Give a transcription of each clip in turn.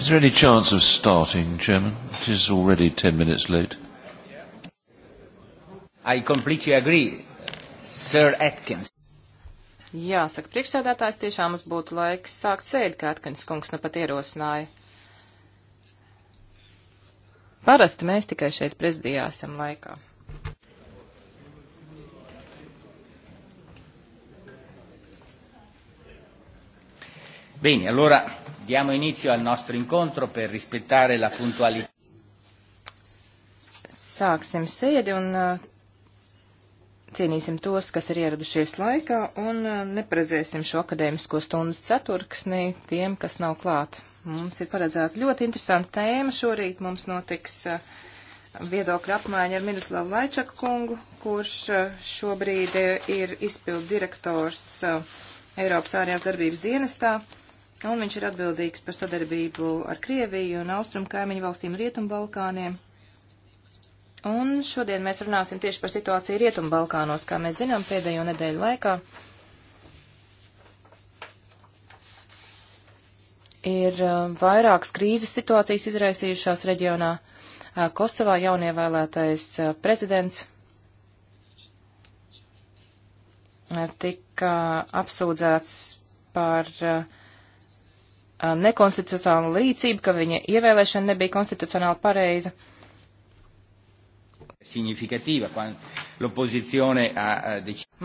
Is there any chance of starting, Chairman? It is already ten minutes late. I completely agree, Sir Atkins. Jāsaka, priekšsēdētājs tiešām mums būtu laiks sākt sēdi, kā Atkins kungs nu pat ierosināja. Parasti mēs tikai šeit prezidijā esam laikā. Bene, allora Diamo inizio al nostro incontro per rispettare la puntualità. Sāksim sēdi un uh, cienīsim tos, kas ir ieradušies laikā un uh, neparedzēsim šo akadēmisko stundas ceturksni tiem, kas nav klāt. Mums ir paredzēta ļoti interesanta tēma šorīt. Mums notiks uh, viedokļa apmaiņa ar Miroslavu Laičaku kungu, kurš uh, šobrīd uh, ir izpildu direktors uh, Eiropas ārējās darbības dienestā un viņš ir atbildīgs par sadarbību ar Krieviju un Austrum kaimiņu valstīm Rietumbalkāniem. Un šodien mēs runāsim tieši par situāciju Rietumbalkānos, kā mēs zinām pēdējo nedēļu laikā. ir uh, vairākas krīzes situācijas izraisījušās reģionā. Uh, Kosovā jaunievēlētais uh, prezidents tika apsūdzēts par uh, Uh, nekonstitucionāla līdzība, ka viņa ievēlēšana nebija konstitucionāli pareiza.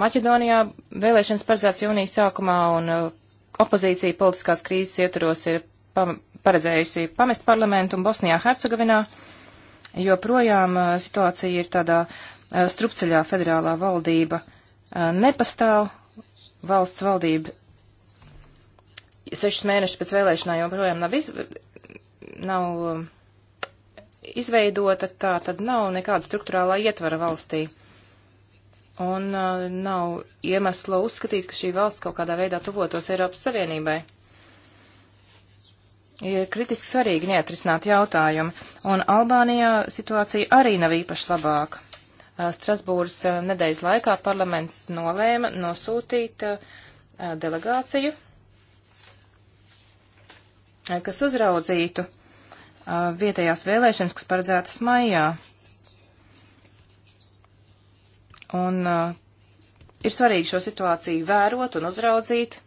Maķedonijā vēlēšanas paredzēts jūnijas sākumā un uh, opozīcija politiskās krīzes ietvaros ir pam paredzējusi pamest parlamentu un Bosnijā Hercegovinā joprojām uh, situācija ir tādā strupceļā federālā valdība nepastāv, valsts valdība sešus mēnešus pēc vēlēšanām joprojām nav, iz, nav um, izveidota, tā tad nav nekāda struktūrālā ietvara valstī. Un uh, nav iemesla uzskatīt, ka šī valsts kaut kādā veidā tuvotos Eiropas Savienībai. Ir kritiski svarīgi neatrisināt jautājumu, un Albānijā situācija arī nav īpaši labāka. Uh, Strasbūras uh, nedēļas laikā parlaments nolēma nosūtīt uh, delegāciju Eh, kas uzraudzītu eh, vietējās vēlēšanas, kas paredzētas maijā. Un eh, ir svarīgi šo situāciju vērot un uzraudzīt,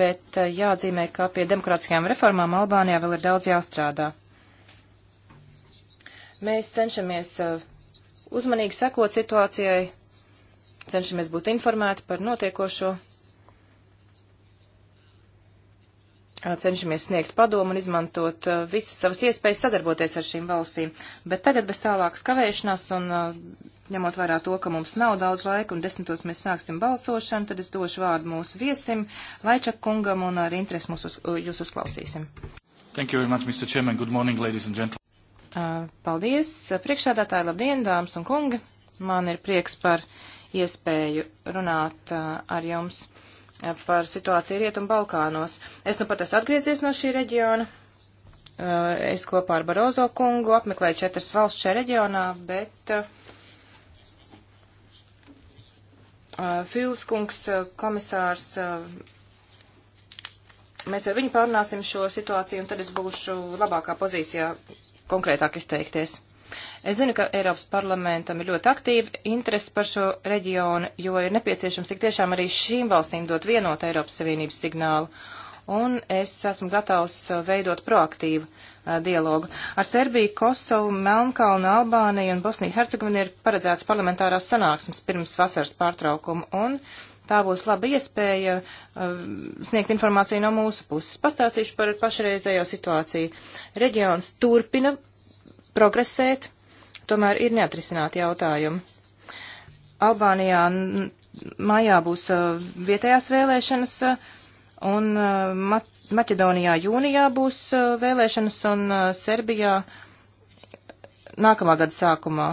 bet jāatzīmē, ka pie demokrātiskajām reformām Albānijā vēl ir daudz jāstrādā. Mēs cenšamies uzmanīgi sekot situācijai, cenšamies būt informēti par notiekošo cenšamies sniegt padomu un izmantot uh, visas savas iespējas sadarboties ar šīm valstīm. Bet tagad bez tālākas kavēšanās un uh, ņemot vērā to, ka mums nav daudz laika un desmitos mēs sāksim balsošanu, tad es došu vārdu mūsu viesim, Laičak kungam un ar interesi mūs uz, uh, jūs uzklausīsim. Thank you very much, Mr. Chairman. Good morning, ladies and gentlemen. Paldies, priekšādātāji, labdien, dāmas un kungi. Man ir prieks par iespēju runāt ar jums par situāciju Rietumu Balkānos. Es nu pat esmu atgriezies no šī reģiona. Eh, es kopā ar Barozo kungu apmeklēju četras valsts šajā reģionā, bet eh, eh, Fils kungs, komisārs, mēs ar viņu pārunāsim šo situāciju, un tad es būšu labākā pozīcijā konkrētāk izteikties. Es zinu, ka Eiropas parlamentam ir ļoti aktīva interese par šo reģionu, jo ir nepieciešams tik tiešām arī šīm valstīm dot vienotu Eiropas Savienības signālu. Un es esmu gatavs uh, veidot proaktīvu a, uh, dialogu. Ar Serbiju, Kosovu, Melnkalnu, Albāniju un Bosniju Hercegovinu ir paredzēts parlamentārās sanāksmes pirms vasaras pārtraukuma. Un tā būs laba iespēja uh, sniegt informāciju no mūsu puses. Pastāstīšu par pašreizējo situāciju. Reģions turpina progresēt, tomēr ir neatrisināti jautājumi. Albānijā maijā būs uh, vietējās vēlēšanas, uh, un uh, Ma Maķedonijā jūnijā būs uh, vēlēšanas, un uh, Serbijā nākamā gada sākumā.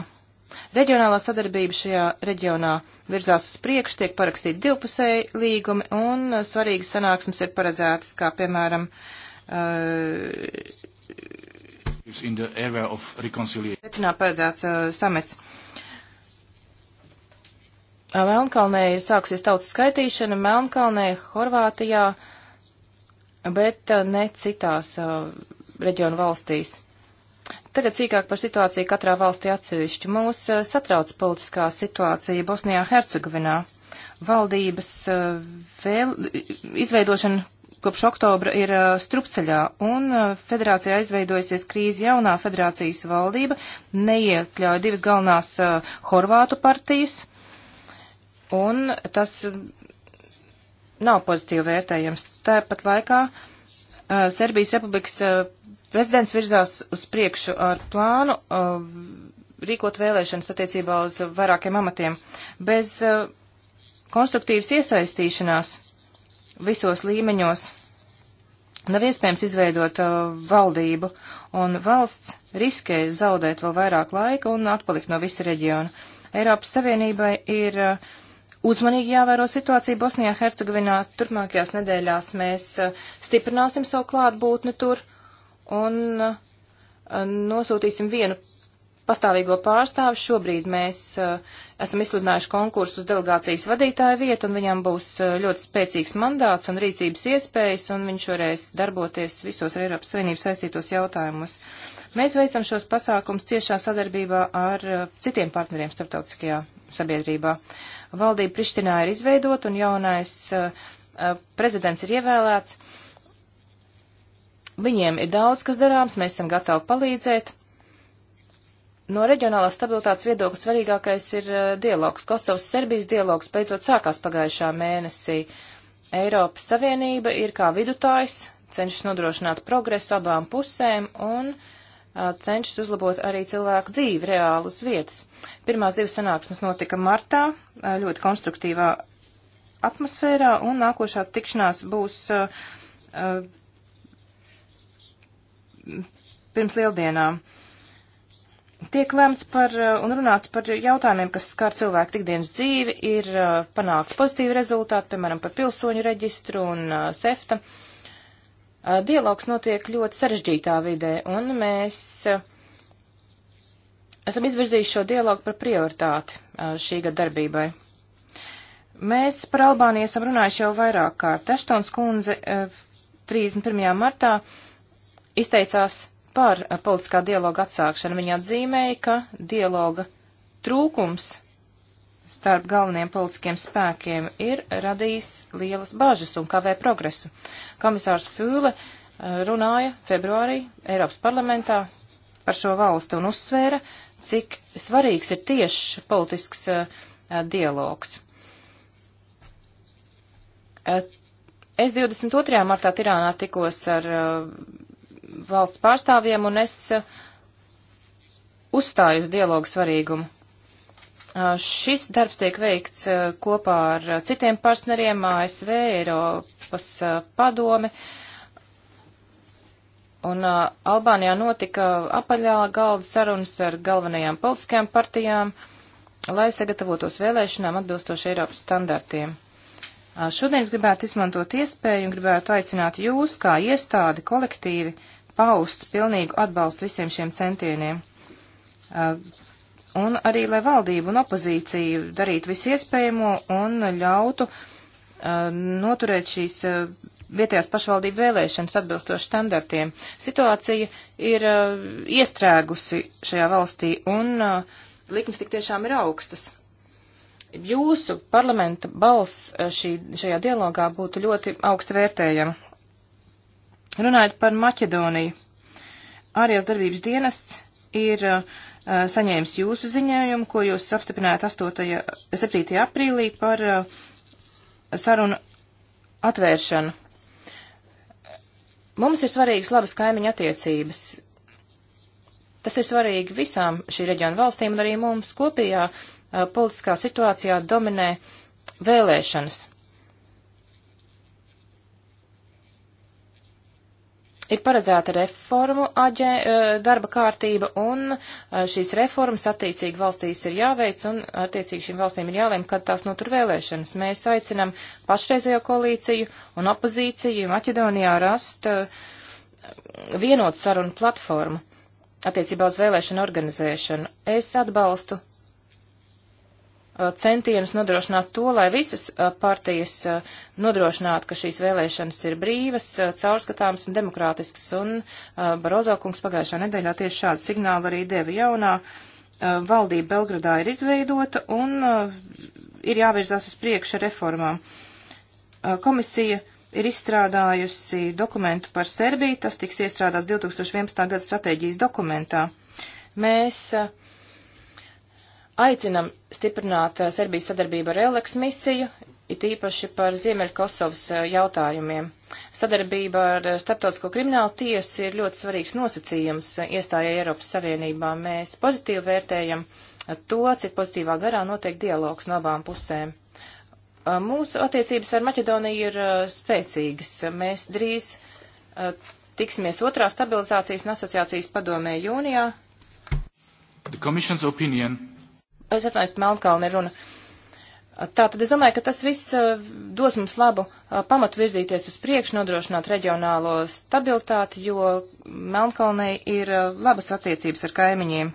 Reģionālā sadarbība šajā reģionā virzās uz priekšu, tiek parakstīti divpusēji līgumi, un uh, svarīgas sanāksmes ir paredzētas, kā piemēram Pēcinā paredzēts uh, samets. Uh, Melnkalnē ir sākusies tautas skaitīšana, Melnkalnē, Horvātijā, bet uh, ne citās uh, reģionu valstīs. Tagad sīkāk par situāciju katrā valstī atsevišķi. Mūs uh, satrauc politiskā situācija Bosnijā-Hercegovinā. Valdības uh, vēl, izveidošana kopš oktobra ir uh, strupceļā, un uh, federācija aizveidojusies krīzi jaunā federācijas valdība, neiekļauj divas galvenās uh, horvātu partijas, un tas um, nav pozitīvi vērtējams. Tāpat laikā Serbijas republikas prezidents virzās uz priekšu ar plānu rīkot vēlēšanas attiecībā uz vairākiem amatiem bez konstruktīvas iesaistīšanās visos līmeņos. Nav iespējams izveidot uh, valdību, un valsts riskē zaudēt vēl vairāk laika un atpalikt no visa reģiona. Eiropas Savienībai ir uh, uzmanīgi jāvēro situācija Bosnijā, Hercegovinā. Turpmākajās nedēļās mēs uh, stiprināsim savu klātbūtni tur un uh, nosūtīsim vienu pastāvīgo pārstāvu. Šobrīd mēs uh, esam izsludinājuši konkursu uz delegācijas vadītāju vietu, un viņam būs e, ļoti spēcīgs mandāts un rīcības iespējas, un viņš varēs darboties visos ar Eiropas Savienības saistītos jautājumus. Mēs veicam šos pasākums ciešā sadarbībā ar e, citiem partneriem starptautiskajā sabiedrībā. Valdība Prištinā ir izveidot, un jaunais e, prezidents ir ievēlēts. Viņiem ir daudz, kas darāms, mēs esam gatavi palīdzēt No reģionālās stabilitātes viedokļa svarīgākais ir uh, dialogs. Kosovas-Serbijas dialogs beidzot sākās pagājušā mēnesī. Eiropas Savienība ir kā vidutājs, cenšas nodrošināt progresu abām pusēm un uh, cenšas uzlabot arī cilvēku dzīvi reāli uz vietas. Pirmās divas sanāksmes notika martā, uh, ļoti konstruktīvā atmosfērā, un nākošā tikšanās būs pirms lieldienām. Uh, tiek lemts par uh, un runāts par jautājumiem, kas skar cilvēku ikdienas dzīvi, ir uh, panākt pozitīvi rezultāti, piemēram, par pilsoņu reģistru un uh, sefta. Uh, dialogs notiek ļoti sarežģītā vidē, un mēs uh, esam izvirzījuši šo dialogu par prioritāti uh, šī gada darbībai. Mēs par Albāniju esam runājuši jau vairāk kārt. Eštons kundze 31. martā izteicās par eh, politiskā dialoga atsākšanu. Viņa atzīmēja, ka dialoga trūkums starp galvenajiem politiskiem spēkiem ir radījis lielas bažas un kavē progresu. Komisārs Fūle eh, runāja februārī Eiropas parlamentā par šo valstu un uzsvēra, cik svarīgs ir tieši politisks uh, dialogs. Uh, es 22. martā Tirānā tikos ar uh, valsts pārstāvjiem, un es eh, uzstāju uz dialogu svarīgumu. Eh, šis darbs tiek veikts eh, kopā ar citiem partneriem ASV, Eiropas padomi, un Albānijā notika apaļā galda sarunas ar galvenajām politiskajām partijām, lai sagatavotos vēlēšanām atbilstoši Eiropas standartiem. Šodien es gribētu izmantot iespēju un gribētu aicināt jūs, kā iestādi, kolektīvi, paust pilnīgu atbalstu visiem šiem centieniem. Uh, un arī, lai valdība un opozīcija darītu visu iespējamo un ļautu uh, noturēt šīs uh, vietējās pašvaldību vēlēšanas atbilstoši standartiem. Situācija ir iestrēgusi šajā valstī un likums tik tiešām ir augstas jūsu parlamenta balss šī, šajā dialogā būtu ļoti augsti vērtējama. Runājot par Maķedoniju, ārējās darbības dienests ir uh, saņēmis jūsu ziņojumu, ko jūs apstiprinājāt 8, 7. aprīlī par uh, sarunu atvēršanu. Mums ir svarīgas labas kaimiņa attiecības. Tas ir svarīgi visām šī reģiona valstīm un arī mums kopējā uh, politiskā situācijā dominē vēlēšanas. ir paredzēta reformu aģē, e, darba kārtība, un e, šīs reformas attiecīgi valstīs ir jāveic, un attiecīgi šīm valstīm ir jālēm, kad tās notur vēlēšanas. Mēs aicinam pašreizējo koalīciju un opozīciju Maķedonijā rast e, vienotu sarunu platformu attiecībā uz vēlēšanu organizēšanu. Es atbalstu Uh, centienus nodrošināt to, lai visas uh, partijas uh, nodrošinātu, ka šīs vēlēšanas ir brīvas, caurskatāmas un demokrātiskas. Un Barozo kungs pagājušā nedēļā tieši šādu signālu arī deva jaunā. Valdība Belgradā ir izveidota un ir jāvirzās uz priekšu reformām. Komisija ir izstrādājusi dokumentu par Serbiju, tas tiks iestrādāts 2011. gada stratēģijas dokumentā. Mēs uh, Aicinam stiprināt Serbijas sadarbību ar Eleks misiju, it īpaši par Ziemeļkosovas jautājumiem. Sadarbība ar Startautisko kriminālu tiesu ir ļoti svarīgs nosacījums iestājai Eiropas Savienībā. Mēs pozitīvi vērtējam to, cik pozitīvā garā notiek dialogs no abām pusēm. Mūsu attiecības ar Maķedoniju ir spēcīgas. Mēs drīz tiksimies otrā stabilizācijas un asociācijas padomē jūnijā. The Commission's opinion es atvainojos, Melnkalni runa. Tā tad es domāju, ka tas viss uh, dos mums labu uh, pamatu virzīties uz priekšu, nodrošināt reģionālo stabilitāti, jo Melnkalnei ir uh, labas attiecības ar kaimiņiem.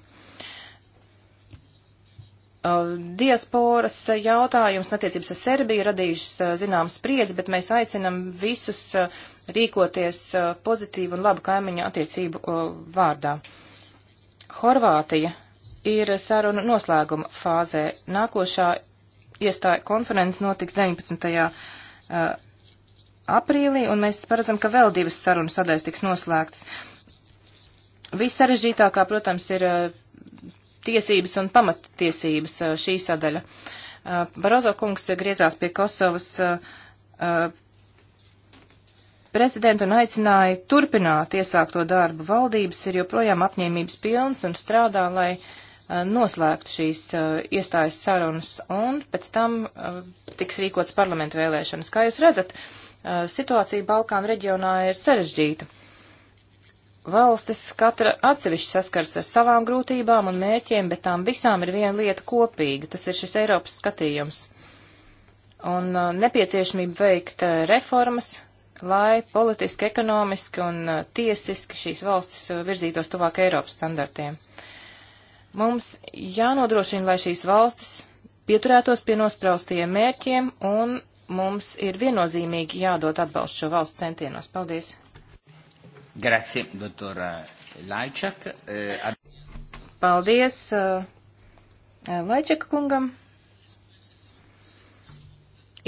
Diasporas jautājums un attiecības ar Serbiju radījušas zināmas spriedzi, bet mēs aicinam visus rīkoties pozitīvu un labu kaimiņu attiecību vārdā. Horvātija ir sarunu noslēguma fāzē. Nākošā iestāja konferences notiks 19. aprīlī, un mēs paredzam, ka vēl divas sarunu sadaļas tiks noslēgtas. Viss sarežģītākā, protams, ir tiesības un pamattiesības šī sadaļa. Barozo kungs griezās pie Kosovas prezidentu un aicināja turpināt iesākto darbu. Valdības ir joprojām apņēmības pilns un strādā, lai uh, Eh, noslēgt šīs eh, iestājas sarunas un pēc tam eh, tiks rīkots parlamentu vēlēšanas. Kā jūs redzat, situācija Balkānu reģionā ir sarežģīta. Valstis katra atsevišķi saskars ar savām grūtībām un mērķiem, bet tām visām ir viena lieta kopīga - tas ir šis Eiropas skatījums. Un nepieciešamība veikt reformas, lai politiski, ekonomiski un tiesiski šīs valstis virzītos tuvāk Eiropas standartiem. Uh, Mums jānodrošina, lai šīs valstis pieturētos pie nospraustajiem mērķiem, un mums ir viennozīmīgi jādod atbalsts šo valstu centienos. Paldies! Grazie, doktor eh, Laičak. Eh, Paldies eh, Laičaka kungam.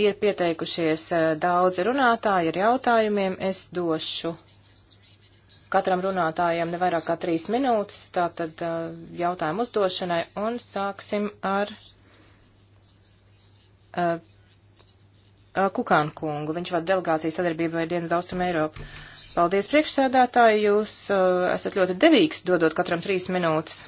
Ir pieteikušies daudzi runātāji ar jautājumiem. Es došu katram runātājiem ne vairāk kā trīs minūtes, tātad uh, jautājumu uzdošanai, un sāksim ar uh, uh Kukānu kungu. Viņš vada delegāciju sadarbībai Dienvidu Austrum Eiropu. Paldies, priekšsēdētāji, jūs uh, esat ļoti devīgs, dodot katram trīs minūtes.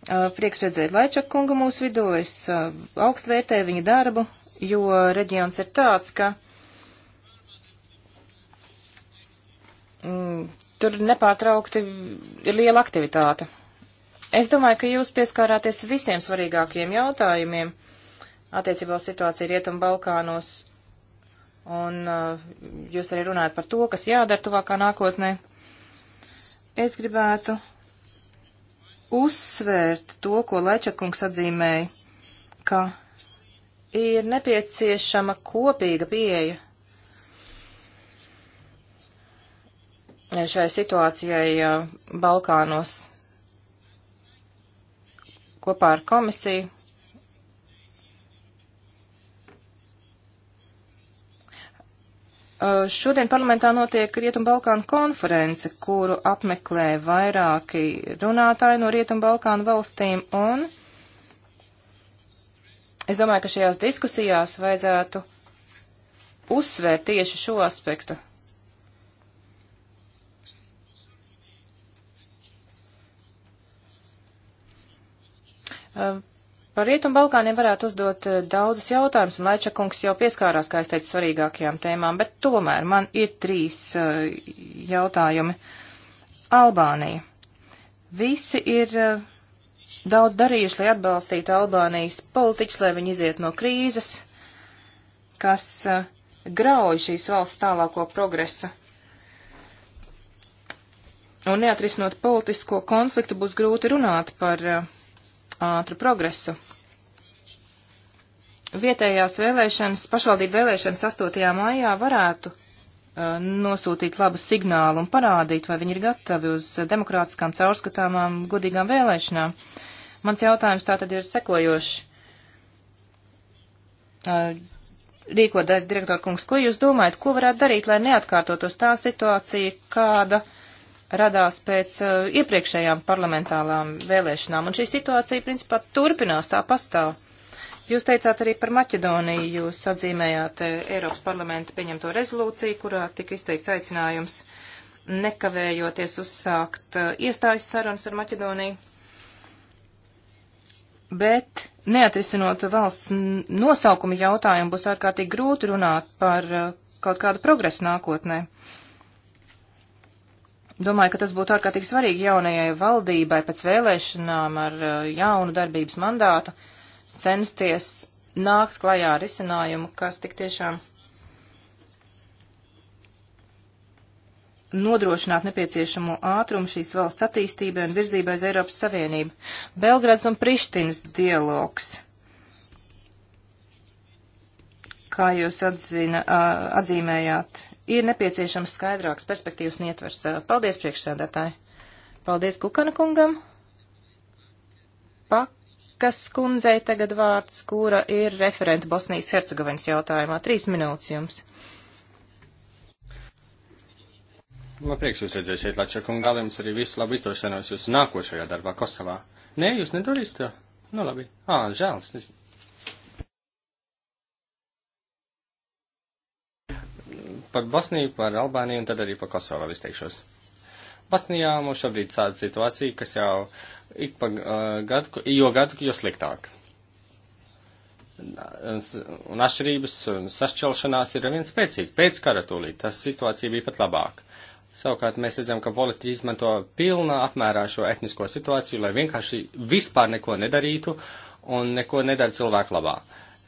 Uh, Prieks redzēt Laičak kungu mūsu vidū, es uh, augstu vērtēju viņa darbu, jo reģions ir tāds, ka Mm, tur nepārtraukti ir liela aktivitāte. Es domāju, ka jūs pieskārāties visiem svarīgākiem jautājumiem attiecībā uz situāciju Rietumbalkānos, un uh, jūs arī runājat par to, kas jādara tuvākā nākotnē. Es gribētu uzsvērt to, ko Lečakungs atzīmēja, ka ir nepieciešama kopīga pieeja šai situācijai Balkānos kopā ar komisiju. Šodien parlamentā notiek Rietumbalkānu konference, kuru apmeklē vairāki runātāji no Rietumbalkānu valstīm, un es domāju, ka šajās diskusijās vajadzētu uzsvērt tieši šo aspektu Par Rietumu Balkāniem varētu uzdot daudzus jautājumus, un Laičakungs jau pieskārās, kā es teicu, svarīgākajām tēmām, bet tomēr man ir trīs jautājumi. Albānija. Visi ir daudz darījuši, lai atbalstītu Albānijas politiķus, lai viņi iziet no krīzes, kas grauj šīs valsts tālāko progresu. Un neatrisinot politisko konfliktu, būs grūti runāt par uh, ātru progresu. Vietējās vēlēšanas, pašvaldību vēlēšanas 8. maijā varētu uh, nosūtīt labu signālu un parādīt, vai viņi ir gatavi uz demokrātiskām, caurskatāmām, godīgām vēlēšanām. Mans jautājums tātad ir sekojošs. Uh, Rīko direktorkungs, ko jūs domājat, ko varētu darīt, lai neatkārtotos tā situācija, kāda uh, radās pēc uh, iepriekšējām parlamentālām vēlēšanām, un šī situācija, principā, turpinās tā pastāv. Jūs teicāt arī par Maķedoniju, jūs atzīmējāt uh, Eiropas parlamenta pieņemto rezolūciju, kurā tika izteikts aicinājums nekavējoties uzsākt uh, iestājas sarunas ar Maķedoniju, bet neatrisinot valsts nosaukuma jautājumu būs ārkārtīgi grūti runāt par eh, kaut kādu progresu nākotnē. Uh, Domāju, ka tas būtu ārkārtīgi svarīgi jaunajai valdībai pēc vēlēšanām ar uh, jaunu darbības mandātu censties nākt klajā ar izcinājumu, kas tik tiešām nodrošināt nepieciešamo ātrumu šīs valsts attīstībai un virzībai uz Eiropas Savienību. Belgrads un Prištinas dialogs. Kā jūs atzina, atzīmējāt ir nepieciešams skaidrāks perspektīvas un ietvers. Paldies priekšsēdētāji. Paldies Kukana kungam. Pakas kundzei tagad vārds, kura ir referenta Bosnijas Hercegovinas jautājumā. Trīs minūtes jums. Man prieks jūs redzēt šeit, Lačak, un gal jums arī visu labu izdošanos jūsu nākošajā darbā Kosovā. Nē, jūs nedarīsiet to? Nu labi. Ā, žēl. Es par Bosniju, par Albāniju un tad arī par Kosovu vēl izteikšos. Bosnijā mums šobrīd tāda situācija, kas jau ik pa uh, gadu, jo gadu, jo sliktāk. Un atšķirības un sašķelšanās ir viens spēcīgi. Pēc kara tūlīt tas situācija bija pat labāka. Savukārt mēs redzam, ka politiķi izmanto pilnā apmērā šo etnisko situāciju, lai vienkārši vispār neko nedarītu un neko nedara cilvēku labā.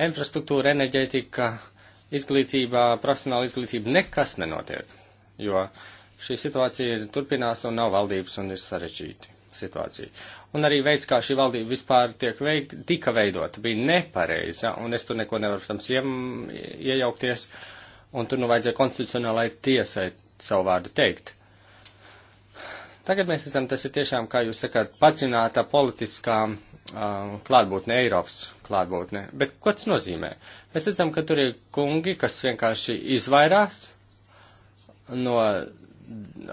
Infrastruktūra, enerģētika, uh, izglītībā, profesionāla izglītība nekas nenotiek, jo šī situācija turpinās un nav valdības un ir sarežģīta situācija. Un arī veids, kā šī valdība vispār tiek veik, tika veidota, bija nepareiza, un es tur neko nevaru, protams, iejaukties, un tur nu vajadzēja konstitucionālai tiesai savu vārdu teikt. Tagad mēs redzam, tas ir tiešām, kā jūs sakāt, pacināta politiskā Uh, klātbūtne, Eiropas klātbūtne. Bet ko tas nozīmē? Mēs redzam, ka tur ir kungi, kas vienkārši izvairās no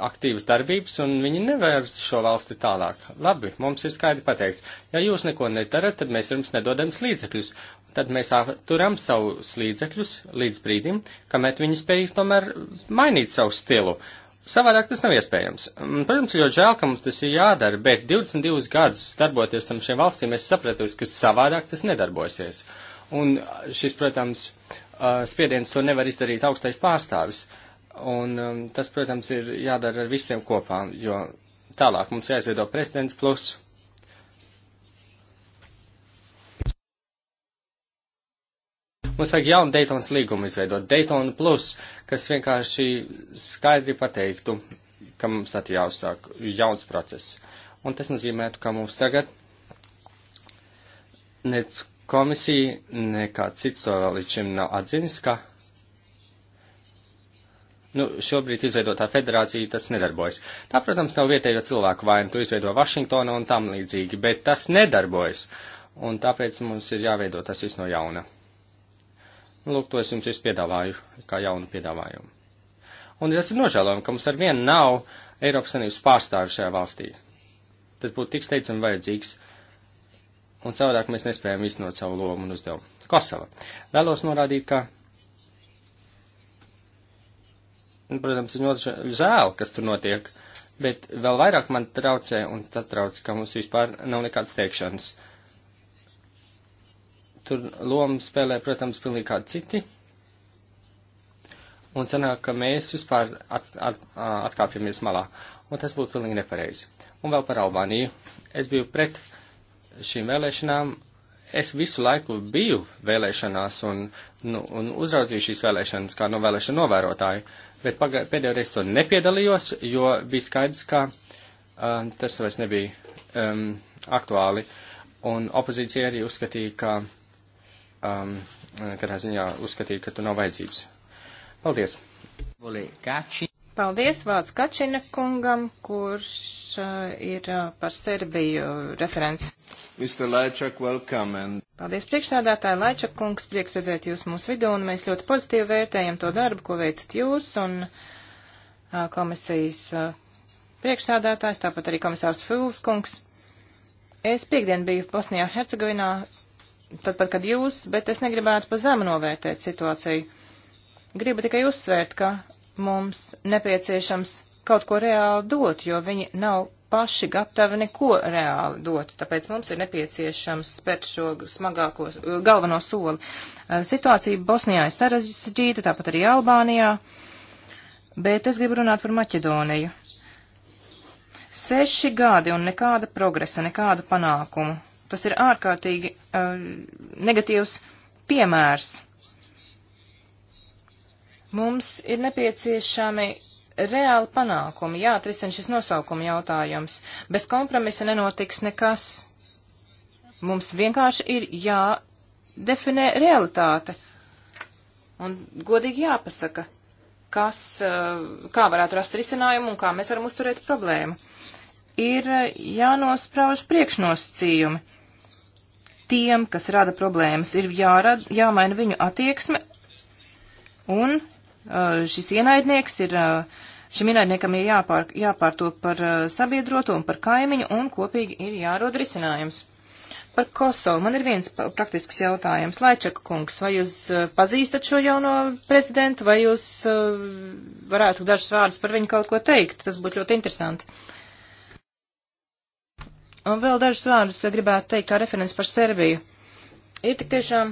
aktīvas darbības, un viņi nevērs šo valsti tālāk. Labi, mums ir skaidri pateikts, ja jūs neko netarat, tad mēs jums nedodam līdzekļus. Tad mēs turam savus līdzekļus līdz brīdim, kamēr viņi spējīs tomēr mainīt savu stilu. Uh, Savādāk tas nav iespējams. Mm, protams, ļoti žēl, ka mums tas ir jādara, bet 22 gadus darboties ar šiem valstīm, es sapratu, ka savādāk tas nedarbosies. Un uh, šis, protams, uh, spiediens to nevar izdarīt augstais pārstāvis. Un um, tas, protams, ir jādara ar visiem kopā, jo tālāk mums jāizveido prezidents plus Mums vajag jaunu Daytonas līgumu izveidot, Daytona Plus, kas vienkārši skaidri pateiktu, ka mums tad jāuzsāk jauns process. Un tas nozīmētu, ka mums tagad nec komisija, nekāds cits to vēl līdz šim nav atzinis, ka Nu, šobrīd izveidotā federācija tas nedarbojas. Tā, protams, nav vietējo cilvēku vaina, to izveido Vašingtona un tam līdzīgi, bet tas nedarbojas. Un tāpēc mums ir jāveido tas viss no jauna. Nu, lūk, to es jums visu piedāvāju, kā jaunu piedāvājumu. Un tas ir nožēlojami, ka mums ar vienu nav Eiropas Savienības pārstāvi šajā valstī. Tas būtu tik steidzami vajadzīgs, un savādāk mēs nespējam iznot savu lomu un uzdevumu. Kosova. Vēlos norādīt, ka, un, nu, protams, ir ļoti žēl, kas tur notiek, bet vēl vairāk man traucē un satrauc, ka mums vispār nav nekādas teikšanas. Uh, tur lomu spēlē, protams, pilnīgi kādi citi. Un sanāk, ka mēs vispār at, at, atkāpjamies malā. Un tas būtu pilnīgi nepareizi. Un vēl par Albāniju. Es biju pret šīm vēlēšanām. Es visu laiku biju vēlēšanās un, nu, un uzraudzīju šīs vēlēšanas kā no vēlēšana novērotāju, bet pagā, pēdējo reizi to nepiedalījos, jo bija skaidrs, ka uh, tas vairs nebija um, aktuāli. Uh, un opozīcija arī uzskatīja, ka um, katrā ziņā uzskatīt, ka tu nav vajadzības. Paldies! Paldies Vārds Kačina kungam, kurš uh, ir uh, par Serbiju referents. Laičak, and... Paldies priekšsādātāji Laičak kungs, prieks redzēt jūs mūsu vidū, un mēs ļoti pozitīvi vērtējam to darbu, ko veicat jūs un uh, komisijas uh, priekšsādātājs, tāpat arī komisārs Fūls kungs. Es piekdien biju Bosnijā Hercegovinā tad pat, kad jūs, bet es negribētu pa zemu novērtēt situāciju. Gribu tikai uzsvērt, ka mums nepieciešams kaut ko reāli dot, jo viņi nav paši gatavi neko reāli dot, tāpēc mums ir nepieciešams spērt šo smagāko, galveno soli. Eh, situācija Bosnijā ir sarežģīta, tāpat arī Albānijā, bet es gribu runāt par Maķedoniju. Seši gadi un nekāda progresa, nekādu panākumu. Tas ir ārkārtīgi uh, negatīvs piemērs. Mums ir nepieciešami reāli panākumi, jāatrisina šis nosaukuma jautājums. Bez kompromisa nenotiks nekas. Mums vienkārši ir jādefinē realitāte un godīgi jāpasaka, kas, kā varētu rast risinājumu un kā mēs varam uzturēt problēmu. Ir jānosprauž priekšnosacījumi tiem, kas rada problēmas, ir jārad, jāmaina viņu attieksme, un uh, šis ienaidnieks ir, uh, šim ienaidniekam ir jāpār, jāpārtop par uh, sabiedroto un par kaimiņu, un kopīgi ir jārod risinājums. Par Kosovu man ir viens praktisks jautājums. Laičaka kungs, vai jūs pazīstat šo jauno prezidentu, vai jūs varētu dažus vārdus par viņu kaut ko teikt? Tas būtu ļoti interesanti. Uh, Un vēl dažus vārdus gribētu teikt kā referents par Serbiju. Ir tik tiešām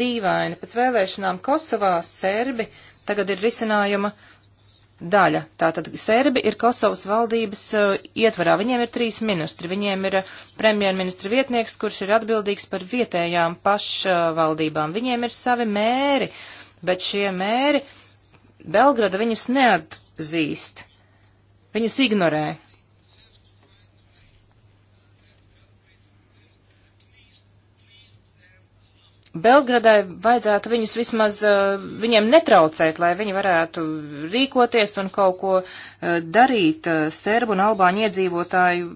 dīvaini. Pēc vēlēšanām Kosovā Serbi tagad ir risinājuma daļa. Tātad Serbi ir Kosovas valdības uh, ietvarā. Viņiem ir trīs ministri. Viņiem ir uh, premjerministra vietnieks, kurš ir atbildīgs par vietējām pašvaldībām. Uh, Viņiem ir savi mēri, bet šie mēri Belgrada viņus neatzīst. Viņus ignorē. Belgradai vajadzētu viņus vismaz, eh, viņiem netraucēt, lai viņi varētu rīkoties un kaut ko eh, darīt eh, serbu un albāņu iedzīvotāju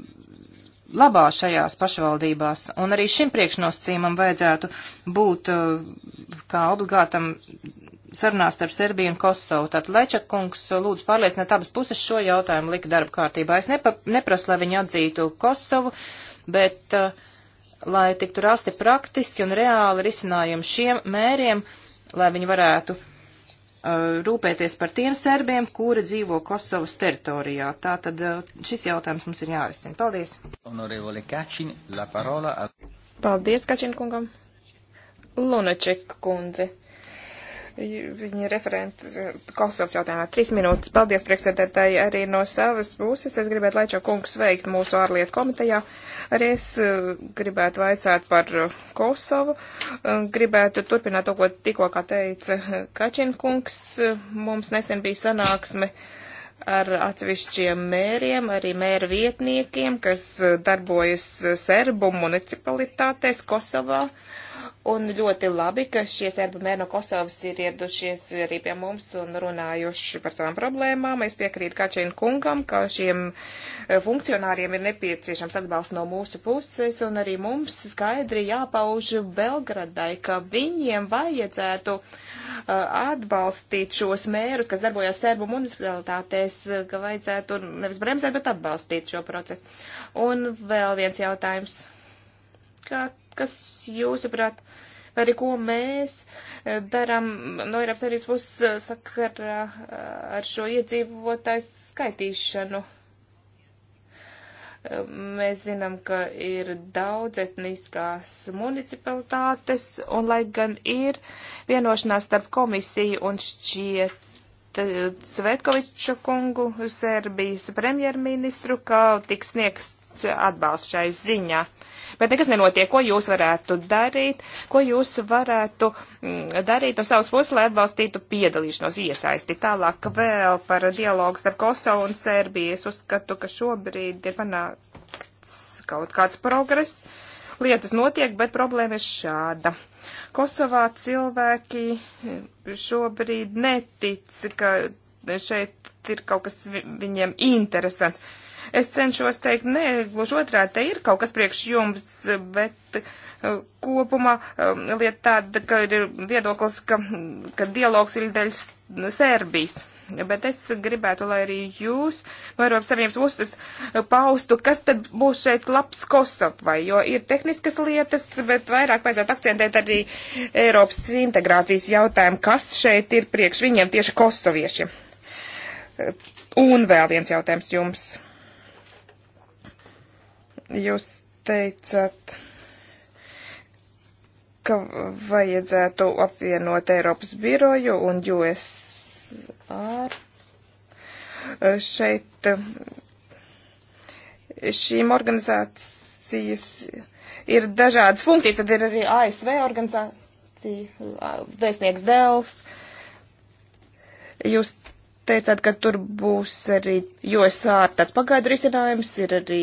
labā šajās pašvaldībās. Un arī šim priekšnosacījumam vajadzētu būt kā obligātam sarunās starp Serbiju un Kosovu. Tātad Lečakungs lūdzu pārliecināt abas puses šo jautājumu lika darba kārtībā. Es nepa, neprasu, lai viņi atzītu Kosovu, bet uh, lai tiktu rasti praktiski un reāli risinājumi šiem mēriem, lai viņi varētu uh, rūpēties par tiem serbiem, kuri dzīvo Kosovas teritorijā. Tā tad uh, šis jautājums mums ir jārisina. Paldies! Kačin, parola... Paldies, Kačin kungam! Lunaček kundze! Viņa referenta eh, konsultācijas jautājumā trīs minūtes. Paldies, priekšsēdētāji, arī no savas puses. Es gribētu laičo kungu sveikt mūsu ārlietu komitejā. Arī es eh, gribētu vaicāt par eh, Kosovu. Gribētu turpināt to, ko tikko kā teica Kačin kungs. Mums nesen bija sanāksme ar atsevišķiem mēriem, arī mēra vietniekiem, kas darbojas serbu municipalitātēs Kosovā. Uh, Un ļoti labi, ka šie serbi mēri no Kosovas ir ieradušies arī pie mums un runājuši par savām problēmām. Es piekrītu Kačēnu kungam, ka šiem eh, funkcionāriem ir nepieciešams atbalsts no mūsu puses un arī mums skaidri jāpauž Belgradai, ka viņiem vajadzētu eh, atbalstīt šos mērus, kas darbojas serbu municipalitātēs, eh, ka vajadzētu nevis bremzēt, bet atbalstīt šo procesu. Un vēl viens jautājums. Kā Kas jūsuprāt, vai arī ko mēs eh, darām no Eiropas Savienības puses eh, sakarā eh, ar šo iedzīvotāju skaitīšanu? Mēs zinām, ka ir daudz etniskās municipalitātes, un lai gan ir vienošanās starp komisiju un šķiet Cvetkoviču kungu, Serbijas premjerministru, ka tiks sniegs atbalsts šai ziņā. Bet nekas nenotiek, ko jūs varētu darīt, ko jūs varētu mm, darīt no savas puses, lai atbalstītu piedalīšanos iesaisti. Tālāk vēl par dialogu starp Kosovu un Serbiju. Es uzskatu, ka šobrīd ir panākts kaut kāds progress. Lietas notiek, bet problēma ir šāda. Kosovā cilvēki šobrīd netic, ka šeit ir kaut kas viņiem interesants. Uh, Es cenšos teikt, nē, gluži otrādi, te ir kaut kas priekš jums, bet eh, kopumā eh, lieta tāda, ka ir viedoklis, ka, ka dialogs ir dēļ Sērbijas. Bet es gribētu, lai arī jūs no Eiropas Savienības puses eh, paustu, kas tad būs šeit labs Kosovai, jo ir tehniskas lietas, bet vairāk vajadzētu akcentēt arī Eiropas integrācijas jautājumu, kas šeit ir priekš viņiem tieši kosoviešiem. Un vēl viens jautājums jums Jūs teicat, ka vajadzētu apvienot Eiropas biroju un USR. Šeit šīm organizācijas ir dažādas funkcijas, tad ir arī ASV organizācija, vēstnieks Dēls. Jūs teicāt, ka tur būs arī, jo es ār tāds pagaidu risinājums, ir arī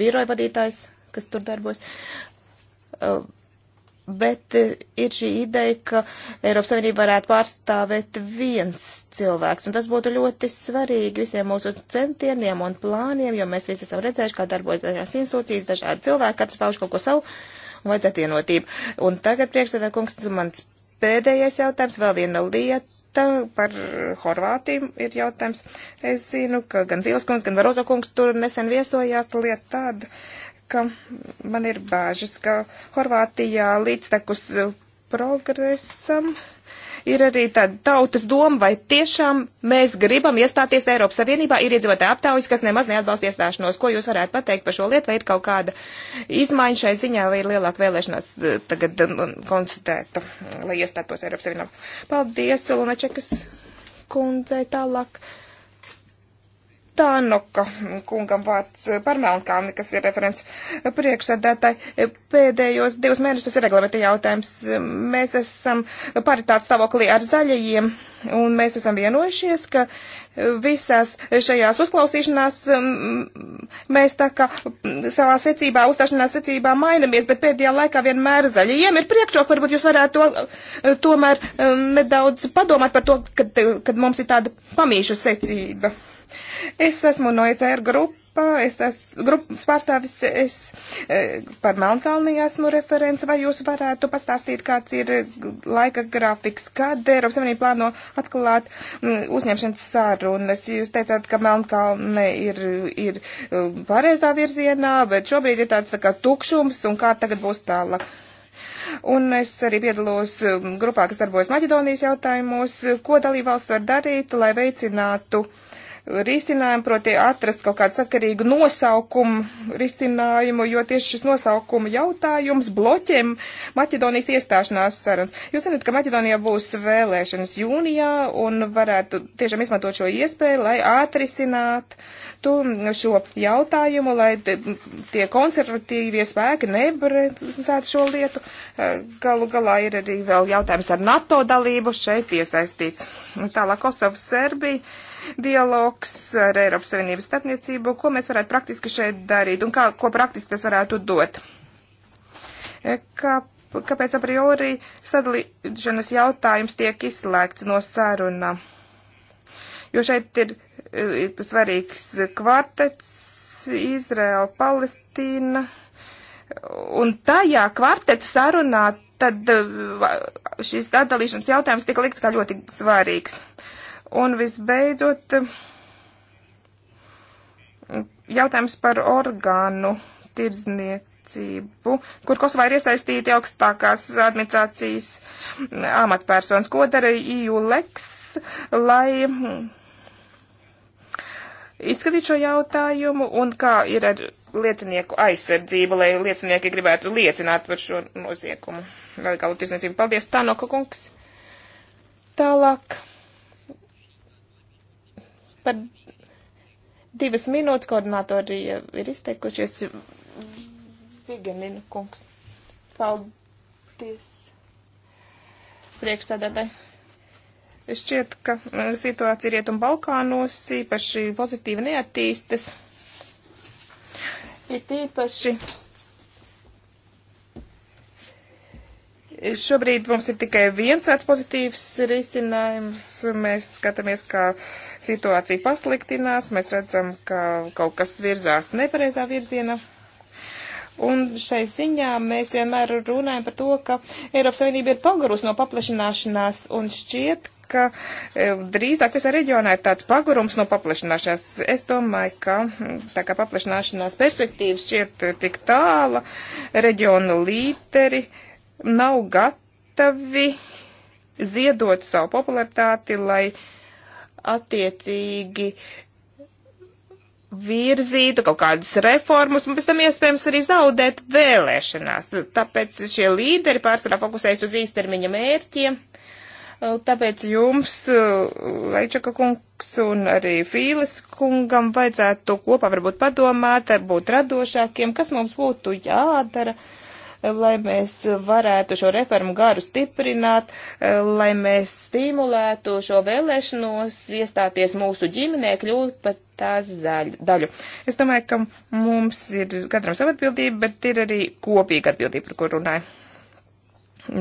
biroja vadītājs, kas tur darbos. Bet ir šī ideja, ka Eiropas Savienība varētu pārstāvēt viens cilvēks, un tas būtu ļoti svarīgi visiem mūsu centieniem un plāniem, jo mēs visi esam redzējuši, kā darbojas dažās institūcijas, dažādi cilvēki, katrs pauž kaut ko savu, un vajadzētu vienotību. Un tagad priekšsēdā kungs, mans pēdējais jautājums, vēl viena lieta par Horvātiju ir jautājums. Es zinu, ka gan Vīlskungs, gan Varozokungs tur nesen viesojās lieta tāda, ka man ir bāžas, ka Horvātijā līdztekus progresam ir arī tāda tautas doma, vai tiešām mēs gribam iestāties Eiropas Savienībā. Ir iedzīvotāji aptaujas, kas nemaz neatbalsta iestāšanos. Ko jūs varētu pateikt par šo lietu, vai ir kaut kāda izmaiņa šai ziņā, vai ir lielāka vēlēšanās eh, tagad um, um, konstatēta, lai iestātos Eiropas Savienībā? Paldies, Lunačekas kundzei tālāk. Uh, Tānoka kungam vārds eh, par Melnkalni, kas ir referents priekšsēdētāji. Eh, pēdējos divus mēnešus ir reglamenta jautājums. Eh, mēs esam paritāts stāvoklī ar zaļajiem, un mēs esam vienojušies, ka visās šajās uzklausīšanās mm, mēs tā kā mm, savā secībā, uzstāšanās secībā mainamies, bet pēdējā laikā vienmēr zaļajiem ir priekšroka. Varbūt jūs varētu to, tomēr nedaudz padomāt par to, kad, kad mums ir tāda pamīšu secība. Es esmu no ECR grupa, es esmu grupas pārstāvis, es e, par Melnkalnī esmu referents, vai jūs varētu pastāstīt, kāds ir laika grafiks, kad Eiropas Savienība plāno atklāt m, uzņemšanas sarunas. Jūs teicāt, ka Melnkalne ir, ir e, pareizā virzienā, bet šobrīd ir tāds tā kā tukšums, un kā tagad būs tālāk? Un es arī piedalos e, grupā, kas darbojas Maķedonijas jautājumos, ko dalībvalsts var darīt, lai veicinātu uh, risinājumu, proti atrast kaut kādu sakarīgu nosaukumu risinājumu, jo tieši šis nosaukuma jautājums bloķē Maķedonijas iestāšanās sarunas. Jūs zināt, ka Maķedonijā būs vēlēšanas jūnijā un varētu tiešām izmantot šo iespēju, lai atrisinātu šo jautājumu, lai tie konservatīvie spēki nebremzētu šo lietu. Galu galā ir arī vēl jautājums ar NATO dalību šeit iesaistīts. Tālāk Kosovas Serbija dialogs ar Eiropas Savienības starpniecību, ko mēs varētu praktiski šeit darīt un kā, ko praktiski tas varētu dot. E, kā, kāpēc a priori sadalīšanas jautājums tiek izslēgts no saruna? Jo šeit ir, ir e, svarīgs kvartets, Izraela, Palestīna, un tajā kvartets sarunā tad e, šis atdalīšanas jautājums tika likts kā ļoti svarīgs. Uh, Un visbeidzot, jautājums par orgānu tirdzniecību, kur Kosovā ir iesaistīti augstākās administrācijas amatpersonas. Ko dara IULEX, e lai izskatītu šo jautājumu un kā ir ar liecinieku aizsardzību, lai liecinieki gribētu liecināt par šo noziegumu? Legālu tirdzniecību. Paldies, Tānoka kungs. Tālāk. Par divas minūtes koordinātori ir izteikušies. Viganina kungs. Paldies. Priekšsēdētāji. Šķiet, ka eh, situācija Rietum Balkānos īpaši pozitīvi neattīstas. Ir tīpaši šobrīd mums ir tikai viens tāds pozitīvs risinājums. Mēs skatāmies, kā situācija pasliktinās, mēs redzam, ka kaut kas virzās nepareizā virzienā. Un šai ziņā mēs vienmēr runājam par to, ka Eiropas Savienība ir pagarus no paplašināšanās un šķiet, ka e, drīzāk visā reģionā ir tāds pagurums no paplašināšanās. Es domāju, ka tā kā paplašināšanās perspektīva šķiet tik tāla, reģiona līderi nav gatavi ziedot savu popularitāti, lai attiecīgi virzītu kaut kādas reformas un pēc tam iespējams arī zaudēt vēlēšanās. Tāpēc šie līderi pārsvarā fokusējas uz īstermiņa mērķiem. Tāpēc jums, Leičaka kungs un arī Fīles kungam, vajadzētu kopā varbūt padomāt, būt radošākiem, kas mums būtu jādara. Uh, lai mēs varētu šo reformu garu stiprināt, lai mēs stimulētu šo vēlēšanos iestāties mūsu ģimenē, kļūt par tās daļu. Es domāju, ka mums ir katram sava atbildība, bet ir arī kopīga atbildība, par kur runāju.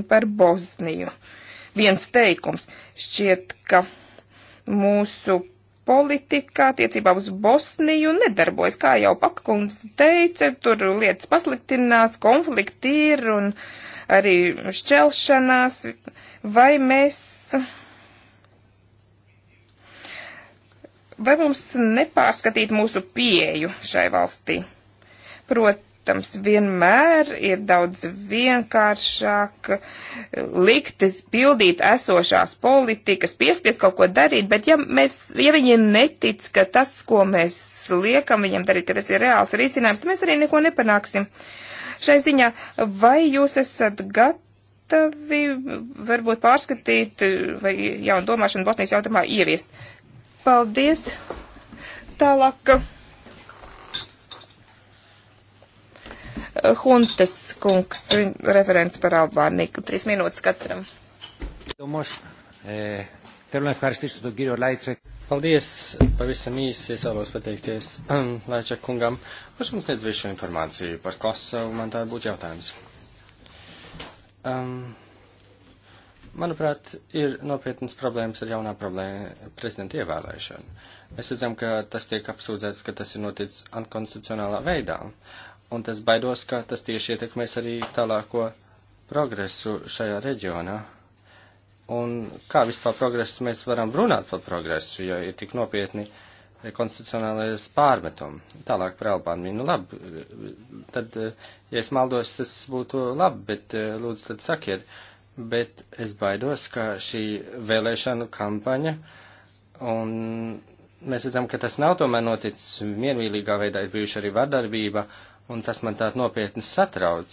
Par Bosniju. Viens teikums šķiet, ka mūsu politika attiecībā uz Bosniju nedarbojas. Kā jau Pakkungs teica, tur lietas pasliktinās, konflikti ir un arī šķelšanās. Vai mēs. Vai mums nepārskatīt mūsu pieju šai valstī? Proti, protams, vienmēr ir daudz vienkāršāk likt pildīt esošās politikas, piespiest kaut ko darīt, bet ja, mēs, ja viņi netic, ka tas, ko mēs liekam viņiem darīt, ka tas ir reāls risinājums, tad mēs arī neko nepanāksim. Šai ziņā, vai jūs esat gatavi varbūt pārskatīt vai jaunu domāšanu Bosnijas jautājumā ieviest? Paldies! Tālāk. Eh, Huntes kungs, referents par Albāniku. Trīs minūtes katram. Eh, Paldies, pavisam īsi es vēlos pateikties Laičak kungam, kurš mums sniedz visu informāciju par Kosovu, man tā būtu jautājums. Um, manuprāt, ir nopietnas problēmas ar jaunā problēma prezidenta ievēlēšanu. Mēs redzam, ka tas tiek apsūdzēts, ka tas ir noticis ankonstitucionālā veidā un tas baidos, ka tas tieši ietekmēs arī tālāko progresu šajā reģionā. Un kā vispār progresu mēs varam runāt par progresu, jo ir tik nopietni konstitucionālais pārmetumi. Tālāk par Albāniju. Nu labi, tad, ja es maldos, tas būtu labi, bet lūdzu tad sakiet. Bet es baidos, ka šī vēlēšanu kampaņa un mēs redzam, ka tas nav tomēr noticis miermīlīgā veidā, ir bijuši arī vardarbība. Uh, un tas man tā nopietni satrauc,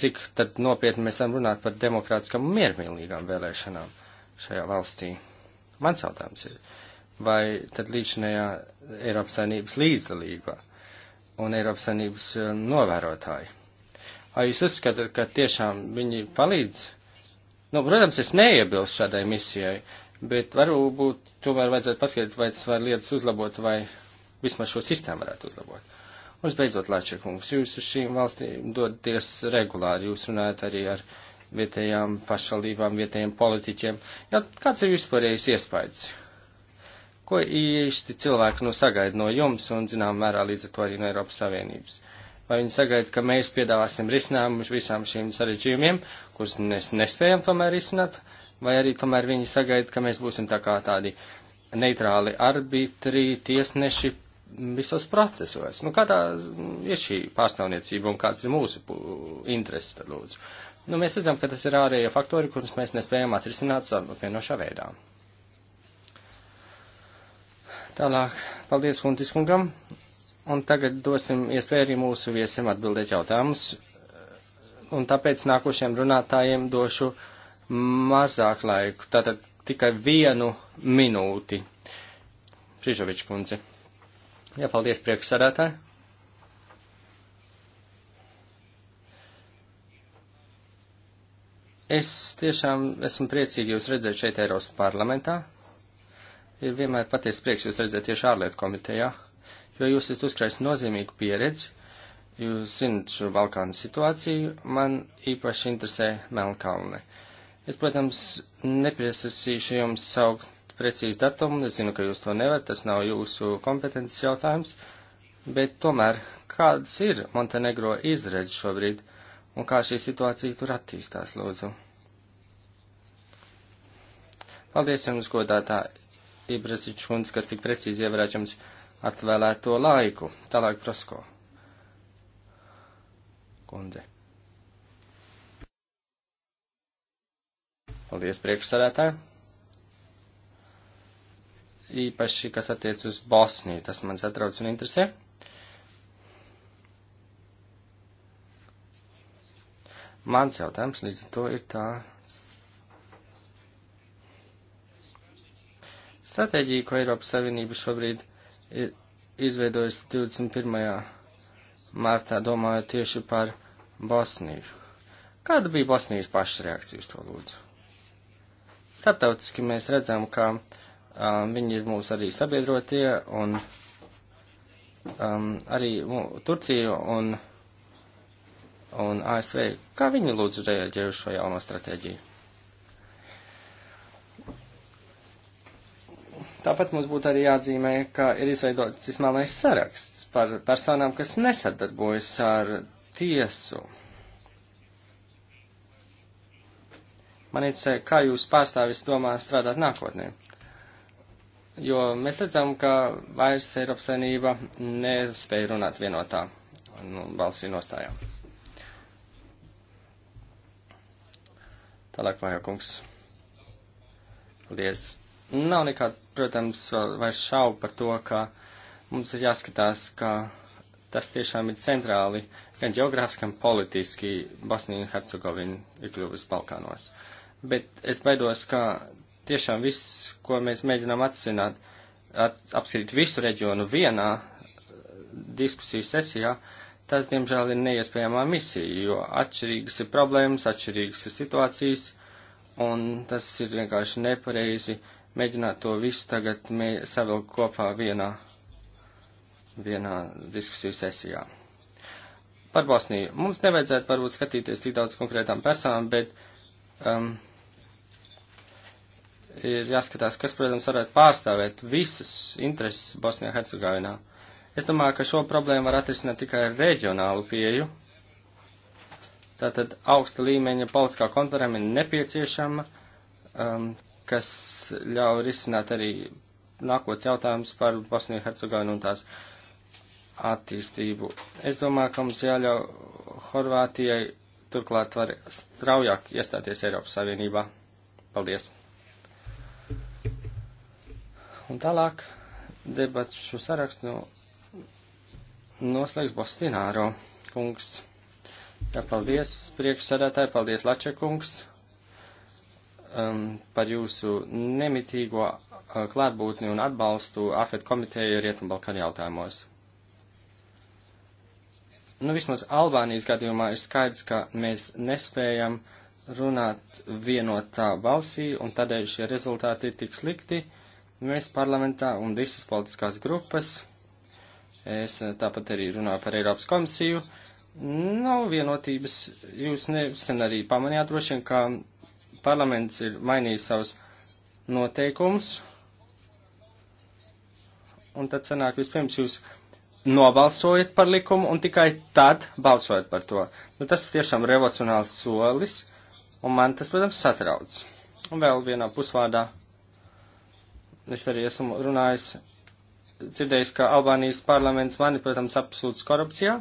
cik tad nopietni mēs varam runāt par demokrātiskām un miermīlīgām vēlēšanām šajā valstī. Mans jautājums ir, vai tad līdzinējā Eiropas saimnības līdzdalība un Eiropas saimnības eh, novērotāji, vai jūs uzskatāt, ka tiešām viņi palīdz? Nu, protams, es neiebilstu šādai misijai, bet varbūt tomēr vajadzētu paskatīt, vai tas var lietas uzlabot, vai vismaz šo sistēmu varētu uzlabot. Uzbeidzot, Lāčekungs, jūs uz šīm valstīm dodaties regulāri, jūs runājat arī ar vietējām pašvaldībām, vietējiem politiķiem. Jā, kāds ir vispārējais iespējas? Ko īsti cilvēki nu sagaida no jums un, zinām, mērā līdz ar to arī no Eiropas Savienības? Vai viņi sagaida, ka mēs piedāvāsim risinājumus visām šīm sarežģījumiem, kurus mēs nespējam tomēr risināt, vai arī tomēr viņi sagaida, ka mēs būsim tā kā tādi neitrāli arbitri, tiesneši, visos procesos. Nu, kādā ir šī pārstāvniecība un kāds ir mūsu intereses, tad lūdzu. Nu, mēs redzam, ka tas ir ārējie faktori, kurus mēs nespējam atrisināt apvienošā veidā. Tālāk, paldies Huntis kungam, un tagad dosim iespēju arī mūsu viesiem atbildēt jautājumus, un tāpēc nākošiem runātājiem došu mazāk laiku, tātad tikai vienu minūti. Prižovičs kundze. Jā, paldies priekšsādātāji. Es tiešām esmu priecīgi jūs redzēt šeit Eiropas parlamentā. Ir vienmēr patiesi prieks jūs redzēt tieši ārlietu komitejā, jo jūs esat uzkrājis nozīmīgu pieredzi. Jūs zinat šo Balkānu situāciju, man īpaši interesē Melnkalne. Es, protams, nepiesasīšu jums saukt precīzu datumu. Es zinu, ka jūs to nevarat, tas nav jūsu kompetences jautājums. Bet tomēr, kādas ir Montenegro izredz šobrīd un kā šī situācija tur attīstās, lūdzu? Paldies jums, godātā Ibrasiņš Šuns, kas tik precīzi ievarēja jums atvēlēto laiku. Tālāk prasko. Kundze. Paldies priekšsarētāji īpaši, kas attiec uz Bosniju. Tas man satrauc un interesē. Mans jautājums līdz ar to ir tā. Stratēģija, ko Eiropas Savienība šobrīd ir izveidojusi 21. martā, domājot tieši par Bosniju. Kāda bija Bosnijas paša reakcija uz to lūdzu? Startautiski mēs redzam, ka uh, Um, viņi ir mūsu arī sabiedrotie un um, arī Turcija un, un ASV. Kā viņi lūdzu reaģē uz šo jauno stratēģiju? Tāpat mums būtu arī jāatzīmē, ka ir izveidots šis melnais saraksts par personām, kas nesadarbojas ar tiesu. Man ir kā jūs pārstāvis domā strādāt nākotnē? jo mēs redzam, ka vairs Eiropas Savienība nespēja runāt vienotā nu, balsī nostājā. Tālāk, Vajag kungs. Paldies. Nav nekāds, protams, vairs šaubu par to, ka mums ir jāskatās, ka tas tiešām ir centrāli gan geogrāfiski, gan politiski Bosnija un Hercegovina ir kļuvusi Balkānos. Bet es baidos, ka tiešām viss, ko mēs mēģinām atcināt, at, apskatīt visu reģionu vienā eh, diskusiju sesijā, tas, diemžēl, ir neiespējamā misija, jo atšķirīgas ir problēmas, atšķirīgas ir situācijas, un tas ir vienkārši nepareizi mēģināt to visu tagad savilkt kopā vienā, vienā diskusiju sesijā. Par Bosniju. Mums nevajadzētu varbūt skatīties tik daudz konkrētām personām, bet um, ir jāskatās, kas, protams, varētu pārstāvēt visas intereses Bosnijā Hercegovinā. Es domāju, ka šo problēmu var atrisināt tikai ar reģionālu pieju. Tātad augsta līmeņa politiskā konferēma ir nepieciešama, um, kas ļauj risināt arī nākotnes jautājumus par Bosniju Hercegovinu un tās attīstību. Es domāju, ka mums jāļauj Horvātijai turklāt var straujāk iestāties Eiropas Savienībā. Paldies! Un tālāk debatšu sarakstu noslēgs Bostināro kungs. Jā, paldies, priekšsēdētāji, paldies, Lačekungs, um, par jūsu nemitīgo uh, klātbūtni un atbalstu AFET komiteju Rietumbalkanu jautājumos. Nu, vismaz Albānijas gadījumā ir skaidrs, ka mēs nespējam runāt vienotā balsī, un tādēļ šie rezultāti ir tik slikti, Mēs parlamentā un visas politiskās grupas, es eh, tāpat arī runāju par Eiropas komisiju, nav vienotības. Jūs nesen arī pamanījāt droši vien, ka parlaments ir mainījis savus noteikumus. Un tad sanāk, vispirms jūs nobalsojat par likumu un tikai tad balsojat par to. Nu, tas ir tiešām revolucionāls solis, un man tas, protams, satrauc. Un vēl vienā pusvārdā Es arī esmu runājis, dzirdējis, ka Albānijas parlaments mani, protams, apsūdz korupcijā,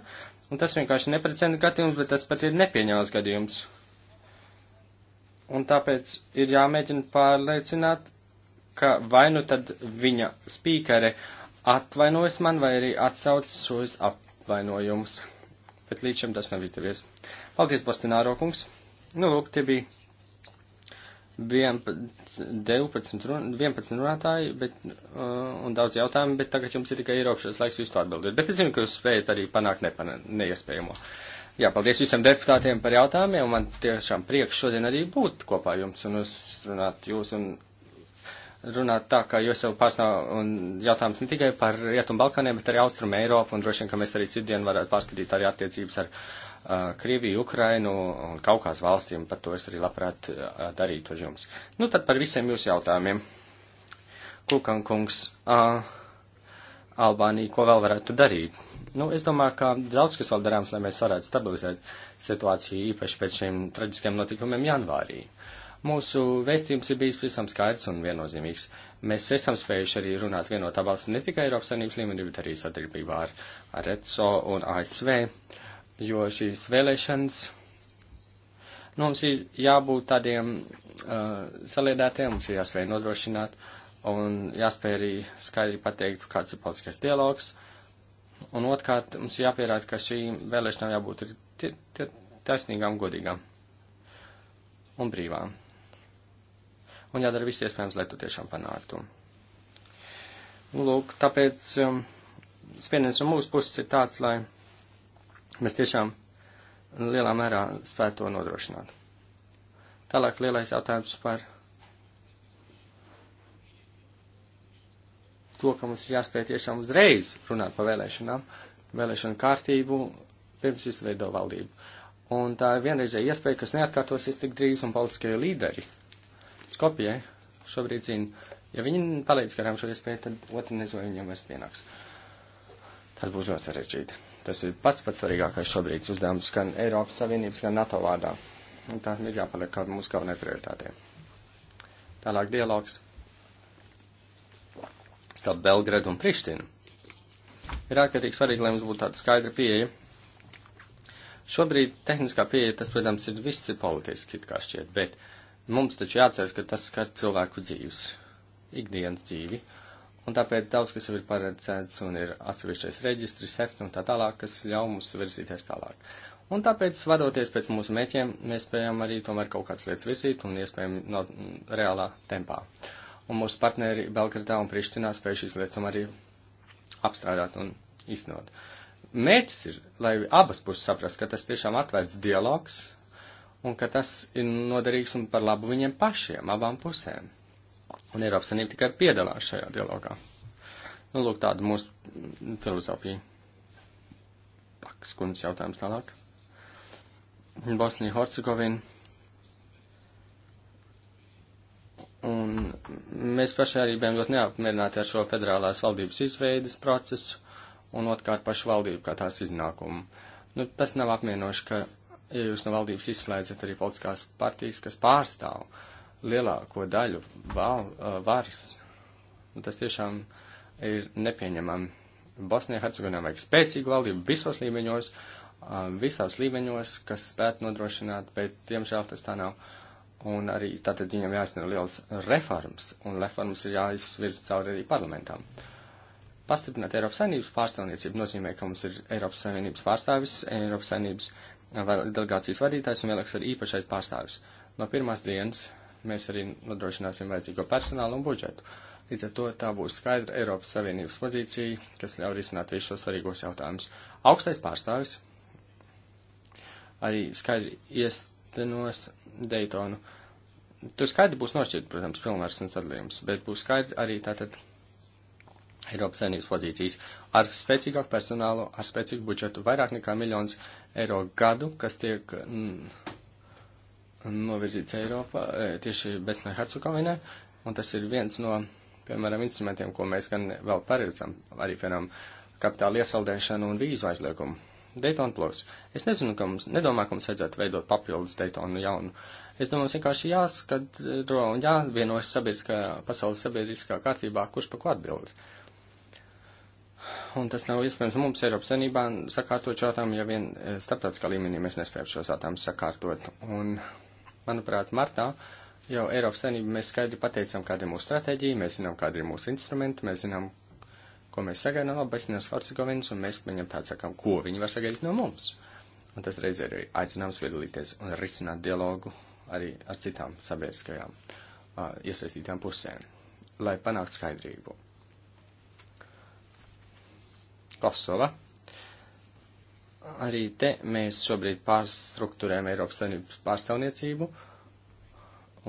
un tas vienkārši neprecedenta gadījums, bet tas pat ir nepieņēmas gadījums. Un tāpēc ir jāmēģina pārliecināt, ka vai nu tad viņa spīkere atvainojas man, vai arī atsauc šos apvainojumus. Bet līdz šim tas nav izdevies. Paldies, Bostināro kungs! Nu, lūk, tie bija 12, run, 11 runātāji bet, uh, un daudz jautājumu, bet tagad jums ir tikai ierobežots laiks visu atbildēt. Bet es zinu, ka jūs spējat arī panākt nepana, neiespējamo. Jā, paldies visiem deputātiem par jautājumiem. Man tiešām prieks šodien arī būt kopā jums un uzrunāt jūs un runāt tā, ka jūs jau pārstāv un jautājums ne tikai par Rietumu Balkāniem, bet arī Austrumu Eiropu, un droši vien, ka mēs arī citdien varētu pārskatīt arī attiecības ar Krieviju, Ukrainu un Kaukās valstīm, par to es arī labprāt darītu ar jums. Nu, tad par visiem jūsu jautājumiem. Kukan kungs, uh, Albānija, ko vēl varētu darīt? Nu, es domāju, ka daudz kas vēl darāms, lai mēs varētu stabilizēt situāciju īpaši pēc šiem traģiskiem notikumiem janvārī. Mūsu vēstījums ir bijis visam skaidrs un viennozīmīgs. Mēs esam spējuši arī runāt vienotā balss ne tikai Eiropas Savienības līmenī, bet arī sadarbībā ar, ar ECO un ASV. Uh, jo šīs vēlēšanas nu, mums ir jābūt tādiem uh, saliedētiem, mums ir jāspēj nodrošināt un jāspēj arī skaidri pateikt, kāds ir politiskais dialogs. Un otrkārt, mums jāpierāda, ka šī vēlēšana jābūt taisnīgām, godīgām un brīvām. Un jādara viss iespējams, lai to tiešām panāktu. Lūk, tāpēc um, spiediens no mūsu puses ir tāds, lai mēs tiešām lielā mērā spētu to nodrošināt. Tālāk lielais jautājums par to, ka mums ir jāspēj tiešām uzreiz runāt par vēlēšanām, vēlēšanu kārtību, pirms izveido valdību. Un tā ir vienreizēja iespēja, kas neatkārtosies tik drīz, un politiskie līderi Skopijai šobrīd zina, ja viņi palīdz garām šo iespēju, tad otru nezinu, viņiem vairs pienāks. Tas būs ļoti sarežģīti. Tas ir pats pats svarīgākais šobrīd uzdevums gan Eiropas Savienības, gan NATO vārdā. Un tā ir jāpaliek kā mūsu galvenai prioritātei. Tālāk dialogs starp Belgradu un Prištinu. Ir ārkārtīgi svarīgi, lai mums būtu tāda skaidra pieeja. Šobrīd tehniskā pieeja, tas, protams, ir viss ir politiski, kā šķiet, bet mums taču jāatceras, ka tas skar cilvēku dzīves, ikdienas dzīvi. Uh, Un tāpēc daudz kas jau ir paredzēts un ir atsevišķais reģistris, seft un tā tālāk, kas ļauj mums virzīties tālāk. Un tāpēc, vadoties pēc mūsu mēķiem, mēs spējam arī tomēr kaut kādas lietas virzīt un iespējami no reālā tempā. Un mūsu partneri Belgradā un Prištinā spēj šīs lietas tomēr arī apstrādāt un iznot. Mērķis ir, lai abas puses saprast, ka tas tiešām atvērts dialogs un ka tas ir noderīgs un par labu viņiem pašiem, abām pusēm. Un Eiropas Savienība tikai piedalās šajā dialogā. Nu, lūk, tāda mūsu filozofija. Pakas kundas jautājums tālāk. Bosnija Hercegovina. Un mēs paši arī bijām ļoti neapmierināti ar šo federālās valdības izveidas procesu un otrkārt pašu valdību kā tās iznākumu. Nu, tas nav apmienoši, ka, ja jūs no valdības izslēdzat arī politiskās partijas, kas pārstāv uh, lielāko daļu val, uh, varas. Tas tiešām ir nepieņemami. Bosnijā Hercegovinā vajag spēcīgu valdību visos līmeņos, uh, visās līmeņos, kas spētu nodrošināt, bet, diemžēl, tas tā nav. Un arī tātad viņam jāsniedz liels reformas, un reformas ir jāizvirza cauri arī parlamentam. Pastiprināt Eiropas Savienības pārstāvniecību nozīmē, ka mums ir Eiropas Savienības pārstāvis, Eiropas Savienības delegācijas vadītājs un vēlāks arī īpašais pārstāvis. No pirmās dienas mēs arī nodrošināsim vajadzīgo personālu un budžetu. Līdz ar to tā būs skaidra Eiropas Savienības pozīcija, kas ļauj risināt visus šos svarīgos jautājumus. Augstais pārstāvis arī skaidri iestenos Daytonu. Tur skaidri būs nošķirt, protams, pilnvērs un sadalījums, bet būs skaidri arī tātad Eiropas saimnības pozīcijas ar spēcīgāku personālu, ar spēcīgu budžetu, vairāk nekā miljons eiro gadu, kas tiek mm, novirzīts Eiropā, e, tieši Besnē Hercegovinē, un tas ir viens no, piemēram, instrumentiem, ko mēs gan vēl paredzam, arī, piemēram, kapitāla iesaldēšanu un vīzu aizliegumu. Dayton Plus. Es nezinu, ka mums, nedomāju, ka mums vajadzētu veidot papildus Daytonu jaunu. Es domāju, vienkārši jāskatro un jāvienojas sabiedriskā, pasaules sabiedriskā kārtībā, kurš pa ko atbild. Un tas nav iespējams mums Eiropas Savienībā sakārtot šo jautājumu, ja vien e, starptautiskā līmenī mēs nespējam šos jautājumus sakārtot. Un manuprāt, martā jau Eiropas Savienība mēs skaidri pateicām, kāda ir mūsu stratēģija, mēs zinām, kāda ir mūsu instrumenti, mēs zinām, ko mēs sagaidām no Bosnijas Hercegovinas, un mēs viņam tā sakām, ko viņi var sagaidīt no mums. Un tas reiz ir arī aicinājums piedalīties un risināt dialogu arī ar citām sabiedriskajām uh, iesaistītām pusēm, lai panāktu skaidrību. Kosova. Arī te mēs šobrīd pārstruktūrējam Eiropas Savienības pārstāvniecību,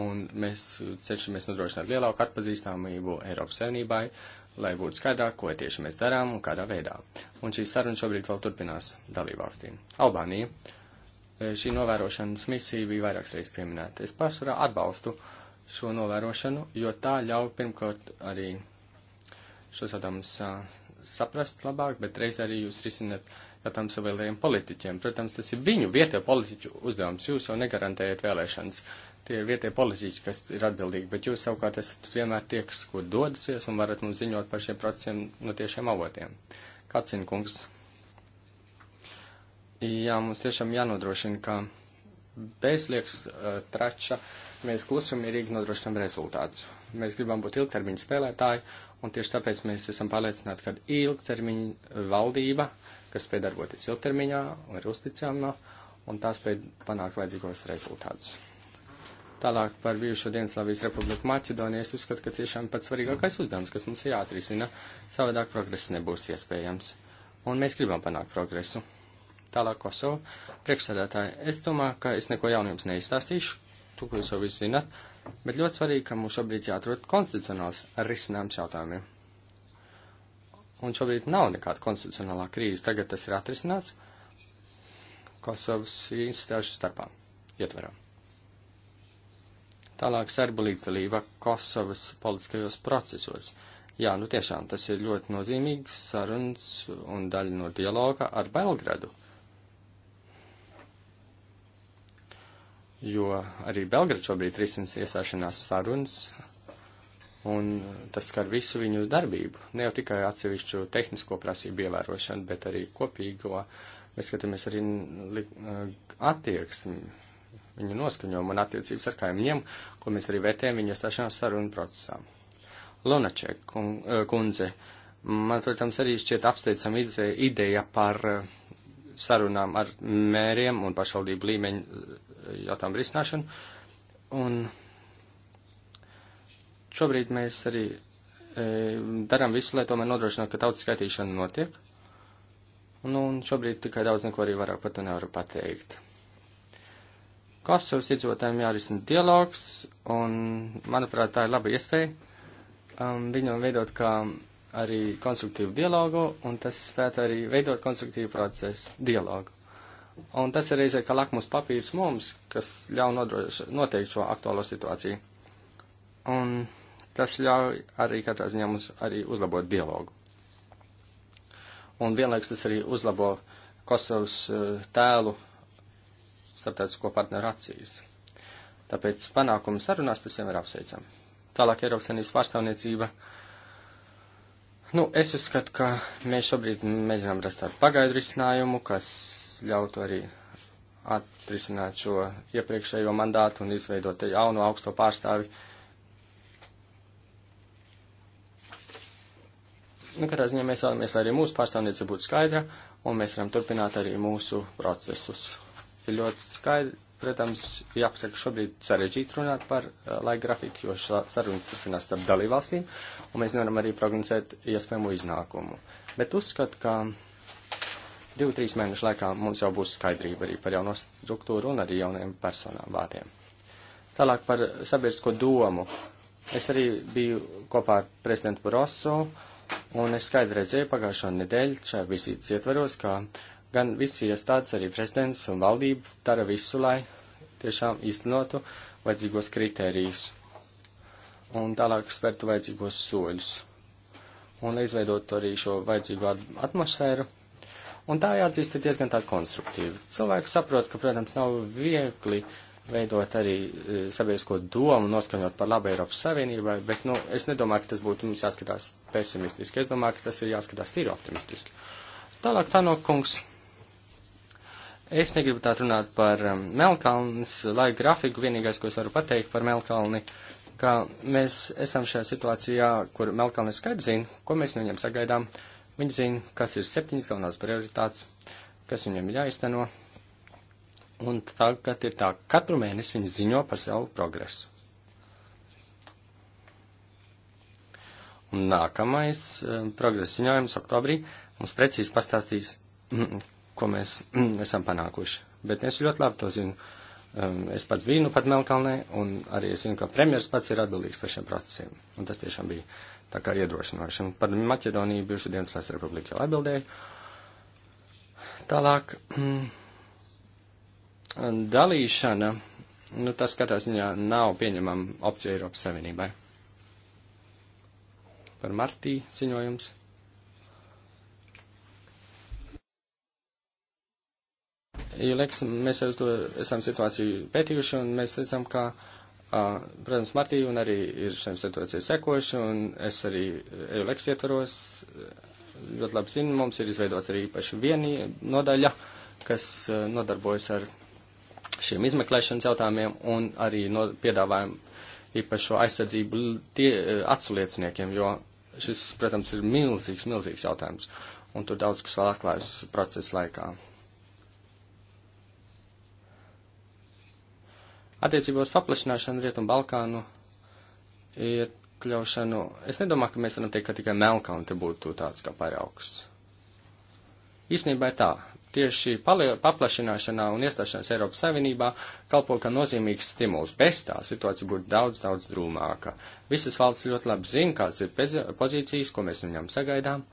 un mēs cenšamies nodrošināt lielāku atpazīstamību Eiropas Savienībai, lai būtu skaidrāk, ko tieši mēs darām un kādā veidā. Un šī saruna šobrīd vēl turpinās dalībvalstīm. Albānija. Šī novērošanas misija bija vairākas reizes pieminēta. Es pārsvarā atbalstu šo novērošanu, jo tā ļauj pirmkārt arī šos jautājumus saprast labāk, bet reiz arī jūs risinat protams, saviem politiķiem. Protams, tas ir viņu vietējo politiķu uzdevums. Jūs jau negarantējat vēlēšanas. Tie ir vietējie politiķi, kas ir atbildīgi, bet jūs savukārt esat vienmēr tie, kas, kur dodasies un varat mums ziņot par šiem procesiem no tiešiem avotiem. Kacinkungs. Jā, mums tiešām jānodrošina, ka bezlieks uh, trača mēs klusumierīgi nodrošinām rezultātus. Mēs gribam būt ilgtermiņa spēlētāji, un tieši tāpēc mēs esam pārliecināti, ka ilgtermiņa valdība uh, kas spēj darboties ilgtermiņā un ir uzticama, un tā spēj panākt vajadzīgos rezultātus. Tālāk par bijušo Dienaslavijas republiku Maķedoniju es uzskatu, ka tiešām pats svarīgākais uzdevums, kas mums ir jāatrisina, savādāk progress nebūs iespējams. Un mēs gribam panākt progresu. Tālāk Kosovu. Priekšsēdētāji, es domāju, ka es neko jaunu jums neizstāstīšu, tu, ko jūs jau visu zināt, bet ļoti svarīgi, ka mums šobrīd jāatrod konstitucionāls risinājums jautājumiem un šobrīd nav nekāda konstitucionālā krīze. Tagad tas ir atrisināts Kosovas iestāžu starpā ietverā. Tālāk serbu līdzdalība Kosovas politiskajos procesos. Jā, nu tiešām tas ir ļoti nozīmīgs saruns un daļa no dialoga ar Belgradu. Jo arī Belgrad šobrīd risina iestāšanās sarunas un eh, tas skar visu viņu darbību, ne jau tikai atsevišķu tehnisko prasību ievērošanu, bet arī kopīgo, mēs skatāmies arī eh, attieksmi, viņu noskaņojumu un attiecības ar kaimiņiem, ko mēs arī vērtējam viņa stāšanās sarunu procesā. Lunaček eh, kundze, man, protams, arī šķiet apsteidzama ideja par sarunām ar mēriem un pašvaldību līmeņu jautājumu risināšanu. Un Šobrīd mēs arī e, darām visu, lai tomēr nodrošinātu, ka tautas skaitīšana notiek. Nu, un šobrīd tikai daudz neko arī vairāk par to nevaru pateikt. Kosovas iedzīvotājiem jārisina dialogs, un, manuprāt, tā ir laba iespēja um, viņam veidot kā arī konstruktīvu dialogu, un tas spētu arī veidot konstruktīvu procesu dialogu. Un tas ir reizē kā lakmus papīrs mums, kas ļauj noteikt šo aktuālo situāciju. Un Tas ļauj arī katrā ziņā mums arī uzlabot dialogu. Un vienlaiks tas arī uzlabo Kosovas eh, tēlu starptautisko partneru acīs. Tāpēc panākumu sarunās tas jau ir apsveicam. Tālāk Eiropas Savienības pārstāvniecība. Nu, es uzskatu, ka mēs šobrīd mēģinām rast tādu pagaidu risinājumu, kas ļautu arī atrisināt šo iepriekšējo mandātu un izveidot jaunu augsto pārstāvi uh, Nu, katrā ziņā mēs vēlamies, lai arī mūsu pārstāvniece būtu skaidra, un mēs varam turpināt arī mūsu procesus. Ir ļoti skaidri, protams, jāpasaka, šobrīd sarežģīti runāt par uh, laika grafiku, jo sarunas turpinās starp dalībvalstīm, un mēs nevaram arī prognozēt iespējamo iznākumu. Bet uzskatu, ka divu, trīs mēnešu laikā mums jau būs skaidrība arī par jauno struktūru un arī jauniem personām vārdiem. Tālāk par sabiedrisko domu. Es arī biju kopā ar prezidentu Broso Un es skaidri redzēju pagājušo nedēļu šajā vizītes ietvaros, ka gan visi iestādes, arī prezidents un valdība dara visu, lai tiešām īstenotu vajadzīgos kritērijus un tālāk spērtu vajadzīgos soļus un izveidotu arī šo vajadzīgo atmosfēru. Un tā jāatzīst ir diezgan tāda konstruktīva. Cilvēki saprot, ka, protams, nav viegli uh, veidot arī e, sabiedrisko domu, noskaņot par labu Eiropas Savienībai, bet, nu, es nedomāju, ka tas būtu mums jāskatās pesimistiski. Es domāju, ka tas ir jāskatās tīri optimistiski. Tālāk, Tanok kungs. Es negribu tā runāt par um, Melkalnas laika grafiku. Vienīgais, ko es varu pateikt par Melkalni, ka mēs esam šajā situācijā, kur Melkalni skaidri zina, ko mēs no viņiem sagaidām. Viņi zina, kas ir septiņas galvenās prioritātes, kas viņiem ir jāizteno Un tagad ir tā, katru mēnesi viņi ziņo par savu progresu. Un nākamais eh, progresa ziņojums oktobrī mums precīzi pastāstīs, mm, ko mēs mm, esam panākuši. Bet es ļoti labi to zinu. Es pats biju nu pat Melkalnē, un arī es zinu, ka premjeras pats ir atbildīgs par šiem procesiem. Un tas tiešām bija tā kā iedrošinoši. Un par Maķedoniju bijušu Dienaslēs republiku jau atbildēju. Tālāk. Mm, dalīšana, nu, tas katrā ziņā nav pieņemama opcija Eiropas Savienībai. Par Martī ziņojums. Ja liekas, mēs ar to esam situāciju pētījuši un mēs redzam, ka, uh, protams, Martī un arī ir šiem situācijai sekojuši un es arī eju leks ietvaros e, ļoti labi zinu, mums ir izveidots arī īpaši viena nodaļa, kas e, nodarbojas ar šiem izmeklēšanas jautājumiem un arī no piedāvājumu īpašo aizsardzību tie, eh, atslieciniekiem, jo šis, protams, ir milzīgs, milzīgs jautājums. Un tur daudz kas vēl atklājas procesa laikā. Attiecībos paplašināšanu Rietumu Balkānu iekļaušanu, es nedomāju, ka mēs varam teikt, ka tikai Melkauna te būtu tāds kā paraugs. Īsnībā ir tā, tieši paplašināšanā un iestāšanās Eiropas Savienībā kalpo kā nozīmīgs stimuls. Bez tā situācija būtu daudz, daudz drūmāka. Visas valsts ļoti labi zina, kāds ir pozīcijas, ko mēs viņam sagaidām,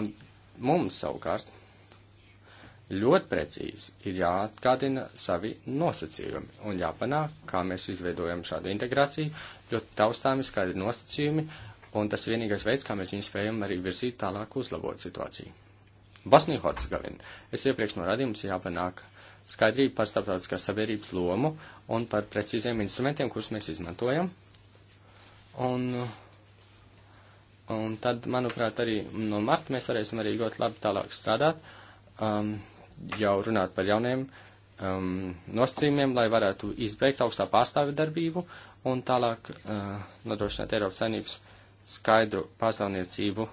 un mums savukārt ļoti precīzi ir jāatgādina savi nosacījumi un jāpanāk, kā mēs izveidojam šādu integrāciju, ļoti taustāmi skaidri nosacījumi, un tas vienīgais veids, kā mēs viņus spējam arī virzīt tālāk uzlabot situāciju. Bosnija Hercegovina. Es iepriekš norādīju, mums jāpanāk skaidrība par starptautiskās sabiedrības lomu un par precīziem instrumentiem, kurus mēs izmantojam. Un, un tad, manuprāt, arī no marta mēs varēsim arī ļoti labi tālāk strādāt, um, jau runāt par jauniem um, nostrīmiem, lai varētu izbeigt augstā pārstāvi darbību un tālāk uh, nodrošināt Eiropas saimnības skaidru pārstāvniecību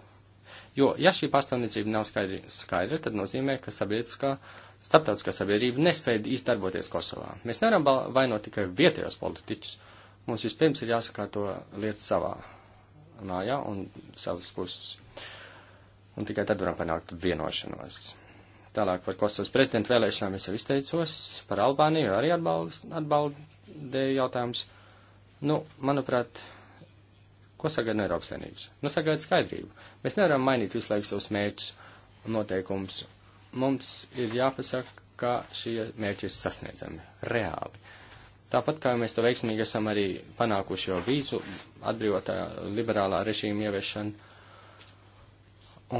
Jo, ja šī pastāvniecība nav skaidri, skaidra, tad nozīmē, ka sabiedriskā, starptautiskā sabiedrība nespēja izdarboties Kosovā. Mēs nevaram vainot tikai vietējos politiķus. Mums vispirms ir jāsakā to lietu savā mājā un savas puses. Un tikai tad varam panākt vienošanos. Tālāk par Kosovas prezidentu vēlēšanām es jau izteicos, par Albāniju arī atbaldēju jautājumus. Nu, manuprāt, Ko sagaida no Eiropas Savienības? Nu, sagaida skaidrību. Mēs nevaram mainīt visu laiku savus mērķus un noteikumus. Mums ir jāpasaka, ka šie mērķi ir sasniedzami, reāli. Tāpat kā mēs to veiksmīgi esam arī panākuši jau vīzu atbrīvotā liberālā režīma ieviešanu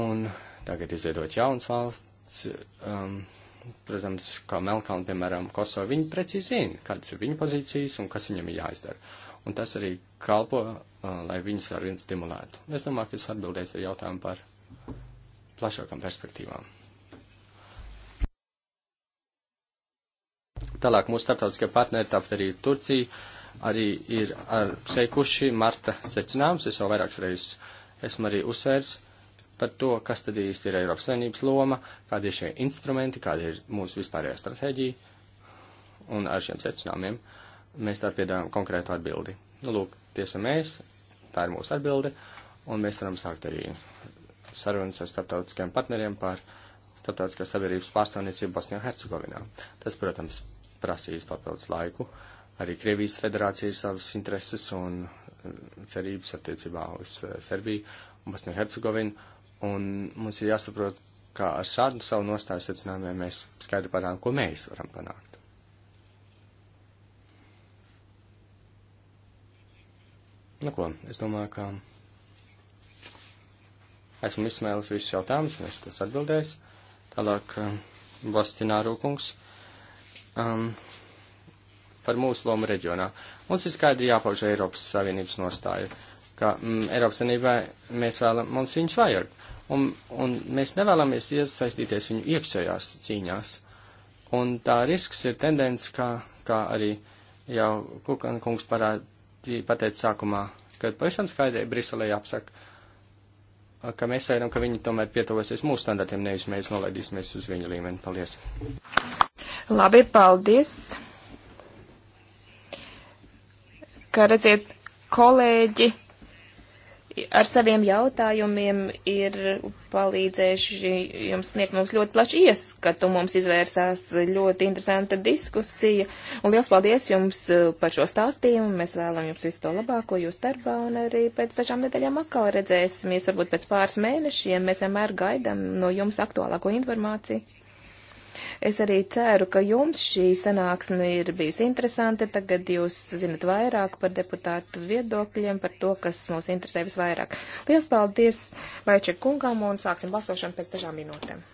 un tagad izveidot jauns valsts, um, protams, kā Melkalna, piemēram, Kosovo, viņi precīzi zina, kādas ir viņa pozīcijas un kas viņam ir jāizdara un tas arī kalpo, uh, lai viņus ar vien stimulētu. Es domāju, ka es atbildēšu ar jautājumu par plašākām perspektīvām. Tālāk mūsu starptautiskie partneri, tāpat arī Turcija, arī ir ar seikuši Marta secinājums. Es jau vairākas reizes esmu arī uzsvērs par to, kas tad īsti ir Eiropas saimnības loma, kādi ir šie instrumenti, kāda ir mūsu vispārējā stratēģija. Un ar šiem secinājumiem uh, mēs tā piedāvājam konkrētu atbildi. Nu, lūk, tiesa mēs, tā ir mūsu atbilde, un mēs varam sākt arī sarunas ar starptautiskiem partneriem par starptautiskās sabiedrības pārstāvniecību Bosnijā Hercegovinā. Tas, protams, prasīs papildus laiku. Arī Krievijas federācija ir savas intereses un uh, cerības attiecībā uz uh, Serbiju un Bosniju Hercegovinu, un mums ir jāsaprot, kā ar šādu savu nostāju secinājumiem mēs skaidri parādām, ko mēs varam panākt. Nu ko, es domāju, ka esmu izsmēlis visus jautājumus, un es tos atbildēs. Tālāk eh, Bostināru kungs um, par mūsu lomu reģionā. Mums ir skaidri jāpauž Eiropas Savienības nostāja, ka mm, Eiropas Savienībai mēs vēlam, mums viņus vajag, un, un mēs nevēlamies iesaistīties viņu iekšējās cīņās. Un tā risks ir tendence, kā, kā arī jau Kukan kungs parāda pateica sākumā, kad pavisam skaidri Briselē apsaka, ka mēs ceram, ka viņi tomēr pietuvosies mūsu standartiem, nevis mēs nolaidīsimies uz viņu līmeni. Paldies! Labi, paldies! Kā redziet, kolēģi! ar saviem jautājumiem ir palīdzējuši jums sniegt mums ļoti plašu ieskatu. Mums izvērsās ļoti interesanta diskusija. Un liels paldies jums uh, par šo stāstījumu. Mēs vēlam jums visu to labāko jūs darbā un arī pēc dažām nedēļām atkal redzēsimies. Varbūt pēc pāris mēnešiem mēs vienmēr gaidam no jums aktuālāko informāciju. Es arī ceru, ka jums šī sanāksme ir bijusi interesanta. Tagad jūs zinat vairāk par deputātu viedokļiem, par to, kas mūs interesē visvairāk. Lielas paldies Vaičak kungām un sāksim balsošanu pēc dažām minūtēm.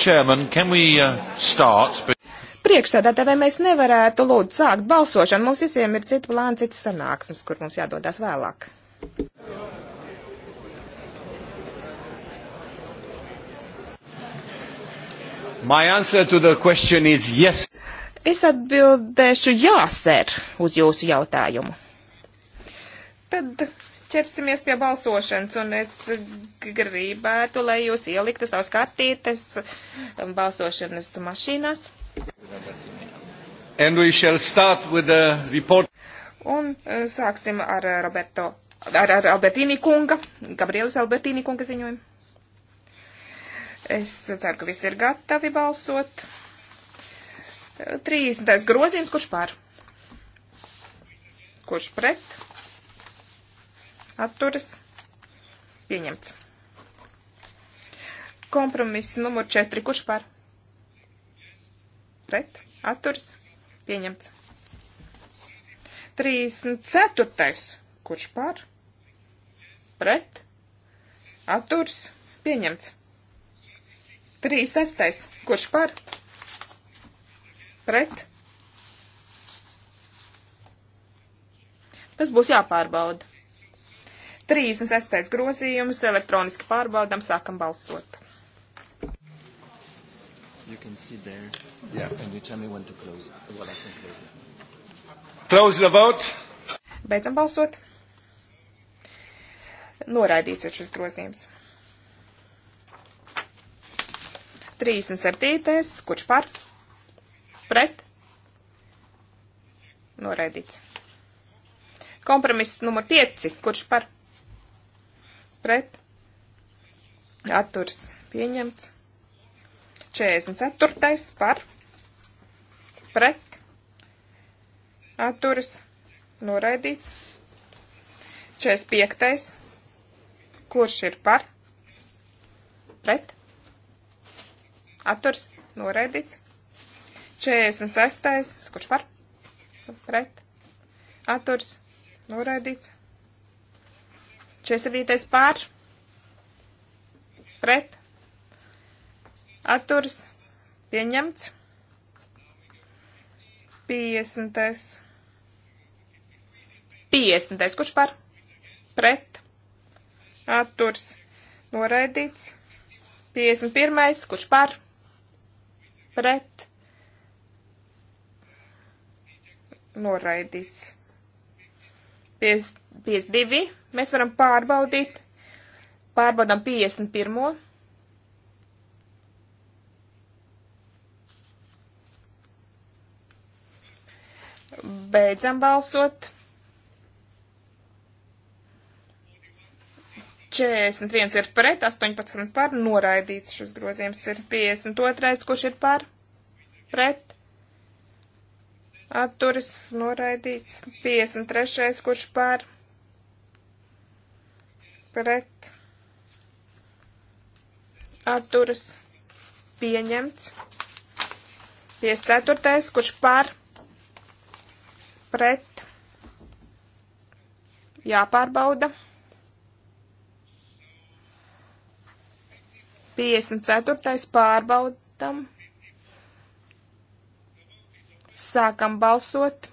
Chairman, can we uh, start? Priekšsēdētāj, vai mēs nevarētu lūdzu sākt balsošanu? Mums visiem ir cita plāna, citas sanāksmes, kur mums jādodas vēlāk. My answer to the question is yes. Es atbildēšu jā, ser, uz jūsu jautājumu. Tad ķersimies pie balsošanas, un es gribētu, lai jūs ieliktu savus kartītes balsošanas mašīnās. Un e, sāksim ar e, Roberto, ar, ar Albertīni kunga, Gabrielis Albertīni kunga ziņojumu. Es ceru, ka visi ir gatavi balsot. 30. E, grozījums, kurš pār? Kurš pret? atturas pieņemts. Kompromiss numur 4. Kurš par? Pret. Atturs. Pieņemts. 34. Kurš par? Pret. Atturs. Pieņemts. 36. Kurš par? Pret. Tas būs jāpārbauda. 36. grozījums elektroniski pārbaudām, sākam balsot. You can see there. Yeah. And you tell me when to close. Well, I can close it. Close the vote. Beidzam balsot. Noraidīts ir šis grozījums. 37. Kurš par? Pret? Noraidīts. Kompromiss numur 5. Kurš par? pret, atturs pieņemts. 44. par, pret, atturs noraidīts. 45. kurš ir par, pret, atturs noraidīts. 46. kurš par, pret, atturs noraidīts. 47. pār pret atturs pieņemts 50. 50. kurš par pret atturs noraidīts 51. kurš par pret noraidīts 50. 52. Mēs varam pārbaudīt. Pārbaudām 51. Beidzam balsot. 41 ir pret, 18 par, noraidīts šis grozījums ir 52, kurš ir par, pret, atturis, noraidīts, 53, kurš par, pret pret atturas pieņemts. 54. kurš par pret jāpārbauda. 54. pārbaudam. Sākam balsot.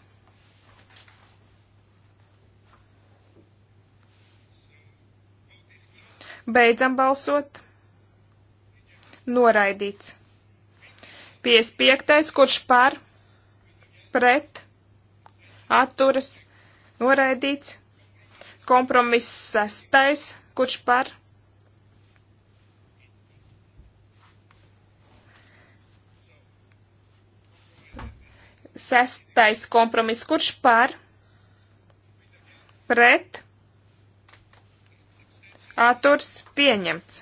Beidzam balsot. Noraidīts. 55. kurš par, pret, atturas, noraidīts. Kompromiss 6. kurš par, sestais kompromiss, kurš par, pret, Atturs pieņemts.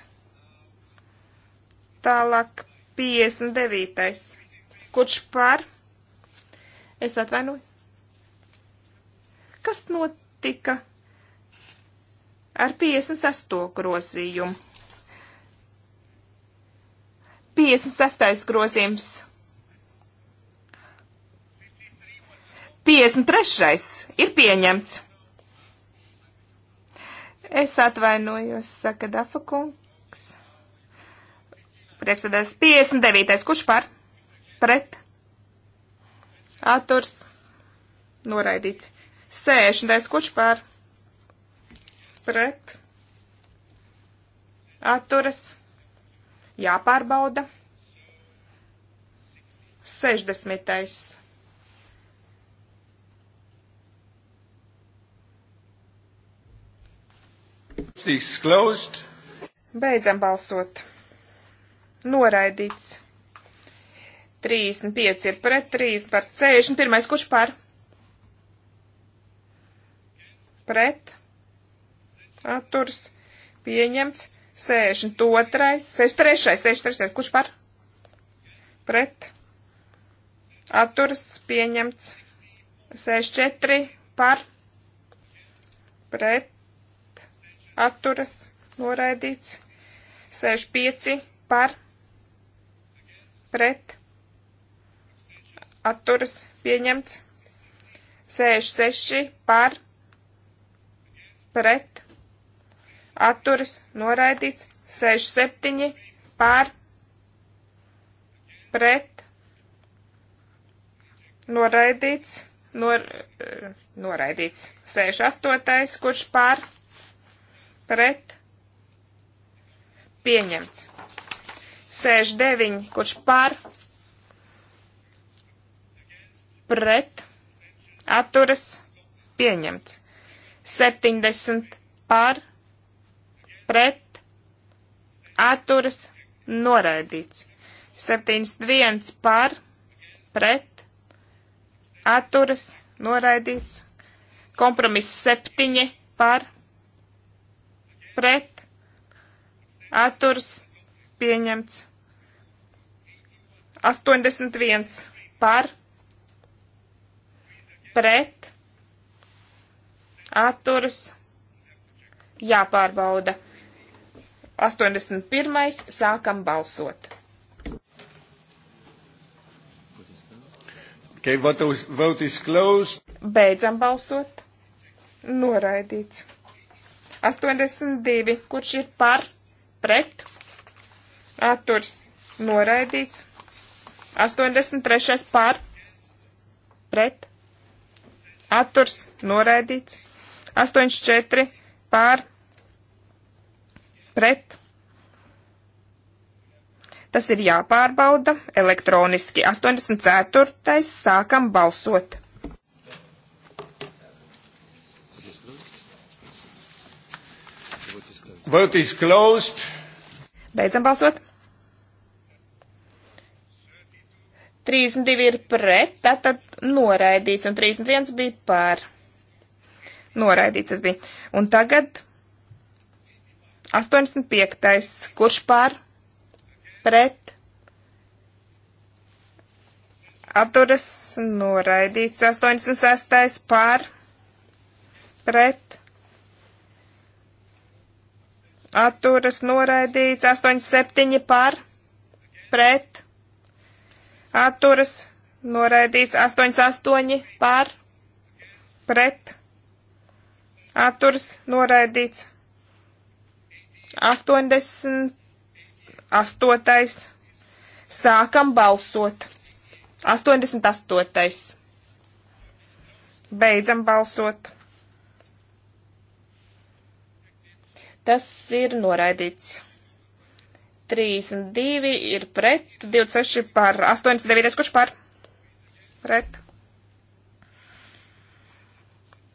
Tālāk 59. Kurš par? Es atvainoju. Kas notika ar 56. grozījumu? 56. grozījums. 53. ir pieņemts. Es atvainojos, saka Dafa kungs. Priekšsēdēs 59. Kurš par? Pret. Atturs. Noraidīts. 60. Kurš par? Pret. Atturas. Jāpārbauda. 60. Beidzam balsot. Noraidīts. 35 ir pret, 3 par 61. Kurš par? Pret. Atturs. Pieņemts. 62. 63. 63. Kurš par? Pret. Atturs. Pieņemts. 64. Par. Pret atturas noraidīts, 65 par pret atturas pieņemts, 66 par pret atturas noraidīts, 67 par pret noraidīts, nor, eh, noraidīts, 68, kurš par pret pret pieņemts. 69, kurš par pret atturas pieņemts. 70 par pret atturas noraidīts. 71 par pret atturas noraidīts. Kompromiss 7 par pret pret, atturs, pieņemts. 81 par, pret, atturs, jāpārbauda. 81. sākam balsot. Okay, vote is, vote is closed. Beidzam balsot. Noraidīts. 82. Kurš ir par? Pret. Atturs noraidīts. 83. par. Pret. Atturs noraidīts. 84. par. Pret. Tas ir jāpārbauda elektroniski. 84. sākam balsot. Vote is closed. Beidzam balsot. 32 ir pret, tātad noraidīts, un 31 bija pār. Noraidīts tas bija. Un tagad 85. Kurš pār? Pret. Atturas noraidīts. 86. pār. Pret atturas noraidīts 87 par pret atturas noraidīts 88 par pret atturas noraidīts 88. Sākam balsot. 88. Beidzam balsot. Tas ir noraidīts. 32 ir pret, 26 par 89, kurš par? Pret.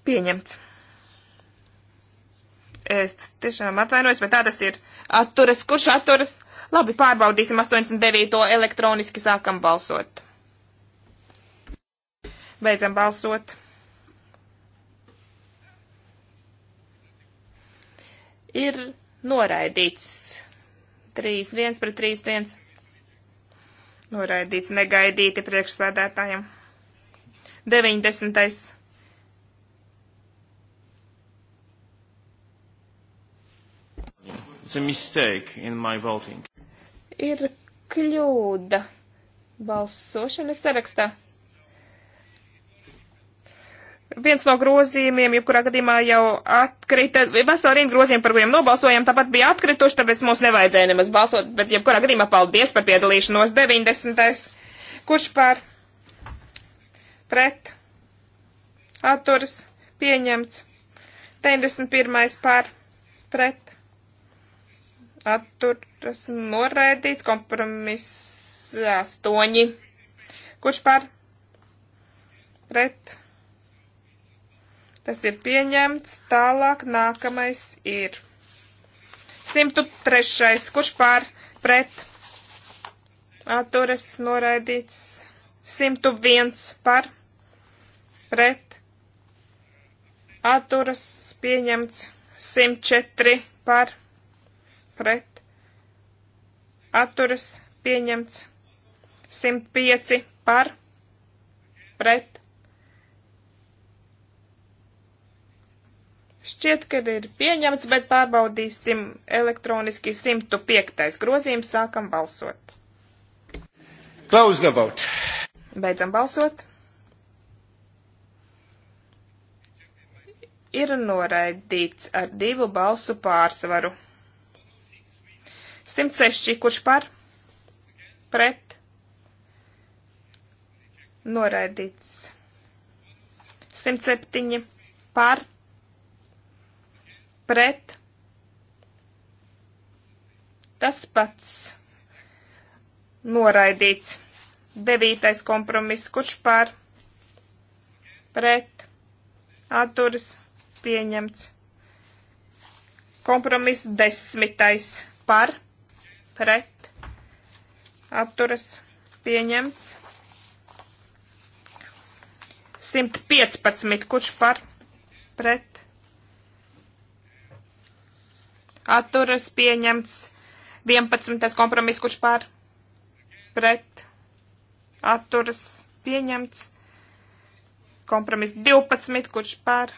Pieņemts. Es tiešām atvainojos, bet tā tas ir. Atturas, kurš atturas? Labi, pārbaudīsim 89. elektroniski sākam balsot. Beidzam balsot. ir noraidīts 3-1 pret 3-1. Noraidīts negaidīti priekšsēdētājiem. 90. It's a mistake in my voting. Ir kļūda balsošanas sarakstā. Viens no grozījumiem, jebkurā gadījumā jau atkrita, vesela rinda grozījumu, par kuriem nobalsojam, tāpat bija atkrituši, tāpēc mums nevajadzēja nemaz balsot, bet jebkurā gadījumā paldies par piedalīšanos 90. Kurš par? Pret? Atturs? Pieņemts. 91. par? Pret? Atturs? Noraidīts. Kompromiss 8. Kurš par? Pret? Tas ir pieņemts. Tālāk nākamais ir 103. Kurš pār pret atturas noraidīts? 101 par pret atturas pieņemts. 104 par pret atturas pieņemts. 105 par pret Šķiet, ka ir pieņemts, bet pārbaudīsim elektroniski 105. grozījums, sākam balsot. Close the vote. Beidzam balsot. Ir noraidīts ar divu balsu pārsvaru. 106. Kurš par? Pret. Noraidīts. 107. Par pret tas pats noraidīts. Devītais kompromiss, kurš pār pret atturas pieņemts. Kompromiss desmitais par pret atturas pieņemts. 115, kurš par pret atturas pieņemts 11. kompromiss, kurš pār pret atturas pieņemts kompromiss 12, kurš pār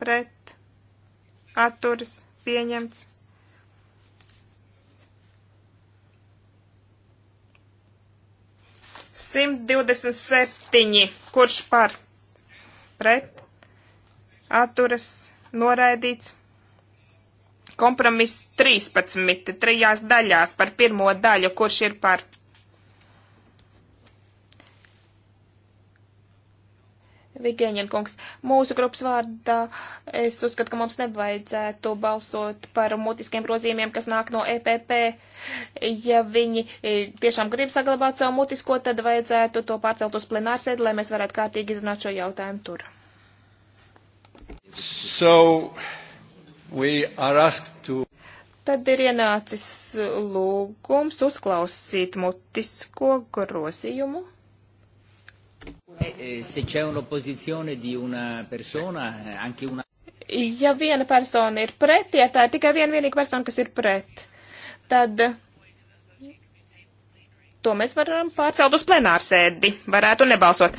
pret atturas pieņemts. Simt divdesmit septiņi, kurš par pret atturas noraidīts. Kompromiss 13, trijās daļās par pirmo daļu, kurš ir par. Vigēņina kungs, mūsu grupas vārdā es uzskatu, ka mums nevajadzētu balsot par mutiskiem grozījumiem, kas nāk no EPP. Ja viņi e, tiešām grib saglabāt savu mutisko, tad vajadzētu to pārcelt uz plenārsēdi, lai mēs varētu kārtīgi izrunāt šo jautājumu tur. So, To... Tad ir ienācis lūgums uzklausīt mutisko grozījumu. Eh, eh, ja viena persona ir pret, ja tā ir tikai viena vienīga persona, kas ir pret, tad to mēs varam pārcelt uz plenārsēdi, varētu nebalsot.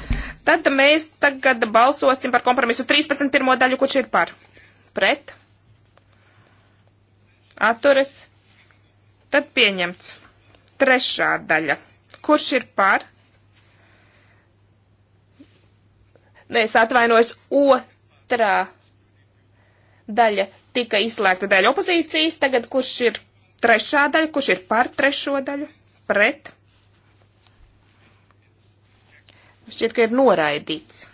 Tad mēs tagad balsosim par kompromisu 13. daļu, kurš ir par. Pret atturas, tad pieņemts. Trešā daļa. Kurš ir par? Nē, es atvainojos, otrā daļa tika izslēgta daļa opozīcijas. Tagad kurš ir trešā daļa, kurš ir par trešo daļu? Pret? Šķiet, ka ir noraidīts.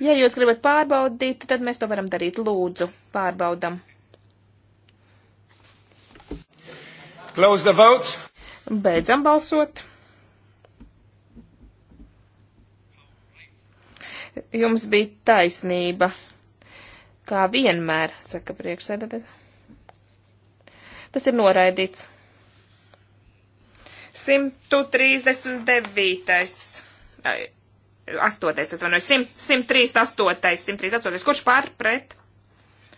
Ja jūs gribat pārbaudīt, tad mēs to varam darīt. Lūdzu, pārbaudam. Close the vote. Beidzam balsot. Jums bija taisnība. Kā vienmēr, saka priekšsēdētājs. Tas ir noraidīts. 139. Ai. Astotais, atvainoju, 103, 8, 103, 8, kurš pār, pret,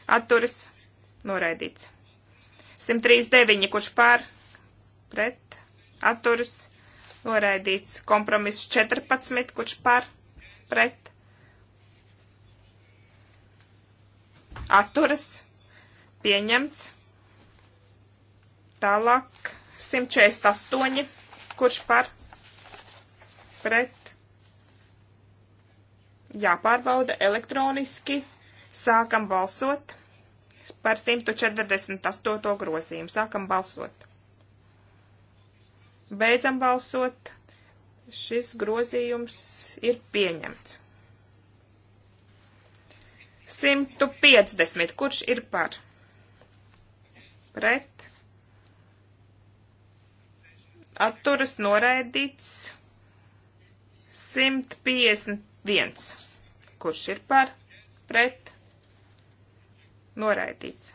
atturas, noraidīts. 139, kurš pār, pret, atturas, noraidīts. Kompromiss 14, kurš pār, pret, atturas, pieņemts. Tālāk 148, kurš par pret jāpārbauda elektroniski. Sākam balsot par 148. grozījumu. Sākam balsot. Beidzam balsot. Šis grozījums ir pieņemts. 150. Kurš ir par? Pret. Atturas noraidīts. 150 viens. Kurš ir par, pret, noraidīts.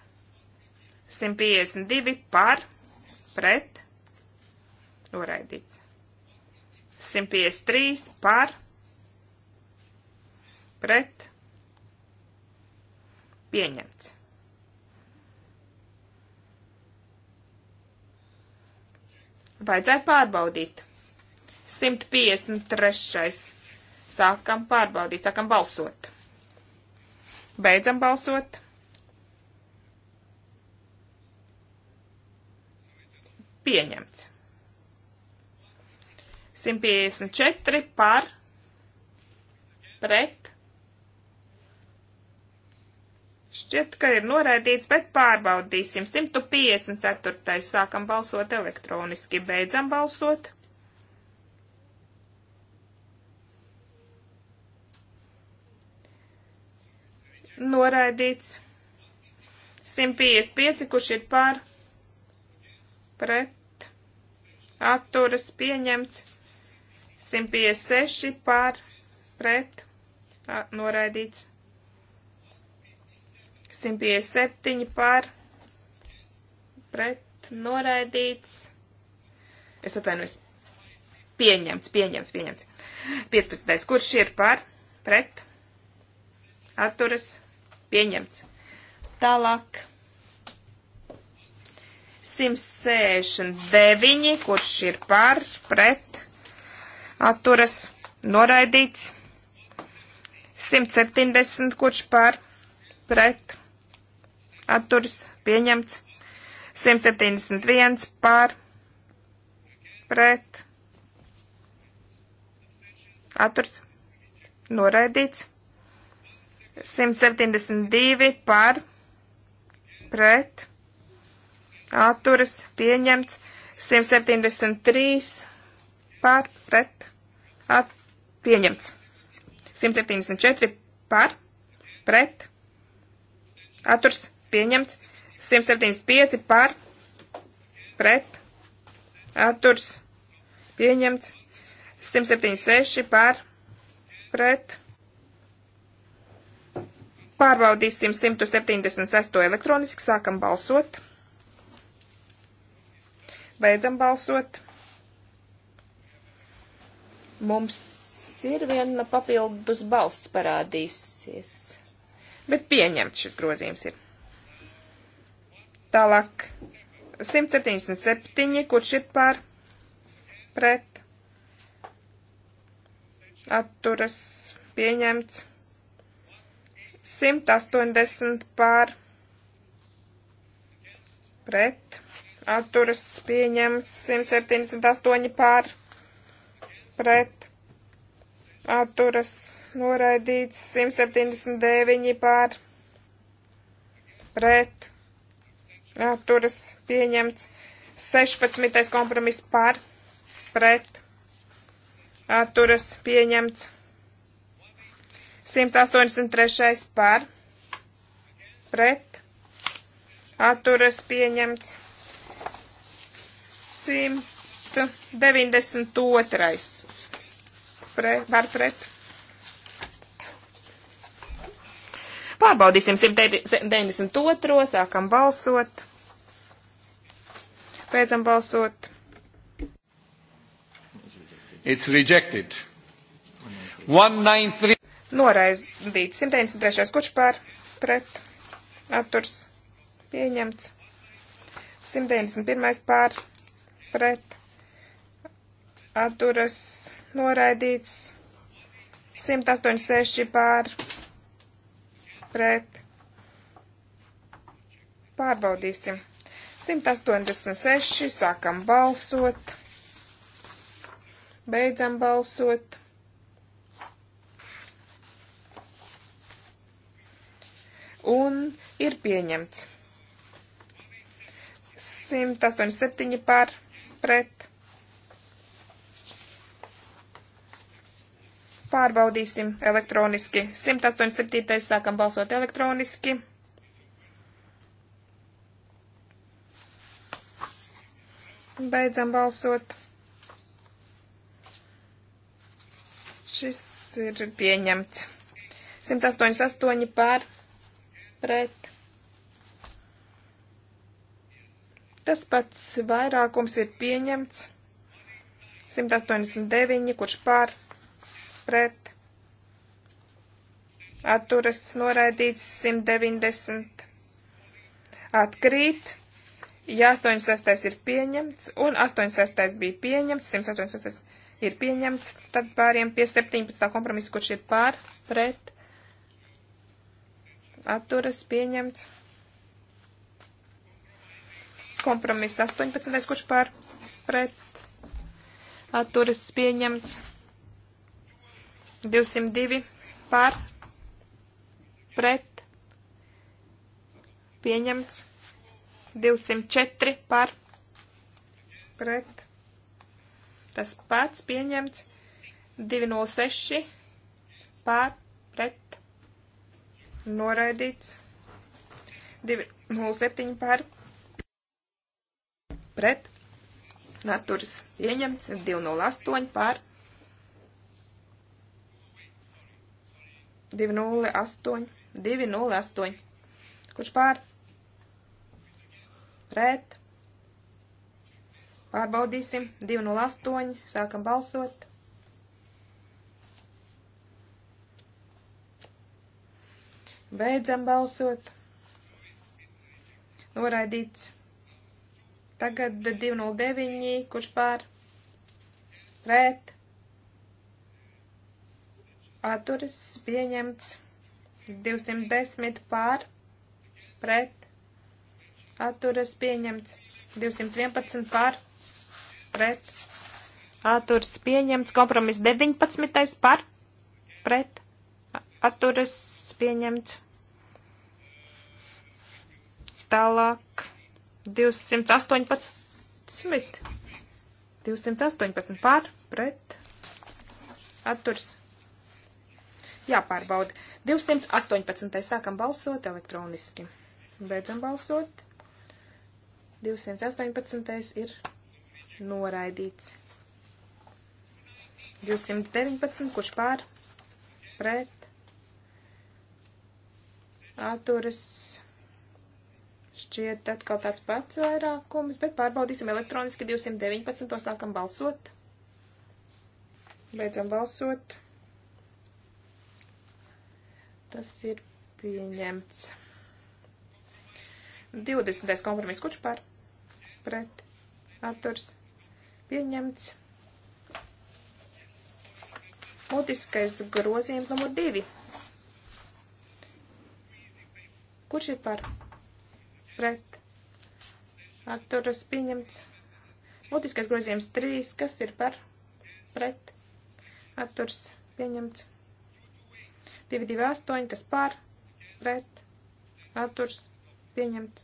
152 par, pret, noraidīts. 153 par, pret, pieņemts. Vajadzēja pārbaudīt. 153. Sākam pārbaudīt, sākam balsot. Beidzam balsot. Pieņemts. 154 par pret. Šķiet, ka ir noraidīts, bet pārbaudīsim. 154. sākam balsot elektroniski, beidzam balsot. noraidīts. 155, kurš ir par, pret, atturas pieņemts. 156 par, pret, a, noraidīts. 157 par, pret, noraidīts. Es atvainojos. Pieņemts, pieņemts, pieņemts. 15. Kurš ir par, pret, atturas pieņemts Pieņemts. Tālāk. 169, kurš ir par, pret, atturas, noraidīts. 170, kurš par, pret, atturas, pieņemts. 171 par, pret, atturas, noraidīts. 172 par pret atturas pieņemts 173 par pret at, pieņemts 174 par pret atturs pieņemts 175 par pret atturs pieņemts 176 par pret atturs Pārbaudīsim 176. elektroniski, sākam balsot. Beidzam balsot. Mums ir viena papildus balss parādījusies. Bet pieņemts šis grozījums ir. Tālāk 177, kurš ir pār pret atturas pieņemts. 180 pār pret, atturas pieņemts 178 pār pret, atturas noraidīts 179 pār pret, atturas pieņemts 16. kompromiss pār pret, atturas pieņemts 183. par pret atturas pieņemts 192. Pre, par pret. Pārbaudīsim 192. sākam balsot. Beidzam balsot. It's rejected. 193 noraidīts. 193. kurš pār pret atturs pieņemts. 191. pār pret atturas noraidīts. 186 pār pret pārbaudīsim. 186 sākam balsot. Beidzam balsot. un ir pieņemts. 187 par pret. Pārbaudīsim elektroniski. 187. sākam balsot elektroniski. Beidzam balsot. Šis ir pieņemts. 188 pār pret. Tas pats vairākums ir pieņemts. 189, kurš pār, pret, atturas noraidīts 190. Atkrīt, ja 86 ir pieņemts, un 86 bija pieņemts, 186 ir pieņemts, tad pāriem pie 17. kompromisa, kurš ir pār, pret, atturas pieņemts. Kompromiss 18. kurš pār pret atturas pieņemts. 202 pār pret pieņemts. 204 par pret. Tas pats pieņemts 206 par noraidīts. 207 par pret naturas pieņemts. 208 par 208 208 kurš pār pret pārbaudīsim 208 sākam balsot Beidzam balsot. Noraidīts. Tagad 209, kurš pār? Pret. Atturis pieņemts. 210 pār. Pret. Atturis pieņemts. 211 pār. Pret. Atturis pieņemts. Kompromiss 19 par. Pret. Atturis pieņemts. Tālāk 218. 218 pār pret atturs. Jāpārbauda. 218. sākam balsot elektroniski. Beidzam balsot. 218. ir noraidīts. 219. kurš pār pret atturas šķiet atkal tāds pats vairākums, bet pārbaudīsim elektroniski 219. sākam balsot. Beidzam balsot. Tas ir pieņemts. 20. kompromiss, kurš par? Pret. Atturs. Pieņemts. Mutiskais grozījums numur 2. Kurš ir par? Pret. Atturas pieņemts. Būtiskais grozījums 3. Kas ir par? Pret. Atturas pieņemts. 228. Kas par? Pret. Atturas pieņemts.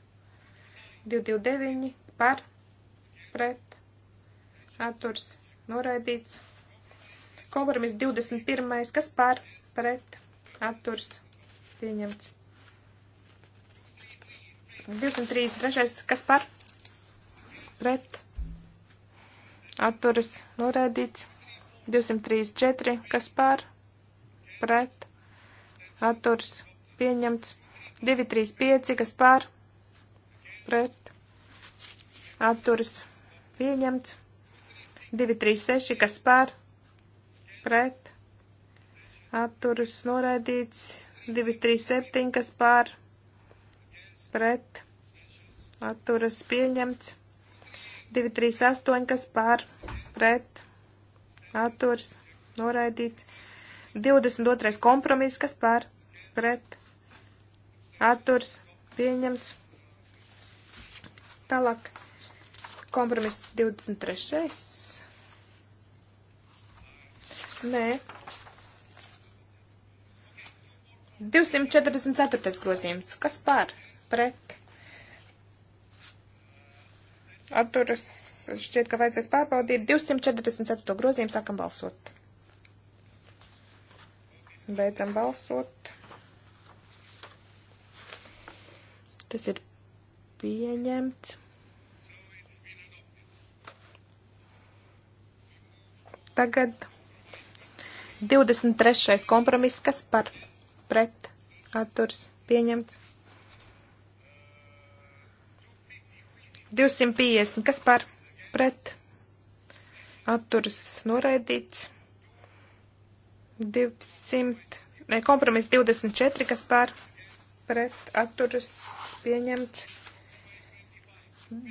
229. Par. Pret. Atturas noraidīts. Kompromiss 21. Kas par? Pret. Atturas pieņemts. 233. kas par? Pret. Atturas norādīts. 234. kas par? Pret. Atturas pieņemts. 235. kas par? Pret. Atturas pieņemts. 236. kas par? Pret. Atturas norādīts. 237. kas par? Pret pret atturas pieņemts. 238, kas pār pret atturas noraidīts. 22. kompromiss, kas pār pret atturas pieņemts. Tālāk kompromiss 23. Nē. 244. grozījums. Kas par? pret atturas šķiet, ka vajadzēs pārbaudīt 244. grozījumu, sākam balsot. Beidzam balsot. Tas ir pieņemts. Tagad 23. kompromiss, kas par pret atturs pieņemts. 250, kas par pret atturas noraidīts. 200, ne, kompromiss 24, kas par pret atturas pieņemts.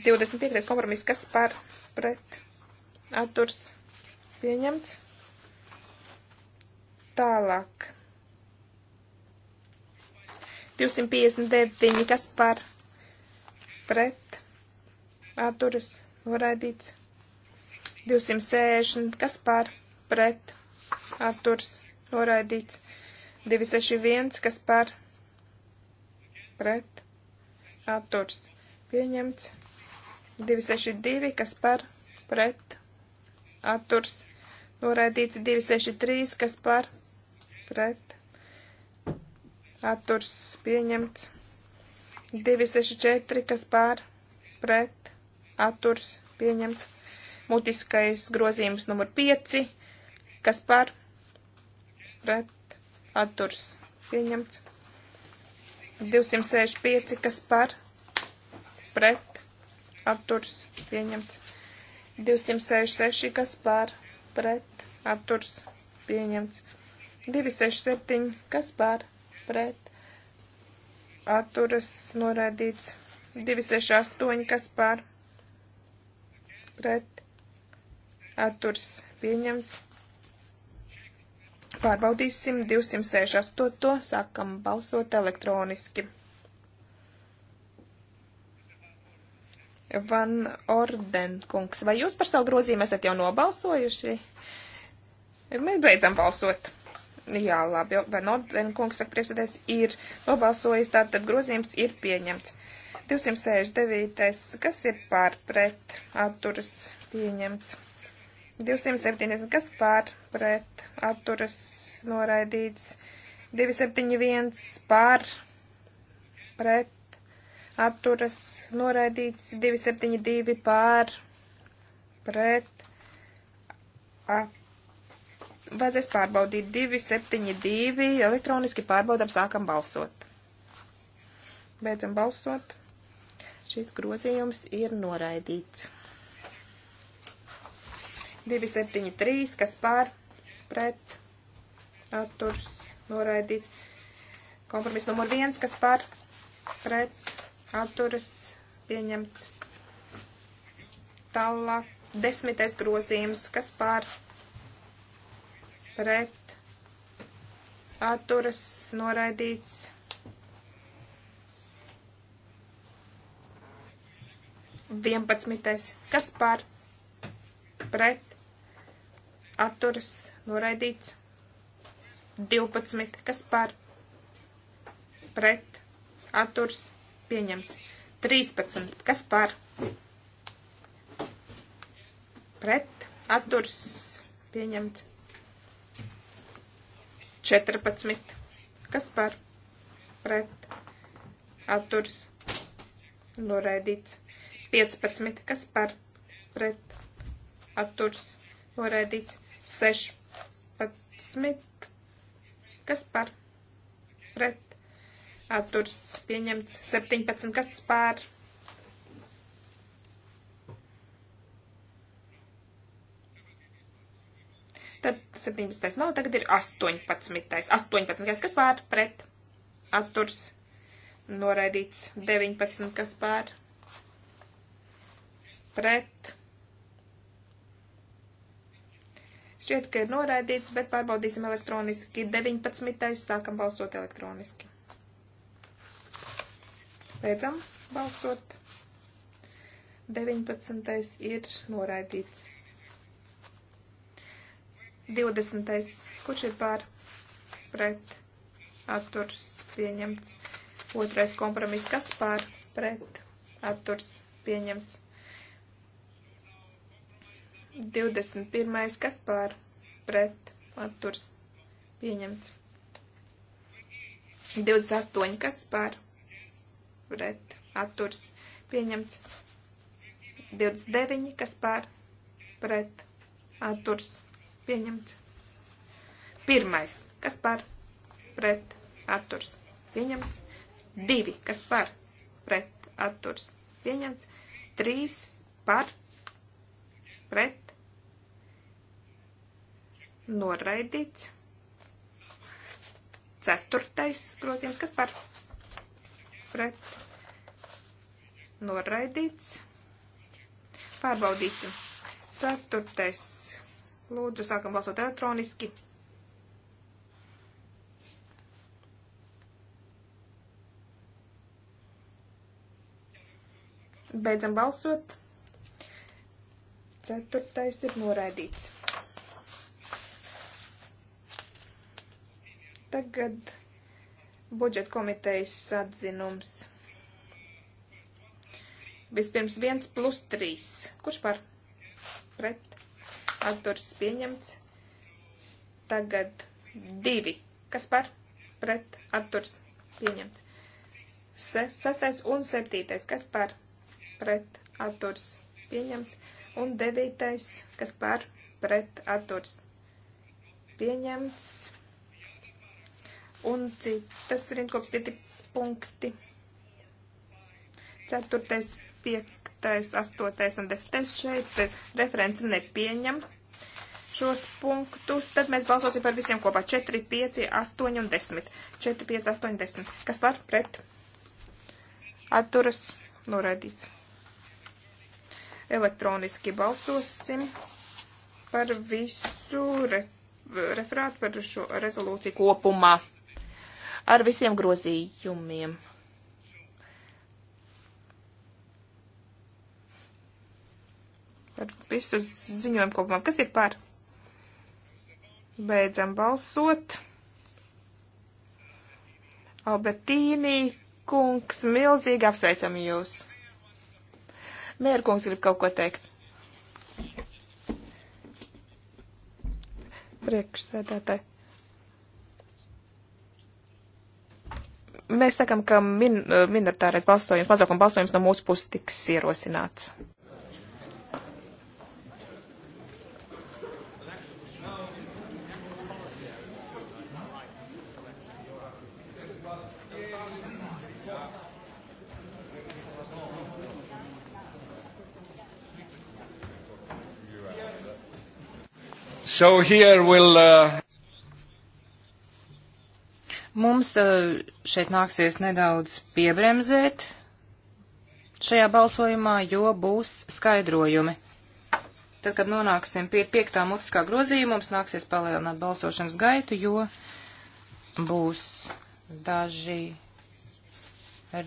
25. kompromiss, kas par pret atturas pieņemts. Tālāk. 259, kas par pret atturas noraidīts. 260, kas par pret atturs noraidīts. 261, kas par pret atturs pieņemts. 262, kas par pret atturs noraidīts. 263, kas par pret atturs pieņemts. 264, kas par pret atturs pieņemts. Mutiskais grozījums numur 5, kas par pret atturs pieņemts. 265, kas par pret atturs pieņemts. 266, kas par pret atturs pieņemts. 267, kas par pret atturas noraidīts 268, kas par pret atturs pieņemts. Pārbaudīsim 268. Sākam balsot elektroniski. Van Orden kungs, vai jūs par savu grozījumu esat jau nobalsojuši? Mēs beidzam balsot. Jā, labi, Van Orden kungs, saka priekšsēdēs, ir nobalsojis, tātad grozījums ir pieņemts. 269. Kas ir pār pret atturas pieņemts? 270. Kas pār pret atturas noraidīts? 271. Pār pret atturas noraidīts. 272. Pār pret atturas. Vajadzēs pārbaudīt 272. Elektroniski pārbaudām, sākam balsot. Beidzam balsot. Šis grozījums ir noraidīts. 273, kas pār pret atturs noraidīts. Kompromiss numur 1, kas pār pret atturs pieņemts. Tālāk desmitais grozījums, kas pār pret atturas noraidīts. 11. Kas par? Pret. Atturas. Noraidīts. 12. Kas par? Pret. Atturas. Pieņemts. 13. Kas par? Pret. Atturas. Pieņemts. 14. Kas par? Pret. Atturas. Noraidīts. 15, kas par pret atturs noraidīts 16, kas par pret atturs pieņemts 17, kas par Tad 17. nav, tagad ir 18. 18. kas pār pret atturs noraidīts 19. kas pār pret pret. Šķiet, ka ir noraidīts, bet pārbaudīsim elektroniski. 19. sākam balsot elektroniski. Beidzam balsot. 19. ir noraidīts. 20. Kurš ir pār? Pret. Atturs pieņemts. Otrais kompromiss. Kas pār? Pret. Atturs pieņemts. 21. kas pār pret atturs pieņemts. 28. kas pār pret atturs pieņemts. 29. kas pār pret atturs pieņemts. 1. kas pār pret atturs pieņemts. 2. kas pār pret atturs pieņemts. 3. par pret noraidīts. Ceturtais grozījums, kas par pret noraidīts. Pārbaudīsim. Ceturtais. Lūdzu, sākam balsot elektroniski. Beidzam balsot. Ceturtais ir noraidīts. Tagad budžeta komitejas atzinums. Vispirms 1 plus 3. Kurš par? Pret. Atturs pieņemts. Tagad 2. Kas par? Pret. Atturs pieņemts. Sastais un septītais. Kas par? Pret. Atturs pieņemts. Un devītais. Kas par? Pret. Atturs pieņemts un citas rindkops citi punkti. 4., 5., 8. un 10. šeit referenci nepieņem šos punktus, tad mēs balsosim par visiem kopā 4, 5, 8 un 10. 4, 5, 8, 10. Kas var pret? Atturas norādīts. Elektroniski balsosim par visu re referātu par šo rezolūciju kopumā ar visiem grozījumiem. Ar visu ziņojumu kopumā. Kas ir par? Beidzam balsot. Albertīnī, kungs, milzīgi apsveicam jūs. Mērkungs grib kaut ko teikt. Priekšsēdētāji. Mēs sakam, ka min, eh, minoritārais balsojums, mazākuma balsojums no mūsu puses tiks ierosināts. So here we'll, uh... Mums uh, šeit nāksies nedaudz piebremzēt šajā balsojumā, jo būs skaidrojumi. Tad, kad nonāksim pie piektā mutiskā grozījuma, mums nāksies palielināt balsošanas gaitu, jo būs daži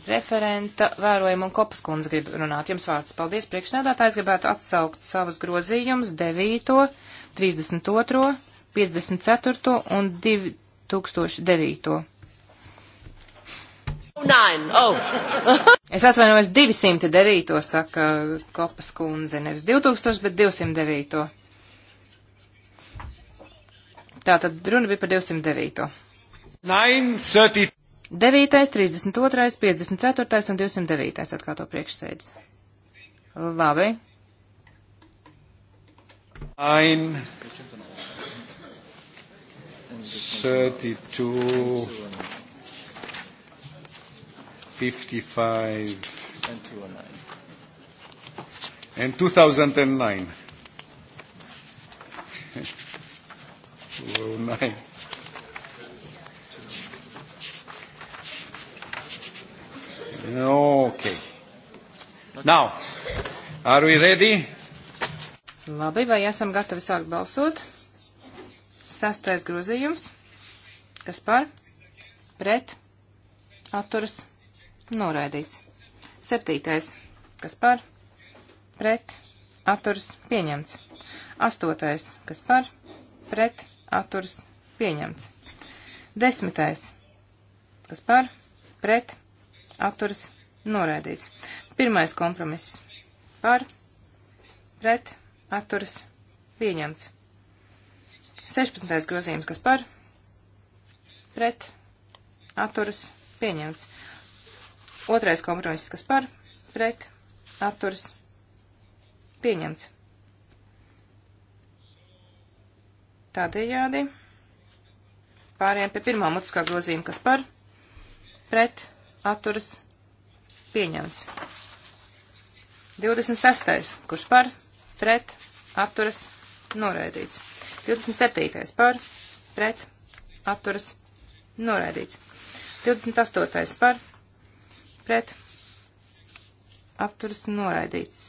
referenta vērojumu un kopas kundze grib runāt. Jums vārds. Paldies, priekšnēdātājs. Gribētu atsaukt savus grozījumus 9, 32, 54 un 2, 2009. Nine, oh. es atvainojos 209, saka Kopas kundze, nevis 2000, bet 209. Tātad runa bija par 209. 9, 9, 32, 54 un 209 atkārto priekšsēdz. Labi. 9. 32, 55, and 209. And 2009. 209. Okay. Now, are we ready? Labi, vai esam gatavi sākt balsot? Sastais grozījums. Kas par? Pret. Atturas. Noraidīts. Septītais. Kas par? Pret. Atturas. Pieņemts. Astotais. Kas par? Pret. Atturas. Pieņemts. Desmitais. Kas par? Pret. Atturas. Noraidīts. Pirmais kompromiss. Par. Pret. Atturas. Pieņemts. 16. grozījums, kas par pret atturas pieņemts. Otrais kompromiss, kas par pret atturas pieņemts. Tādējādi pārējām pie pirmā mutiskā grozījuma, kas par pret atturas pieņemts. 26. kurš par pret atturas noraidīts. 27. par, pret, atturas, noraidīts. 28. par, pret, atturas, noraidīts.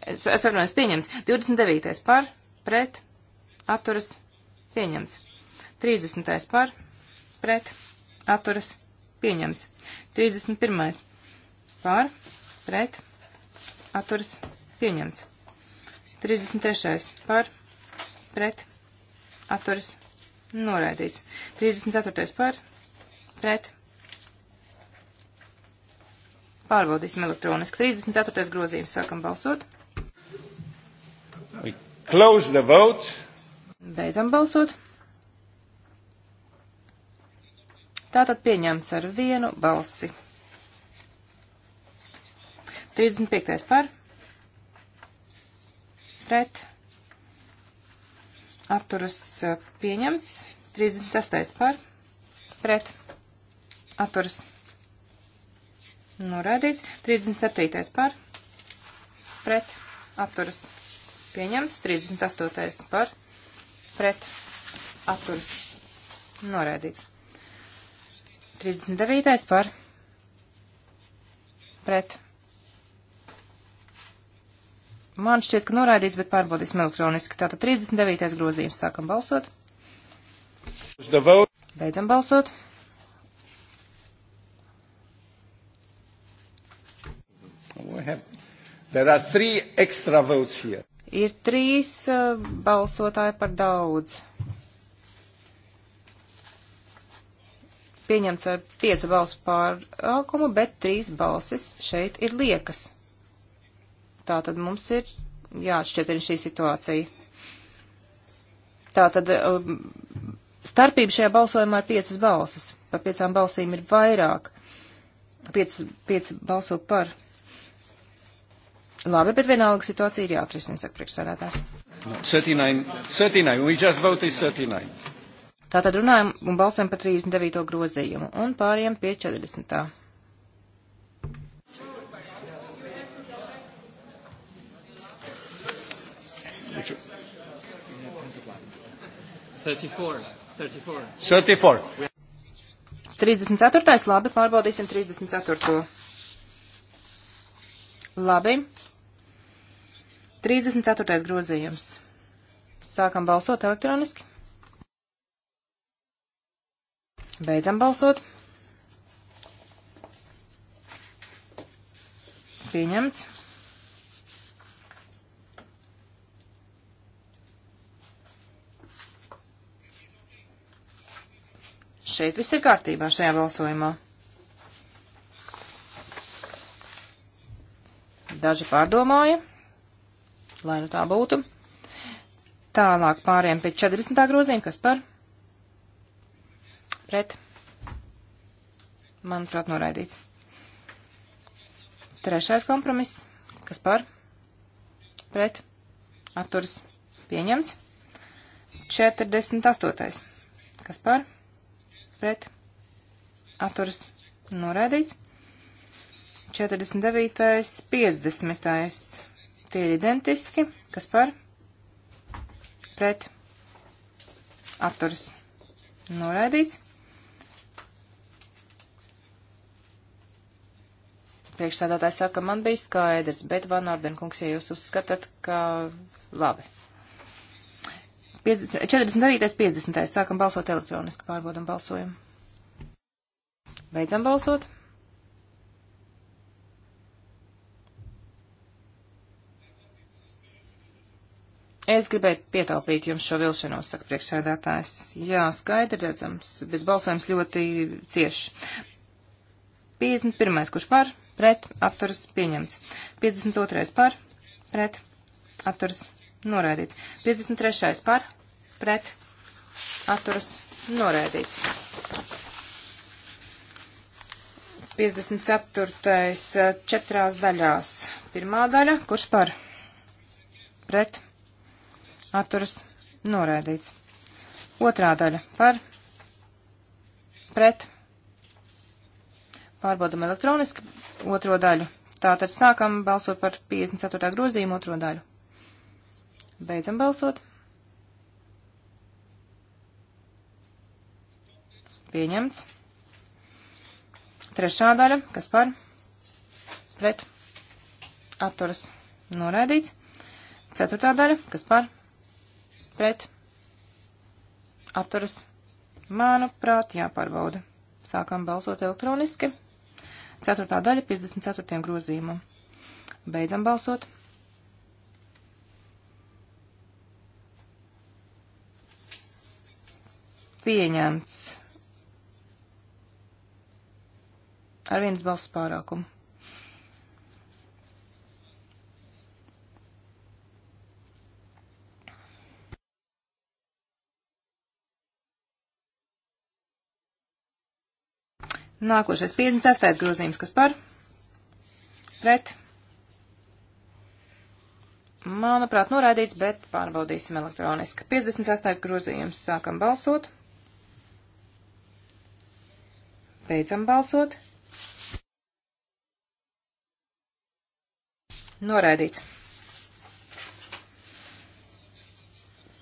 Es, es atvainojos, pieņemts. 29. par, pret, atturas, pieņemts. 30. par, pret, atturas, pieņemts. 31. par, pret, atturas, pieņemts. 33. par pret atturas noraidīts. 34. par pret pārbaudīsim elektroniski. 34. grozījums sākam balsot. We close the vote. Beidzam balsot. Tātad pieņemts ar vienu balsi. 35. par pret atturas eh, pieņemts. 36. par pret atturas norādīts. 37. par pret atturas pieņemts. 38. par pret atturas norādīts. 39. par pret atturas Man šķiet, ka noraidīts, bet pārbaudīsim elektroniski. Tātad 39. grozījums. Sākam balsot. Beidzam balsot. Ir trīs uh, balsotāji par daudz. Pieņemts ar piecu balsu pārākumu, bet trīs balsis šeit ir liekas. Tā tad mums ir jāatšķietina šī situācija. Tā tad um, starpība šajā balsojumā ir piecas balsis. Par piecām balsīm ir vairāk. Piec, pieci balso par. Labi, bet vienalga situācija ir jāatrisina, saka priekšsēdētājs. 39, 39, we just voted 39. Tātad runājam un balsojam par 39. grozījumu un pāriem pie 40. 34. 34. 34. 34. Labi, pārbaudīsim 34. Labi. 34. grozījums. Sākam balsot elektroniski. Beidzam balsot. Pieņemts. Šeit viss ir kārtībā šajā balsojumā. Daži pārdomāja, lai nu tā būtu. Tālāk pāriem pie 40. grozījuma, kas par? Pret. Manuprāt, noraidīts. Trešais kompromiss, kas par? Pret. Atturs pieņemts. 48. kas par? pret atturas noraidīts. 49. 50. Tie ir identiski. Kas par? Pret atturas noraidīts. Priekšsādātājs saka, man bija skaidrs, bet Van Orden kungs, ja jūs uzskatāt, ka labi. 50, 49. 50. Sākam balsot elektroniski, pārbaudam balsojumu. Beidzam balsot. Es gribēju pietaupīt jums šo vilšanos, saka priekšsēdētājs. Jā, skaidri redzams, bet balsojums ļoti cieši. 51. kurš par, pret, atturas, pieņemts. 52. par, pret, atturas, pieņemts Noraidīts. 53. par, pret, atturas, noraidīts. 54. Eh, četrās daļās. Pirmā daļa, kurš par, pret, atturas, noraidīts. Otrā daļa par, pret, pārbaudam elektroniski otro daļu. Tātad sākam balsot par 54. grozījumu otro daļu. Beidzam balsot. Pieņemts. Trešā daļa, kas par pret atturas noraidīts. Ceturtā daļa, kas par pret atturas, manuprāt, jāpārbauda. Sākam balsot elektroniski. Ceturtā daļa 54. grozījumam. Beidzam balsot. pieņemts ar vienas balss pārākumu. Nākošais 56. grozījums, kas par? Pret. Manuprāt, noraidīts, bet pārbaudīsim elektroniski. 56. grozījums. Sākam balsot. Beidzam balsot. Noraidīts.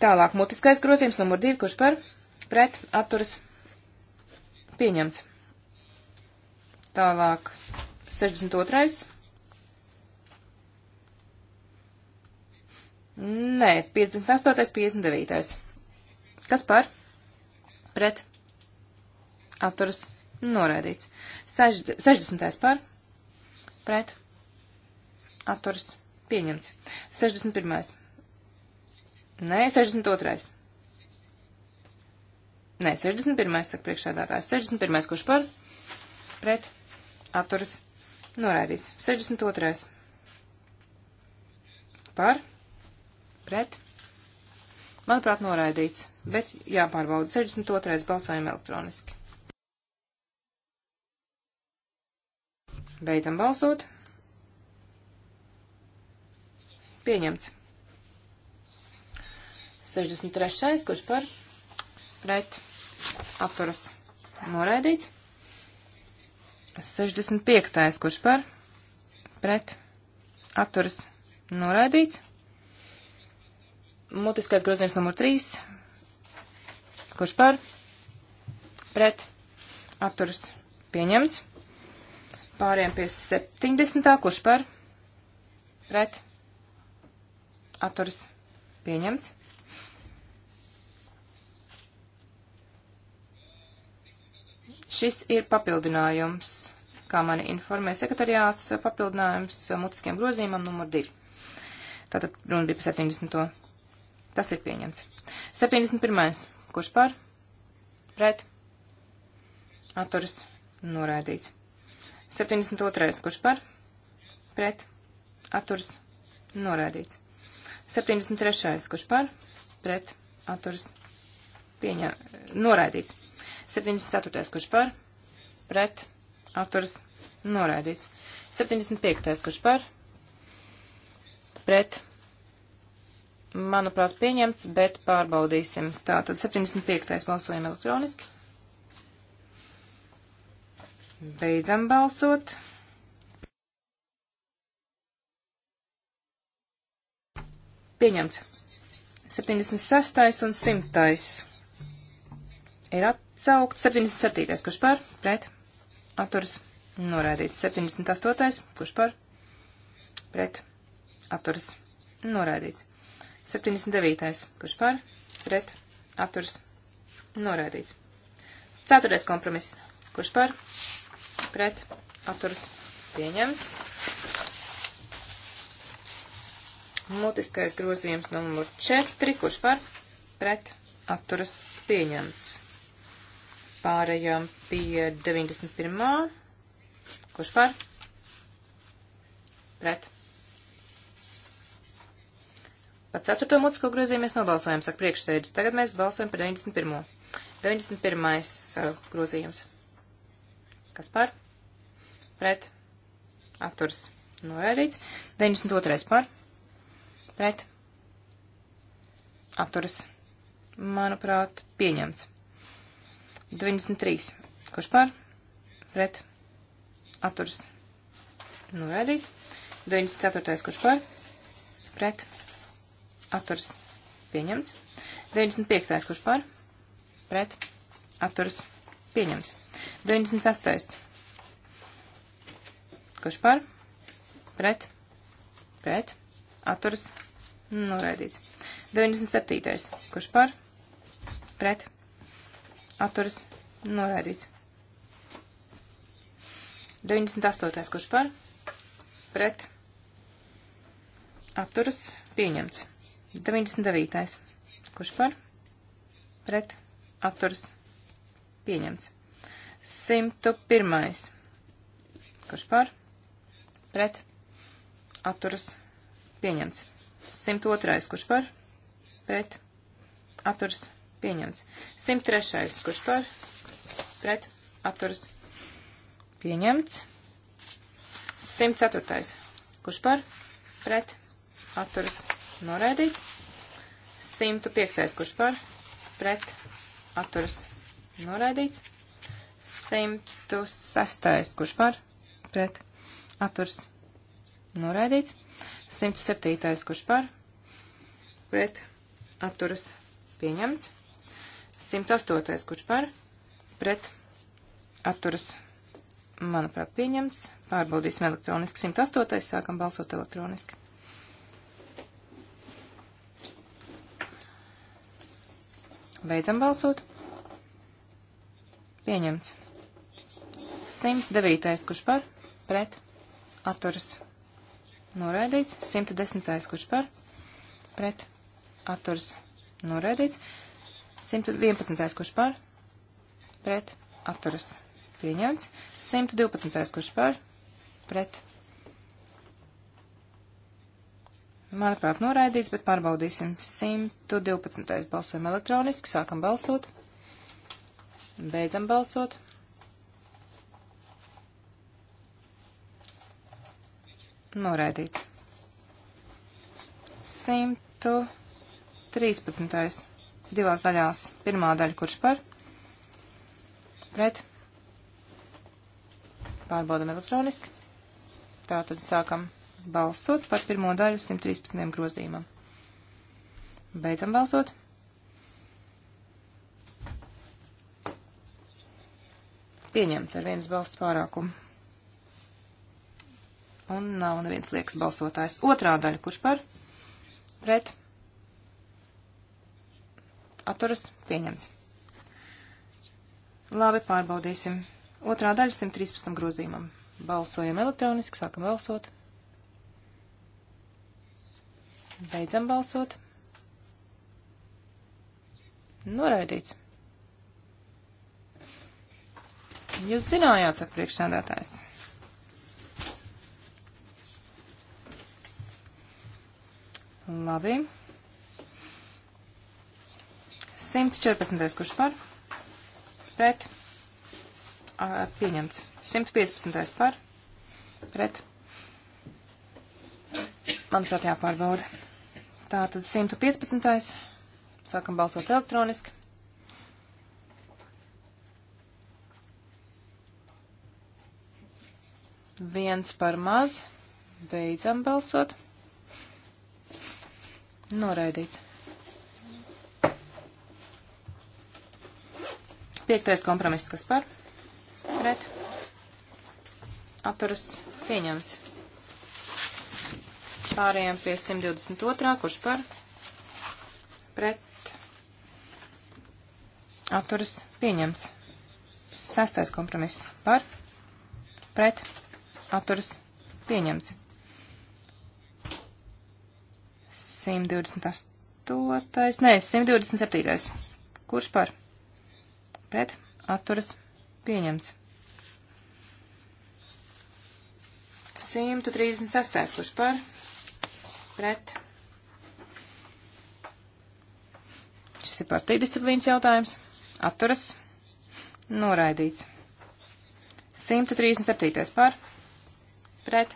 Tālāk mutiskais grozījums numur 2, kurš par pret atturas pieņemts. Tālāk 62. Nē, 58. 59. Kas par? Pret. Atturas Noraidīts. 60. par. Pret. Atturs. Pieņemts. 61. Nē, 62. Nē, 61. saka priekšādātājs. 61. kurš par? Pret. Atturas. Noraidīts. 62. Par. Pret. Manuprāt, noraidīts. Bet jāpārbauda. 62. balsojam elektroniski. Beidzam balsot. Pieņemts. 63. kurš par pret apturas noraidīts. 65. kurš par pret apturas noraidīts. Mutiskais grozījums numur 3. Kurš par pret apturas pieņemts. Pāriem pie 70. Kurš par? Pret. Atturas. Pieņemts. Šis ir papildinājums, kā mani informē sekretariāts, papildinājums mutiskiem grozījumam numur 2. Tātad runa bija par 70. Tas ir pieņemts. 71. Kurš par? Pret? Atturas. Noraidīts. 72. kurš par? Pret. Atturs. Norādīts. 73. kurš par? Pret. Atturs. Pieņem. Norādīts. 74. kurš par? Pret. Atturs. Norādīts. 75. kurš par? Pret. Manuprāt, pieņemts, bet pārbaudīsim. Tātad 75. balsojam elektroniski. Beidzam balsot. Pieņemts. 76. un 100. ir atsaukt. 77. kurš par? Pret. Atturs. Noraidīts. 78. kurš par? Pret. Atturs. Noraidīts. 79. kurš par? Pret. Atturs. Noraidīts. 4. kompromiss. Kurš par? pret atturs pieņemts. Mutiskais grozījums numur 4, kurš par pret atturas pieņemts. Pārējām pie 91. Kurš par? Pret. Par 4. mutisko grozījumu mēs nobalsojam, saka priekšsēdis. Tagad mēs balsojam par 91. 91. Uh, grozījums. Kas par? Pret. Atturs noraidīts. 92. par. Pret. Atturs. Manuprāt, pieņemts. 93. Kurš par? Pret. Atturs. Noraidīts. 94. Kurš par? Pret. Atturs. Pieņemts. 95. Kurš par? Pret. Atturs. Pieņemts. 98. Kurš par? Pret. Pret. Atturas. Noraidīts. 97. Kurš par? Pret. Atturas. Noraidīts. 98. Kurš par? Pret. Atturas. Pieņemts. 99. Kurš par? Pret. Atturas. Pieņemts. 101. Kurš par? Pret. Atturas. Pieņemts. 102. Kurš par? Pret. Atturas. Pieņemts. 103. Kurš par? Pret. Atturas. Pieņemts. 104. Kurš par? Pret. Atturas. Noraidīts. 105. Kurš par? Pret. Atturas. Noraidīts. 106. Kurš par? Pret. Atturs. Noraidīts. 107. Kurš par? Pret. Atturs. Pieņemts. 108. Kurš par? Pret. Atturs. Manuprāt, pieņemts. Pārbaudīsim elektroniski. 108. Sākam balsot elektroniski. Beidzam balsot. Pieņemts. 109. kurš par, pret, atturas, noraidīts. 110. kurš par, pret, atturas, noraidīts. 111. kurš par, pret, atturas, pieņemts. 112. kurš par, pret. Manuprāt, noraidīts, bet pārbaudīsim. 112. balsojam elektroniski, sākam balsot, beidzam balsot. Noraidīts. 113. divās daļās. Pirmā daļa, kurš par? Pret. Pārbaudam elektroniski. Tātad sākam balsot par pirmo daļu 113. grozījumam. Beidzam balsot. Pieņemts ar vienas balsts pārākumu un nav neviens liekas balsotājs. Otrā daļa, kurš par? Pret. Atturas pieņemts. Labi, pārbaudīsim. Otrā daļa 113 grozījumam. Balsojam elektroniski, sākam balsot. Beidzam balsot. Noraidīts. Jūs zinājāt, saka priekšsēdētājs. Labi. 114. kurš par? Pret. Pieņemts. 115. par? Pret. Manuprāt, jāpārbauda. Tātad 115. Sākam balsot elektroniski. Viens par maz. Beidzam balsot. Noraidīts. Piektais kompromiss, kas par? Pret. Atturas pieņemts. Pārējām pie 122. Kurš par? Pret. Atturas pieņemts. Sastais kompromiss par? Pret. Atturas pieņemts. 128. Nē, 127. Kurš par? Pret. Atturas. Pieņemts. 136. Kurš par? Pret. Šis ir partiju disciplīnas jautājums. Atturas. Noraidīts. 137. par. Pret.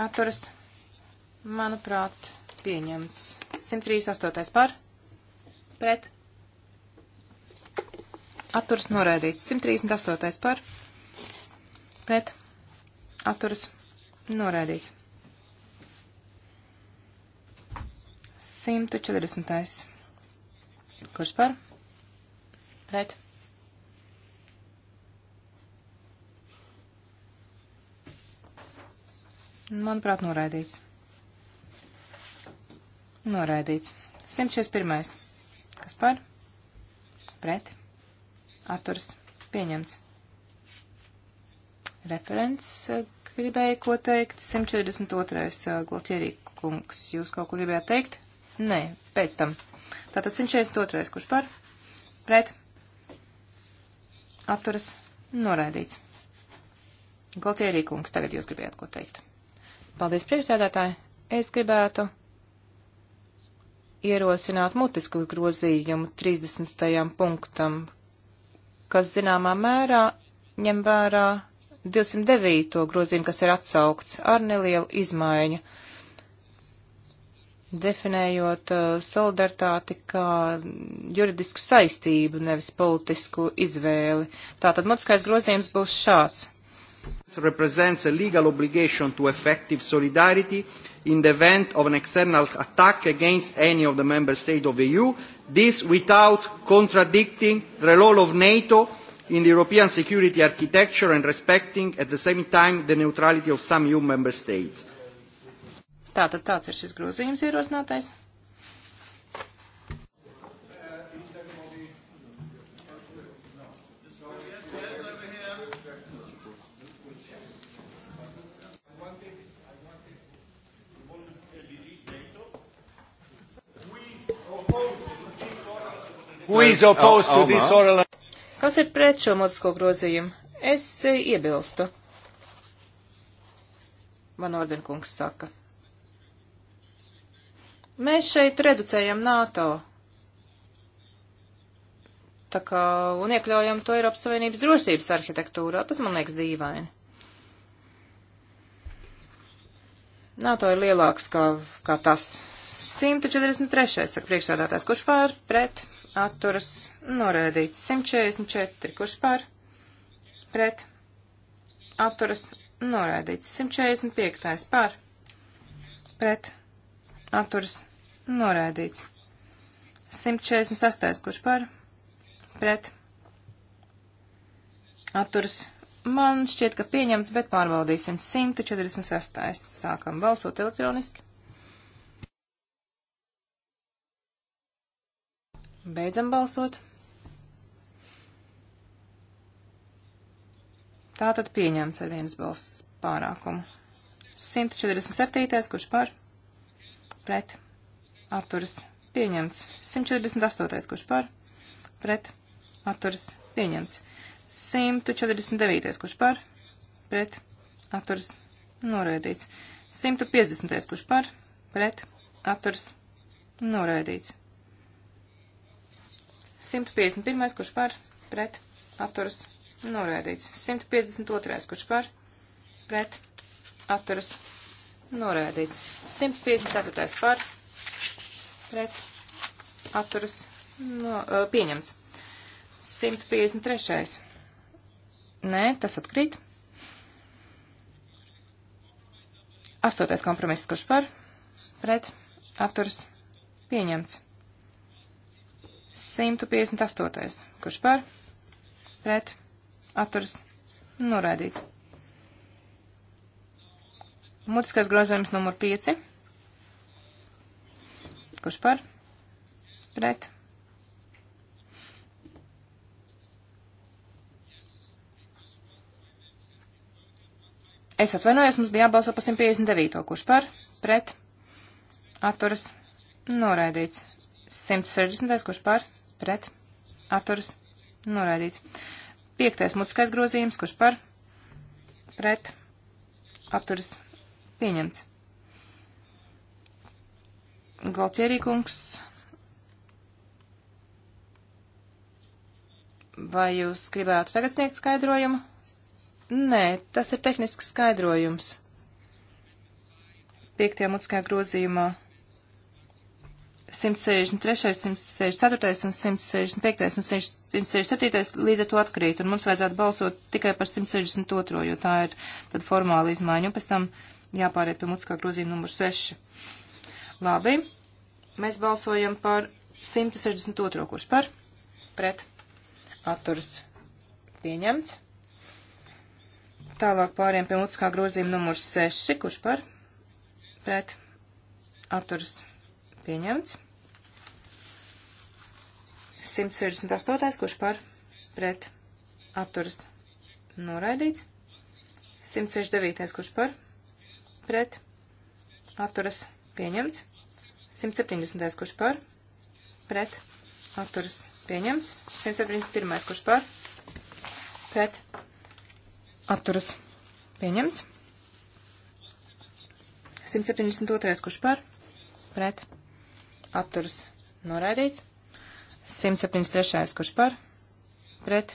Atturas. Manuprāt, pieņemts. 138. par. Pret. Atturs noraidīts. 138. par. Pret. Atturs noraidīts. 140. Kurš par? Pret. Manuprāt, noraidīts. Noraidīts. 141. Kas par? Pret. Atturs. Pieņemts. Referents eh, gribēja ko teikt. 142. Eh, Glotierī kungs. Jūs kaut ko gribējāt teikt? Nē, pēc tam. Tātad 142. Kurš par? Pret. Atturas. Noraidīts. Glotierī kungs, tagad jūs gribējāt ko teikt. Paldies, priekšsēdētāji. Es gribētu ierosināt mutisku grozījumu 30. punktam, kas zināmā mērā ņem vērā 209. grozījumu, kas ir atsaukts ar nelielu izmaiņu, definējot uh, solidaritāti kā juridisku saistību, nevis politisku izvēli. Tātad mutiskais grozījums būs šāds represents a legal obligation to effective solidarity in the event of an external attack against any of the member states of the EU, this without contradicting the role of NATO in the European security architecture and respecting at the same time the neutrality of some EU member states. Tātad tāds ir šis grozījums ierosinātais. Oral... Kas ir pret šo mutisko grozījumu? Es eh, iebilstu. Man ordenkungs saka. Mēs šeit reducējam NATO. Tā kā un iekļaujam to Eiropas Savienības drošības arhitektūrā. Tas man liekas dīvaini. NATO ir lielāks kā, kā tas. 143. saka priekšsādātājs. Kurš pār pret? atturas noraidīts 144, kurš par pret atturas noraidīts 145 par pret atturas noraidīts 148, kurš par pret atturas man šķiet, ka pieņemts, bet pārbaudīsim 146. Sākam balsot elektroniski. Beidzam balsot. Tātad pieņemts ar vienas balss pārākumu. 147. kurš par? Pret. Atturas. Pieņemts. 148. kurš par? Pret. Atturas. Pieņemts. 149. kurš par? Pret. Atturas. Noraidīts. 150. kurš par? Pret. Atturas. Noraidīts. 151. kurš par pret atturas norēdīts. 152. kurš par pret atturas norēdīts. 154. par pret atturas no, pieņemts. 153. Nē, tas atkrīt. Astotais kompromiss, kurš par pret atturas pieņemts. 158. Kurš par? Pret. Atturs. Noraidīts. Mutiskais grozījums numur 5. Kurš par? Pret. Es atvainojos, mums bija jābalso pa 159. Kurš par? Pret. Atturas. Noraidīts. 160. kurš par, pret, atturas, noraidīts. 5. mutiskais grozījums, kurš par, pret, atturas, pieņemts. Galtierīkungs, vai jūs gribētu tagad sniegt skaidrojumu? Nē, tas ir tehnisks skaidrojums. 5. mutiskajā grozījumā 163, 164 un 165 un 167 līdz ar to atkrīt, un mums vajadzētu balsot tikai par 162, jo tā ir tad formāla izmaiņa, un pēc tam jāpāriet pie mutiskā grozījuma numur 6. Labi, mēs balsojam par 162, kurš par, pret, atturs pieņemts. Tālāk pāriem pie mutiskā grozījuma numur 6, kurš par, pret, atturs pieņemts Pieņemts. 168. kurš par pret atturas noraidīts. 169. kurš par pret atturas pieņemts. 170. kurš par pret atturas pieņemts. 171. kurš par pret atturas pieņemts. 172. kurš par pret atturas pieņemts atturas noraidīts. 173. kurš par, pret,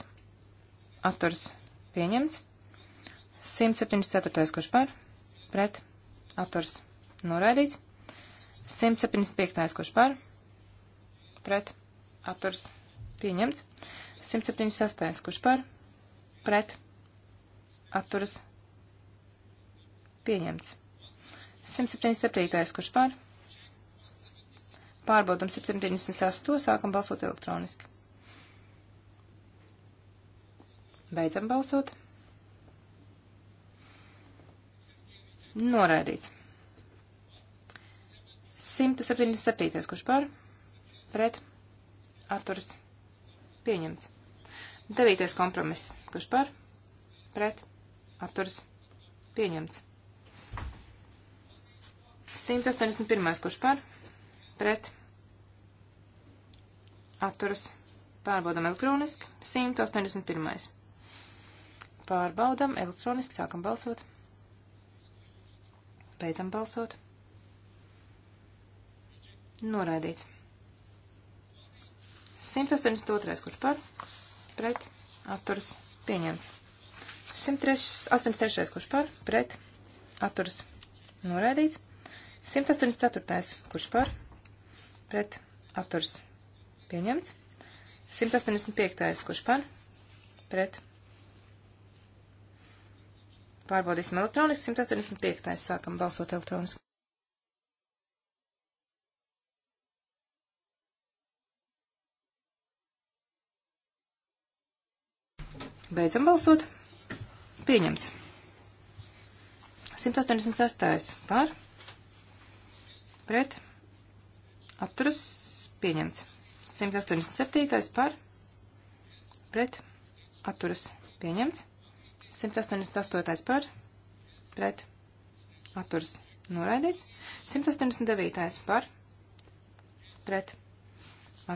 atturas pieņemts. 174. kurš par, pret, atturas noraidīts. 175. kurš par, pret, atturas pieņemts. 176. kurš par, pret, atturas pieņemts. 177. kurš par, Pārbaudam 798, sākam balsot elektroniski. Beidzam balsot. Noraidīts. 177. kurš par? Pret. Atturas. Pieņemts. 9. kompromiss. Kurš par? Pret. Atturas. Pieņemts. 181. kurš par? pret atturas pārbaudam elektroniski 181. Pārbaudam elektroniski, sākam balsot, beidzam balsot. Noraidīts. 182. kurš par, pret, atturas, pieņemts. 183. kurš par, pret, atturas, noraidīts. 184. kurš par, pret atturs pieņemts. 185. kurš par pret. Pārbaudīsim elektroniski. 185. sākam balsot elektroniski. Beidzam balsot. Pieņemts. 186. par pret Atturas pieņemts. 187. par pret atturas pieņemts. 188. par pret atturas noraidīts. 189. par pret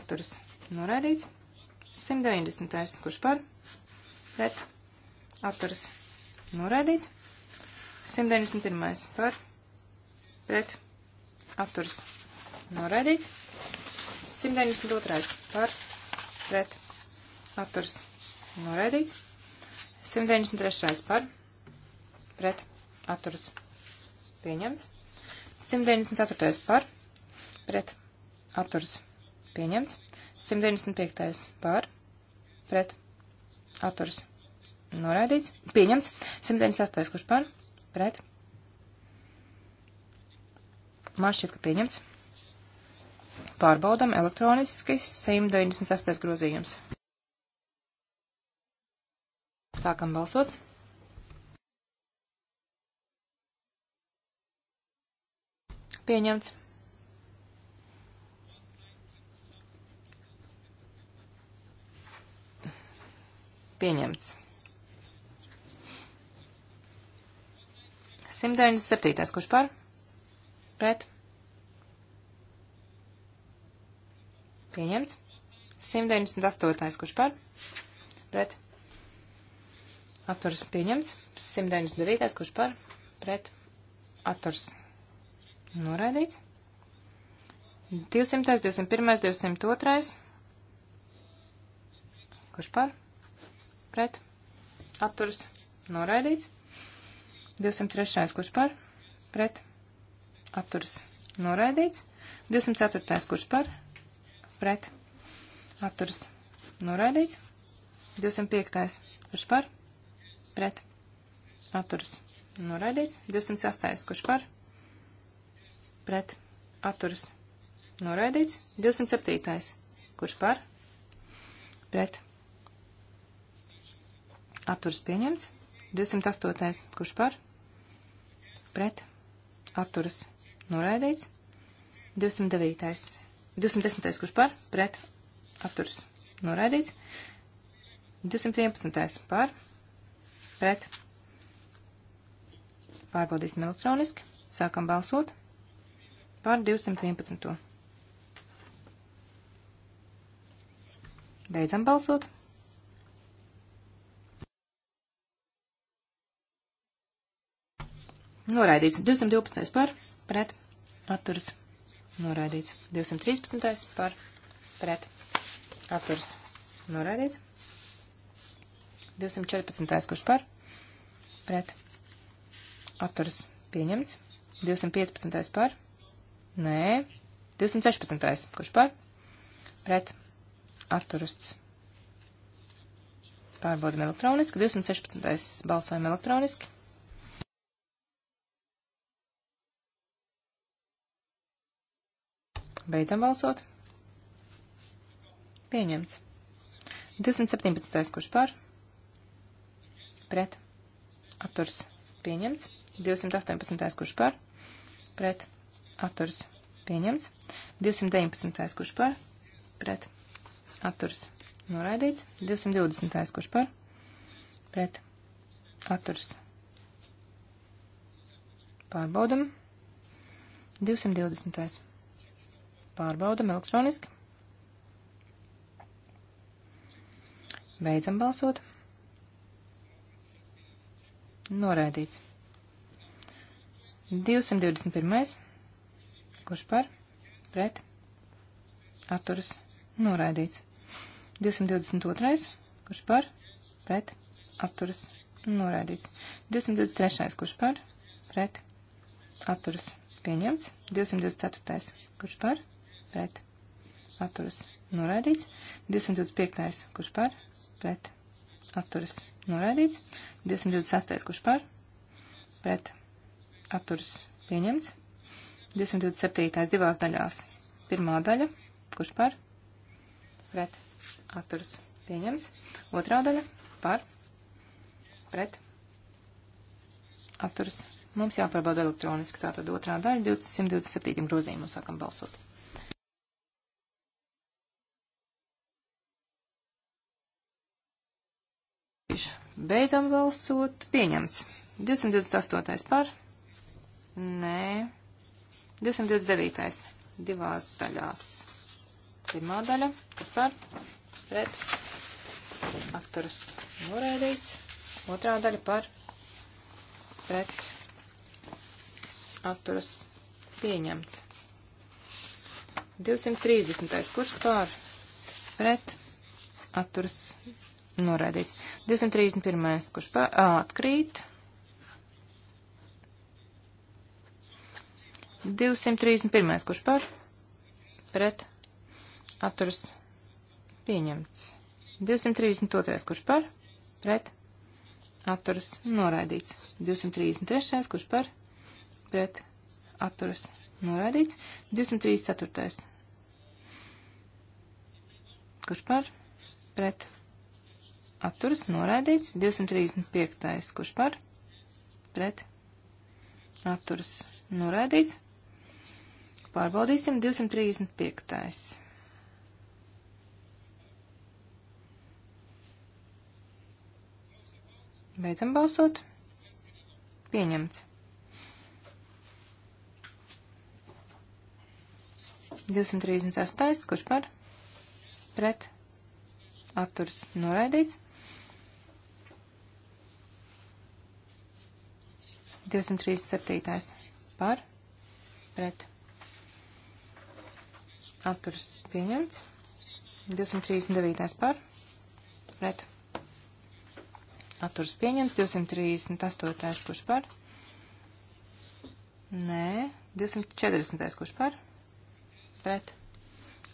atturas noraidīts. 190. kurš par pret atturas noraidīts. 191. par pret atturas noraidīts noraidīts. 192. par pret atturs noraidīts. 193. par pret atturs pieņemts. 194. par pret atturs pieņemts. 195. par pret atturs noraidīts. Pieņemts. 198. kurš par pret. Man šķiet, ka pieņemts. Pārbaudam elektroniski 198. grozījums. Sākam balsot. Pieņemts. Pieņemts. 197. Kurš par? Pret? Pieņemts. 198. Kurš par? Pret. Atturs pieņemts. 199. Kurš par? Pret. Atturs noraidīts. 200. 201. 202. Kurš par? Pret. Atturs noraidīts. 203. Kurš par? Pret. Atturs noraidīts. 204. Kurš par? pret atturas noraidīts. 205. kurš par pret atturas noraidīts. 208. kurš par pret atturas noraidīts. 207. kurš par pret atturas pieņemts. 208. kurš par pret atturas noraidīts. 209. 210. kurš par, pret, atturs noraidīts. 211. par, pret. Pārbaudīsim elektroniski. Sākam balsot par 211. Beidzam balsot. Noraidīts 212. par, pret, atturs noraidīts. 213. par pret atturs noraidīts. 214. kurš par pret atturs pieņemts. 215. par nē. 216. kurš par pret atturs pārbaudam elektroniski. 216. balsojam elektroniski. Beidzam balsot. Pieņemts. 217. kurš par? Pret. Atturs. Pieņemts. 218. kurš par? Pret. Atturs. Pieņemts. 219. kurš par? Pret. Atturs. Noraidīts. 220. kurš par? Pret. Atturs. Pārbaudam. 220. Pārbaudam elektroniski. Beidzam balsot. Noraidīts. 221. Kurš par? Pret. Atturas. Noraidīts. 222. Kurš par? Pret. Atturas. Noraidīts. 223. Kurš par? Pret. Atturas. Pieņemts. 224. Kurš par? pret atturas noraidīts. 225. kurš par pret atturas noraidīts. 226. kurš par pret atturas pieņemts. 227. divās daļās. Pirmā daļa, kurš par pret atturas pieņemts. Otrā daļa par pret atturas. Mums jāparbauda elektroniski, tātad otrā daļa 227 grozījumu sākam balsot. Beidzam balsot. Pieņemts. 228. par. Nē. 229. divās daļās. Pirmā daļa. Kas par? Pret. Atturas noraidīts. Otrā daļa par. Pret. Atturas pieņemts. 230. Kurš par? Pret. Atturas noraidīts. 231. kurš pa, atkrīt. 231. kurš par, pret, atturas, pieņemts. 232. kurš par, pret, atturas, noraidīts. 233. kurš par, pret, atturas, noraidīts. 234. kurš par, pret, atturas atturas noraidīts. 235. kurš par pret atturas noraidīts. Pārbaudīsim 235. Beidzam balsot. Pieņemts. 238. Kurš par? Pret. Atturs noraidīts. 237. par pret atturas pieņemts. 239. par pret atturas pieņemts. 238. kurš par? Nē. 240. kurš par? Pret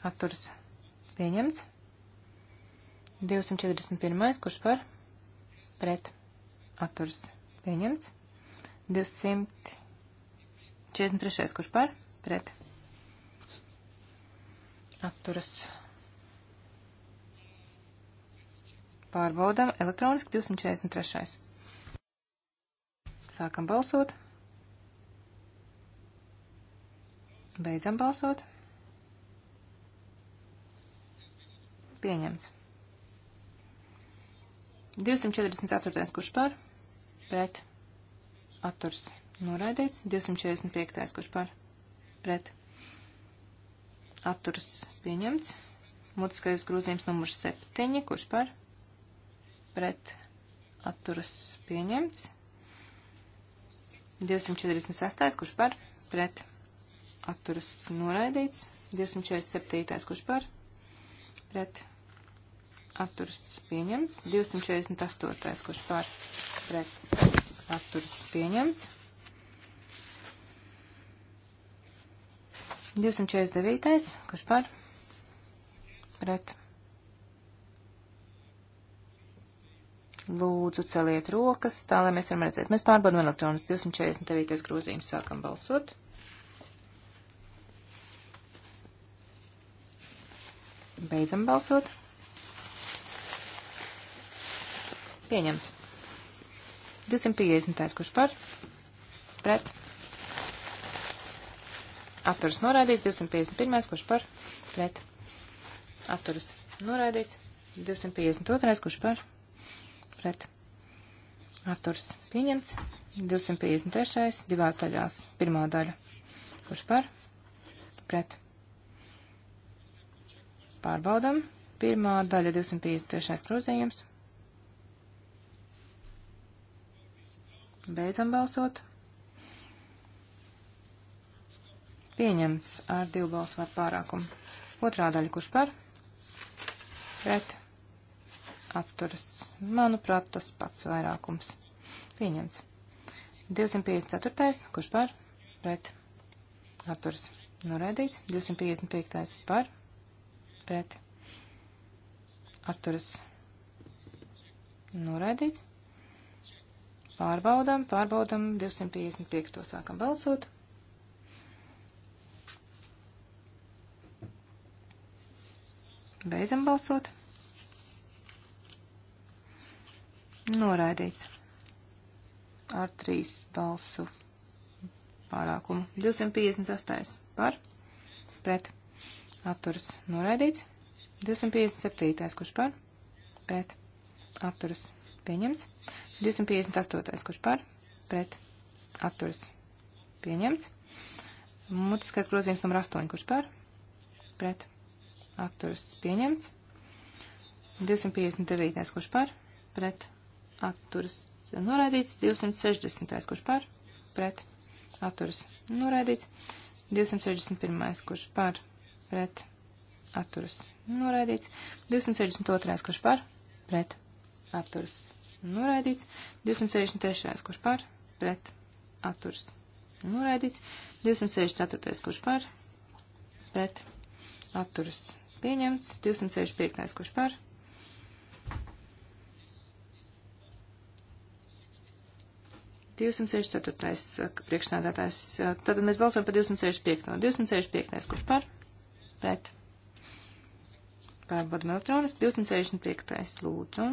atturas pieņemts. 241. kurš par? Pret atturas pieņemts. 243. Kurš par? Pret. Atturas. Pārbaudām elektroniski 243. Sākam balsot. Beidzam balsot. Pieņemts. 244. Kurš par? Pret atturs noraidīts, 245. kurš par pret atturs pieņemts, mutiskais grozījums numurs 7, kurš par pret atturs pieņemts, 246. kurš par pret atturs noraidīts, 247. kurš par pret atturs pieņemts, 248. kurš par pret atturas pieņemts. 249. Kurš par? Pret. Lūdzu, celiet rokas, tā lai mēs varam redzēt. Mēs pārbaudām elektronas 249. grozījums, sākam balsot. Beidzam balsot. Pieņemts. 250. kurš par? Pret. Atturas noraidīts. 251. kurš par? Pret. Atturas noraidīts. 252. kurš par? Pret. Atturas pieņemts. 253. divās daļās. Pirmā daļa. Kurš par? Pret. Pārbaudam. Pirmā daļa 253. grozījums. Beidzam balsot. Pieņemts ar divu balsu var pārākumu. Otrā daļa, kurš par? Pret. Atturas. Manuprāt, tas pats vairākums. Pieņemts. 254. Kurš par? Pret. Atturas. Noraidīts. 255. Par. Pret. Atturas. Noraidīts. Pārbaudam, pārbaudam, 255. To sākam balsot. Beidzam balsot. Noraidīts. Ar trīs balsu pārākumu. 258 par, pret, atturas noraidīts. 257, kurš par, pret, atturas Pieņemts. 258. Kurš par? Pret. Atturas. Pieņemts. Mutiskais grozījums numur 8. Kurš par? Pret. Atturas. Pieņemts. 259. Kurš par? Pret. Atturas. Noraidīts. 260. Kurš par? Pret. Atturas. Noraidīts. 261. Kurš par? Pret. Atturas. Noraidīts. 262. Kurš par? Pret. Atturas noraidīts. 263. kurš par, pret, atturs, noraidīts. 264. kurš par, pret, atturs, pieņemts. 265. kurš par. priekšsēdētājs. Tad mēs balsojam par 265. 265. kurš par? Pret. Pārbaudam elektroniski. 265. lūdzu.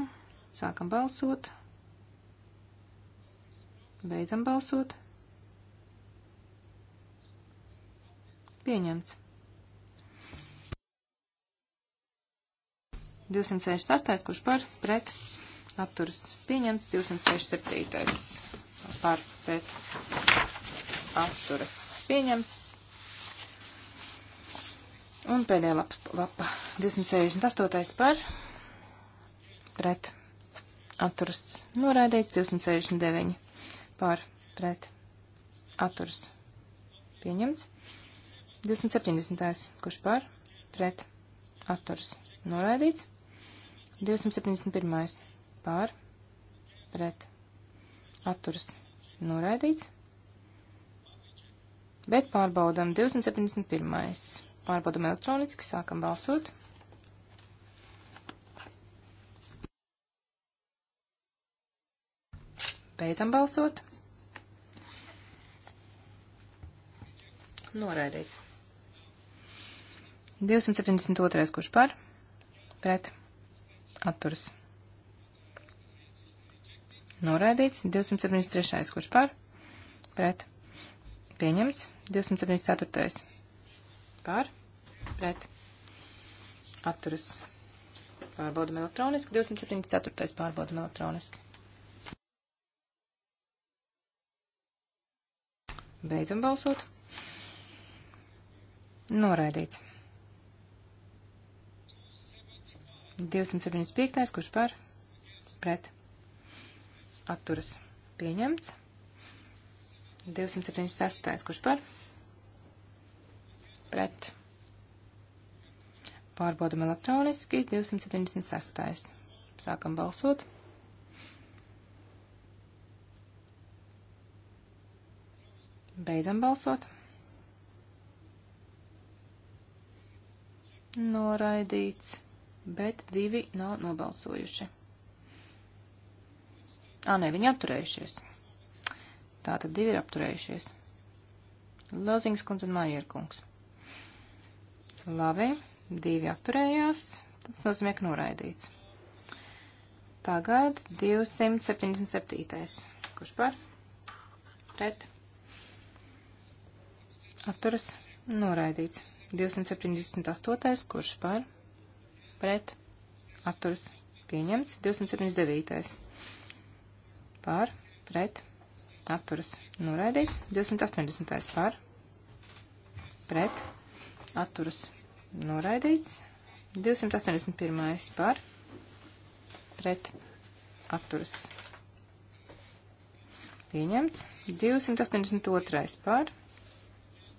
Sākam balsot. Beidzam balsot. Pieņemts. 268, kurš par, pret, atturas pieņemts, 267, par, pret, atturas pieņemts. Un pēdējā lapa, lapa 268 par, pret, atturas noraidīts, 269 par pret atturas pieņemts, 270. kurš par pret atturas noraidīts, 271. par pret atturas noraidīts, bet pārbaudam 271. pārbaudam elektroniski, sākam balsot. 271. Beidzam balsot. Noraidīts. 272. kurš par? Pret. Atturas. Noraidīts. 273. kurš par? Pret. Pieņemts. 274. Par? Pret. Atturas. Pārbaudam elektroniski. 274. pārbaudam elektroniski. Beidzam balsot. Noraidīts. 275. Kurš par? Pret. Atturas. Pieņemts. 276. Kurš par? Pret. Pārbaudam elektroniski. 276. Sākam balsot. Beidzam balsot. Noraidīts, bet divi nav nobalsojuši. Ā, nē, viņi apturējušies. Tātad divi ir apturējušies. Lozings kundze un Maierkungs. Labi, divi apturējās, tas nozīmē, ka noraidīts. Tagad 277. Kurš par? Pret atturas noraidīts. 278. kurš par pret atturas pieņemts. 279. par pret atturas noraidīts. 280. par pret atturas noraidīts. 281. par pret atturas pieņemts. 282. par pret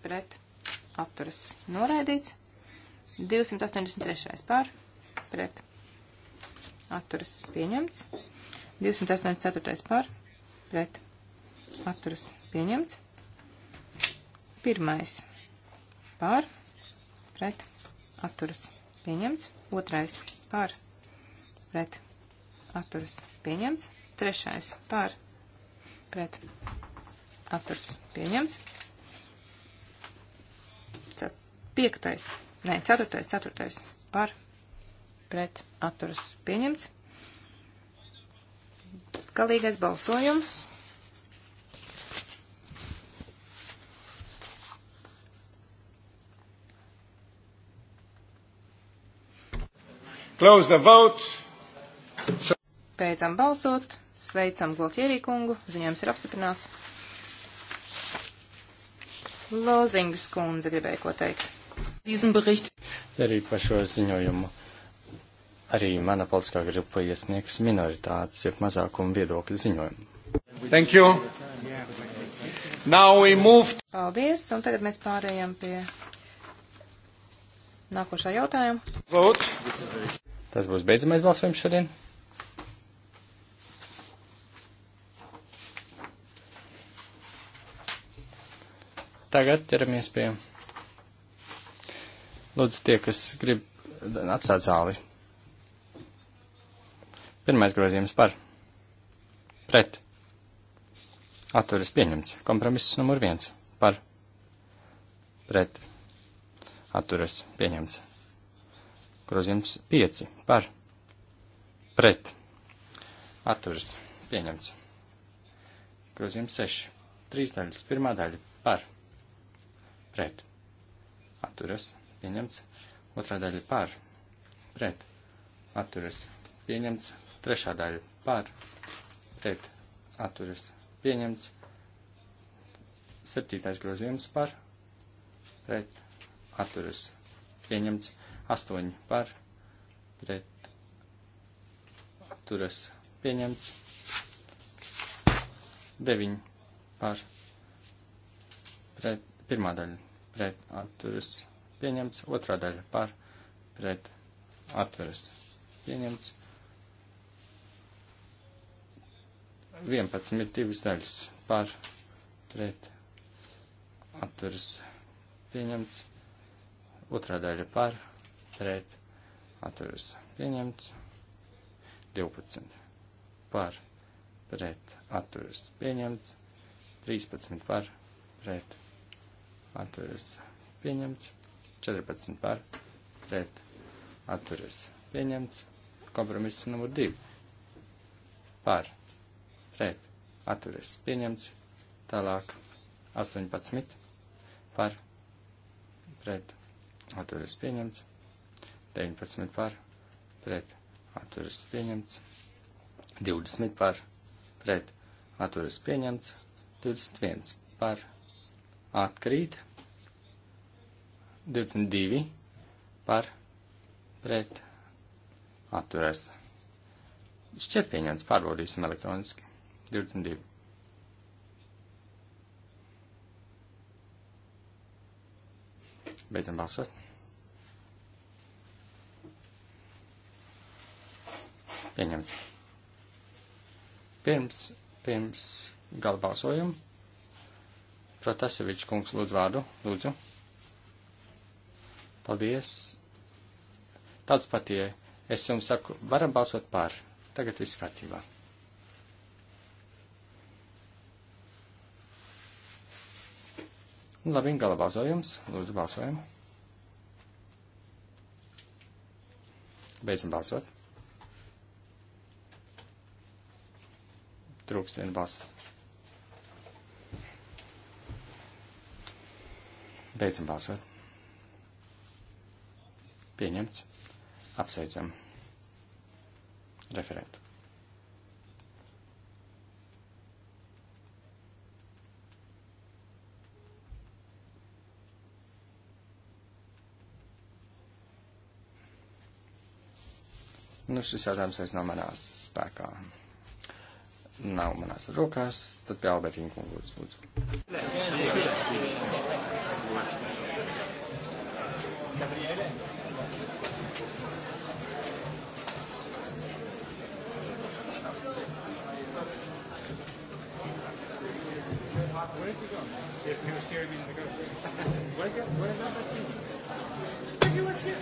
pret atturas noraidīts. 283. pār pret atturas pieņemts. 284. pār pret atturas pieņemts. Pirmais pār pret atturas pieņemts. Otrais pār pret atturas pieņemts. Trešais pār pret atturas pieņemts. Piektais, nē, ceturtais, ceturtais par pret atturas pieņemts. Galīgais balsojums. Close the vote. So... Beidzam balsot. Sveicam Glotjerī kungu. Ziņojums ir apstiprināts. Lozingas kundze gribēja ko teikt. Arī par šo ziņojumu arī mana politiskā grupa iesniegs minoritātes, jeb mazākumu viedokļu ziņojumu. Thank you. Now we moved. Paldies, un tagad mēs pārējām pie nākošā jautājuma. Vote. Tas būs beidzamais balsojums šodien. Tagad ķeramies pie Lūdzu, tie, kas grib atstāt zāli. Pirmais grozījums par. Pret. Atturis pieņemts. Kompromiss numur viens. Par. Pret. Atturis pieņemts. Grozījums pieci. Par. Pret. Atturis pieņemts. Grozījums seši. Trīs daļas. Pirmā daļa. Par. Pret. Atturis pieņemts pieņemts. Otrā daļa par, pret, atturas, pieņemts. Trešā daļa par, pret, atturas, pieņemts. Septītais grozījums par, pret, atturas, pieņemts. Astoņi par, pret, atturas, pieņemts. Deviņi par, pret, pirmā daļa, pret, atturas, pieņemts pieņemts, otrā daļa par pret atveras pieņemts. 11 ir divas daļas par pret atveras pieņemts, otrā daļa par pret atveras pieņemts, 12 par pret atveras pieņemts, 13 par pret atveras pieņemts. 14 par, pret, atturas pieņemts. Kompromiss numur 2 par, pret, atturas pieņemts. Tālāk 18 par, pret, atturas pieņemts. 19 par, pret, atturas pieņemts. 20 par, pret, atturas pieņemts. 21 par, atkrīt. 22 par pret atturēs. Šķiet pieņemts, pārbaudīsim elektroniski. 22. Beidzam balsot. Pieņemts. Pirms, pirms galbalsojumu Protasevičs kungs lūdz vārdu. Lūdzu. Paldies. Tāds patie. Es jums saku, varam balsot par. Tagad viss kārtībā. Nu, labi, gala balsojums. Lūdzu, balsojam. Beidzam balsot. Trūkst viena balss. Beidzam balsot. Pieņemts. Apsveicam. Referētu. Nu, šis jautājums vairs nav manās spēkā. Nav manās rokās, tad pie Albertīna kungu lūdzu. lūdzu. Where's he gone? Yes, he was scared me in the ghost. Where's that? Where's that? But he was here.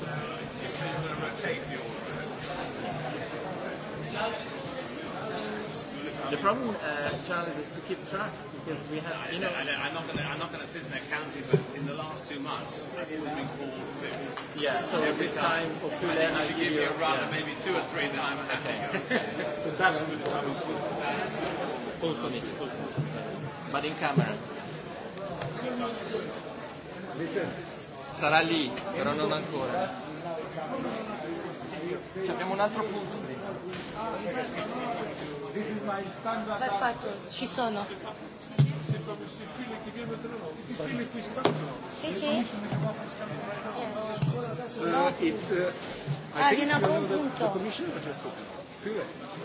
So, you said to rotate the order. The problem, uh, Charles, is to keep track because we have. I, you know, I, I, I'm not going to. I'm not going to sit in a county, but in the last two months, I've always been called this. Yeah. So every time, time for full end, I give you a run, yeah. maybe two or three, then I'm happy. Okay. Full committee, full committee. But in camera. Sarà lì, però non ancora. Ci abbiamo un altro punto prima. Perfetto, ci sono. Sì, sì. No. Uh, uh, ah, viene a buon punto.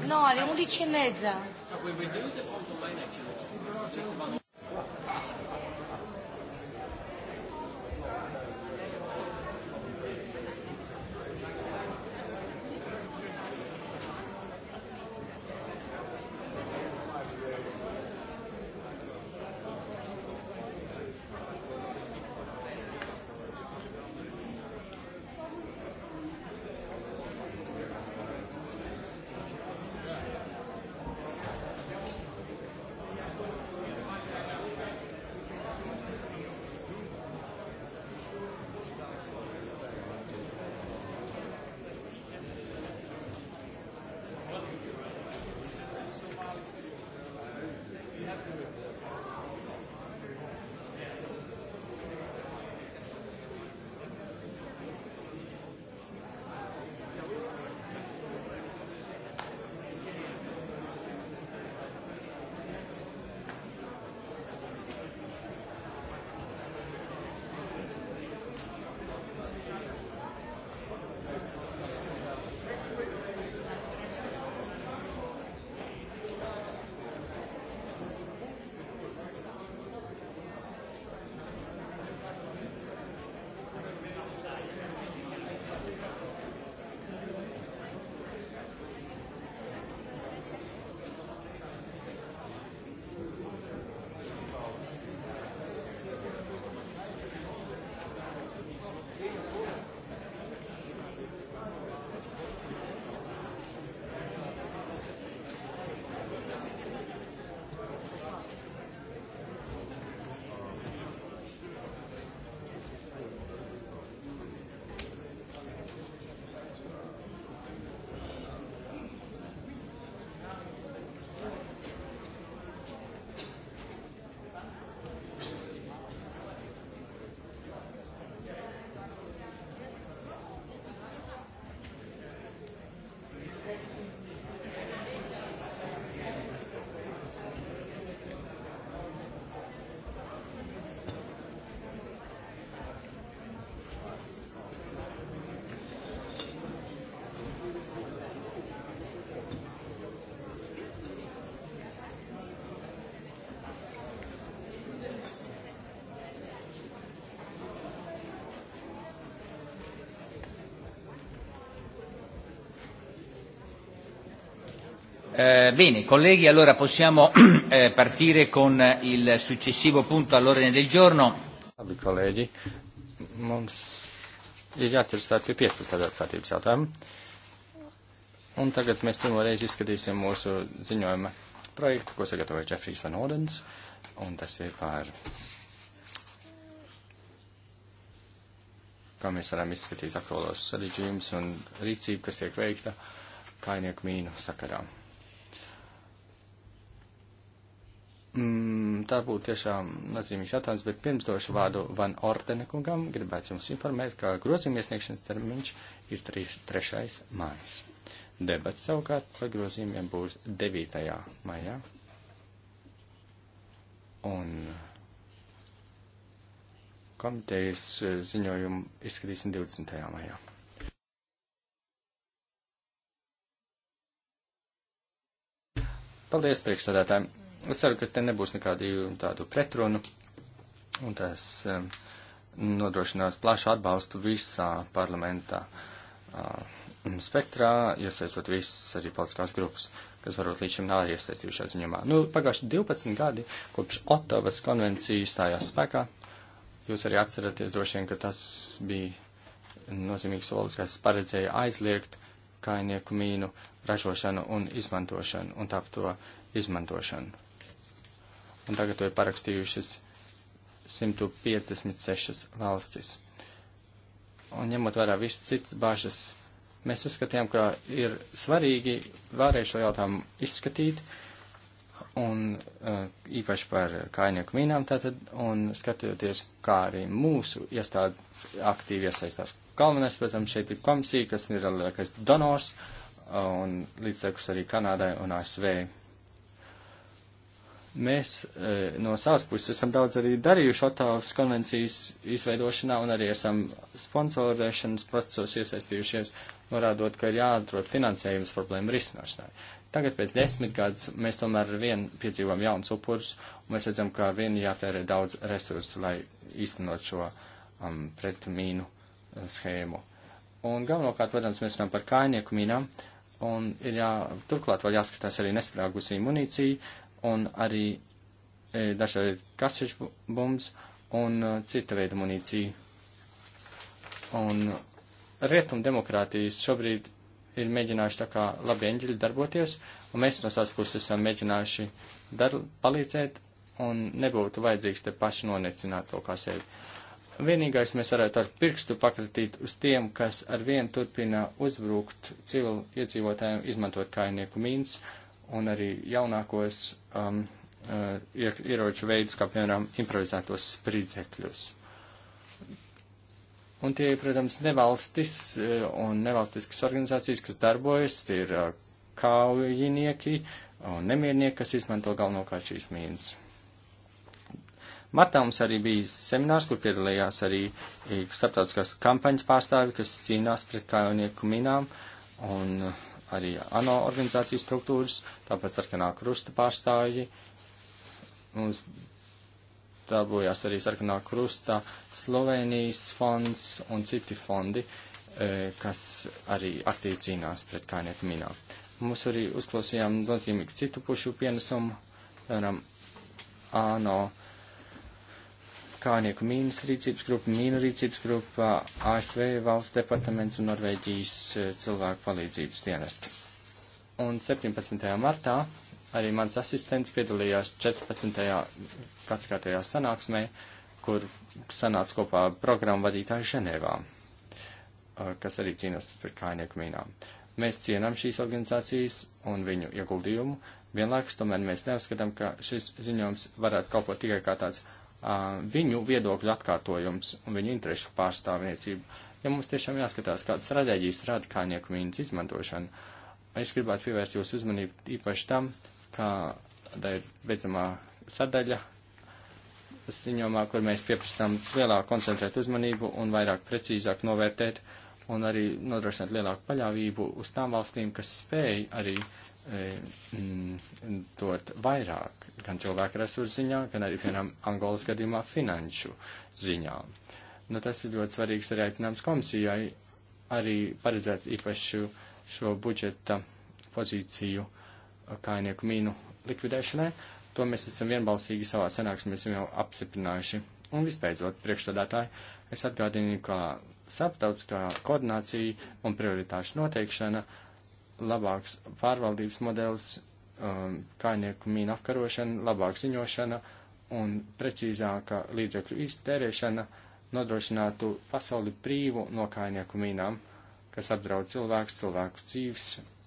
No, alle 11 e mezza. But we reviewed the front domain actually. Eh, bene, colleghi, allora possiamo eh, partire con il successivo punto all'ordine del giorno. Labi, colleghi, mums ir jāatcerstāt pie 15. kārtības jautājuma. Un tagad mēs pirmo reizi izskatīsim mūsu ziņojuma projektu, ko sagatavoja Jeffrijs Van Ordens, un tas ir par kā mēs varam izskatīt aktuālos sarežģījumus un rīcību, kas tiek veikta kainieku mīnu sakarām. tā būtu tiešām nozīmīgs jautājums, bet pirms došu vārdu Van Ordene kungam, gribētu jums informēt, ka grozījuma iesniegšanas termiņš ir 3. mājas. Debats savukārt par grozījumiem būs 9. maijā. Un komitejas eh, ziņojumu izskatīsim 20. maijā. Paldies, priekšstādātājiem! Es ceru, ka te nebūs nekādu tādu pretrunu, un tas um, nodrošinās plašu atbalstu visā parlamentā uh, spektrā, iesaistot visas arī politiskās grupas, kas varbūt līdz šim nav iesaistījušās ziņumā. Nu, pagājuši 12 gadi kopš Otavas konvencija stājās spēkā. Jūs arī atceraties droši vien, ka tas bija nozīmīgs solis, kas paredzēja aizliegt kainieku mīnu ražošanu un izmantošanu un tāpto izmantošanu un tagad to ir parakstījušas 156 valstis. Un ņemot vērā visas citas bažas, mēs uzskatījām, ka ir svarīgi vēlreiz šo jautājumu izskatīt, un uh, īpaši par kainieku mīnām tātad, un skatoties, kā arī mūsu iestādes aktīvi iesaistās. Galvenais, protams, šeit ir komisija, kas ir lielākais donors, un līdztekus arī Kanādai un ASV. Mēs e, no savas puses esam daudz arī darījuši Otavas konvencijas izveidošanā un arī esam sponsorēšanas procesos iesaistījušies, norādot, ka ir jāatrod finansējums problēmu risināšanai. Tagad pēc desmit gadus mēs tomēr vien piedzīvām jaunus upurus, un mēs redzam, ka vien jātērē daudz resursu, lai īstenot šo um, pretmīnu uh, schēmu. Un galvenokārt, protams, mēs runājam par kājnieku mīnām, un ir jā, turklāt vēl jāskatās arī nesprāgusī munīcija, un arī e, dažādi kasešu bumbas un e, cita veida munīcija. Un rietumdemokrātijas šobrīd ir mēģinājuši tā kā labi eņģeļi darboties, un mēs no savas puses esam mēģinājuši dar, palīdzēt, un nebūtu vajadzīgs te paši nonecināt to kā sevi. Vienīgais mēs varētu ar pirkstu pakratīt uz tiem, kas ar vienu turpina uzbrukt civilu iedzīvotājiem, izmantot kainieku mīnas, uh, un arī jaunākos um, uh, ieroču veidus, kā piemēram improvizētos spridzekļus. Un tie ir, protams, nevalstis uh, un nevalstiskas organizācijas, kas darbojas, tie ir uh, kaujinieki un nemiernieki, kas izmanto galvenokārt šīs mīnas. Martā mums arī bija seminārs, kur piedalījās arī starptautiskās kampaņas pārstāvi, kas cīnās pret kaujinieku minām. Un, uh, arī ANO organizācijas struktūras, tāpēc sarkanā krusta pārstāvji. Mums dabūjās arī sarkanā krusta Slovenijas fonds un citi fondi, e, kas arī aktīvi cīnās pret kainieku minā. Mums arī uzklausījām nozīmīgi citu pušu pienesumu, piemēram, ANO Kaunieku mīnas rīcības grupa, mīnu rīcības grupa, ASV valsts departaments un Norvēģijas e, cilvēku palīdzības dienestu. Un 17. martā arī mans asistents piedalījās 14. gadskārtajā sanāksmē, kur sanāca kopā programmu vadītāji Ženēvā, e, kas arī cīnās par kainieku mīnām. Mēs cienām šīs organizācijas un viņu ieguldījumu, vienlaikus tomēr mēs neuzskatām, ka šis ziņojums varētu kalpot tikai kā tāds viņu viedokļu atkārtojums un viņu interešu pārstāvniecību. Ja mums tiešām jāskatās, kāda stratēģija strādā kājnieku mīnas izmantošana, es gribētu pievērst jūsu uzmanību īpaši tam, kā tā ir beidzamā sadaļa ziņomā, kur mēs pieprasām lielāku koncentrēt uzmanību un vairāk precīzāk novērtēt un arī nodrošināt lielāku paļāvību uz tām valstīm, kas spēj arī uh, E, dot vairāk, gan cilvēku resursu ziņā, gan arī, piemēram, Angolas gadījumā finanšu ziņā. Nu, tas ir ļoti svarīgs arī aicinājums komisijai arī paredzēt īpašu šo budžeta pozīciju kainieku mīnu likvidēšanai. To mēs esam vienbalsīgi savā sanāksmēs jau apstiprinājuši. Un visbeidzot, priekšstādātāji, es atgādinu, ka saptautiskā koordinācija un prioritāšu noteikšana uh, labāks pārvaldības modelis, um, kainieku mīnu apkarošana, labāka ziņošana un precīzāka līdzekļu iztērēšana nodrošinātu pasauli brīvu no kainieku mīnām, kas apdraud cilvēkus, cilvēku dzīves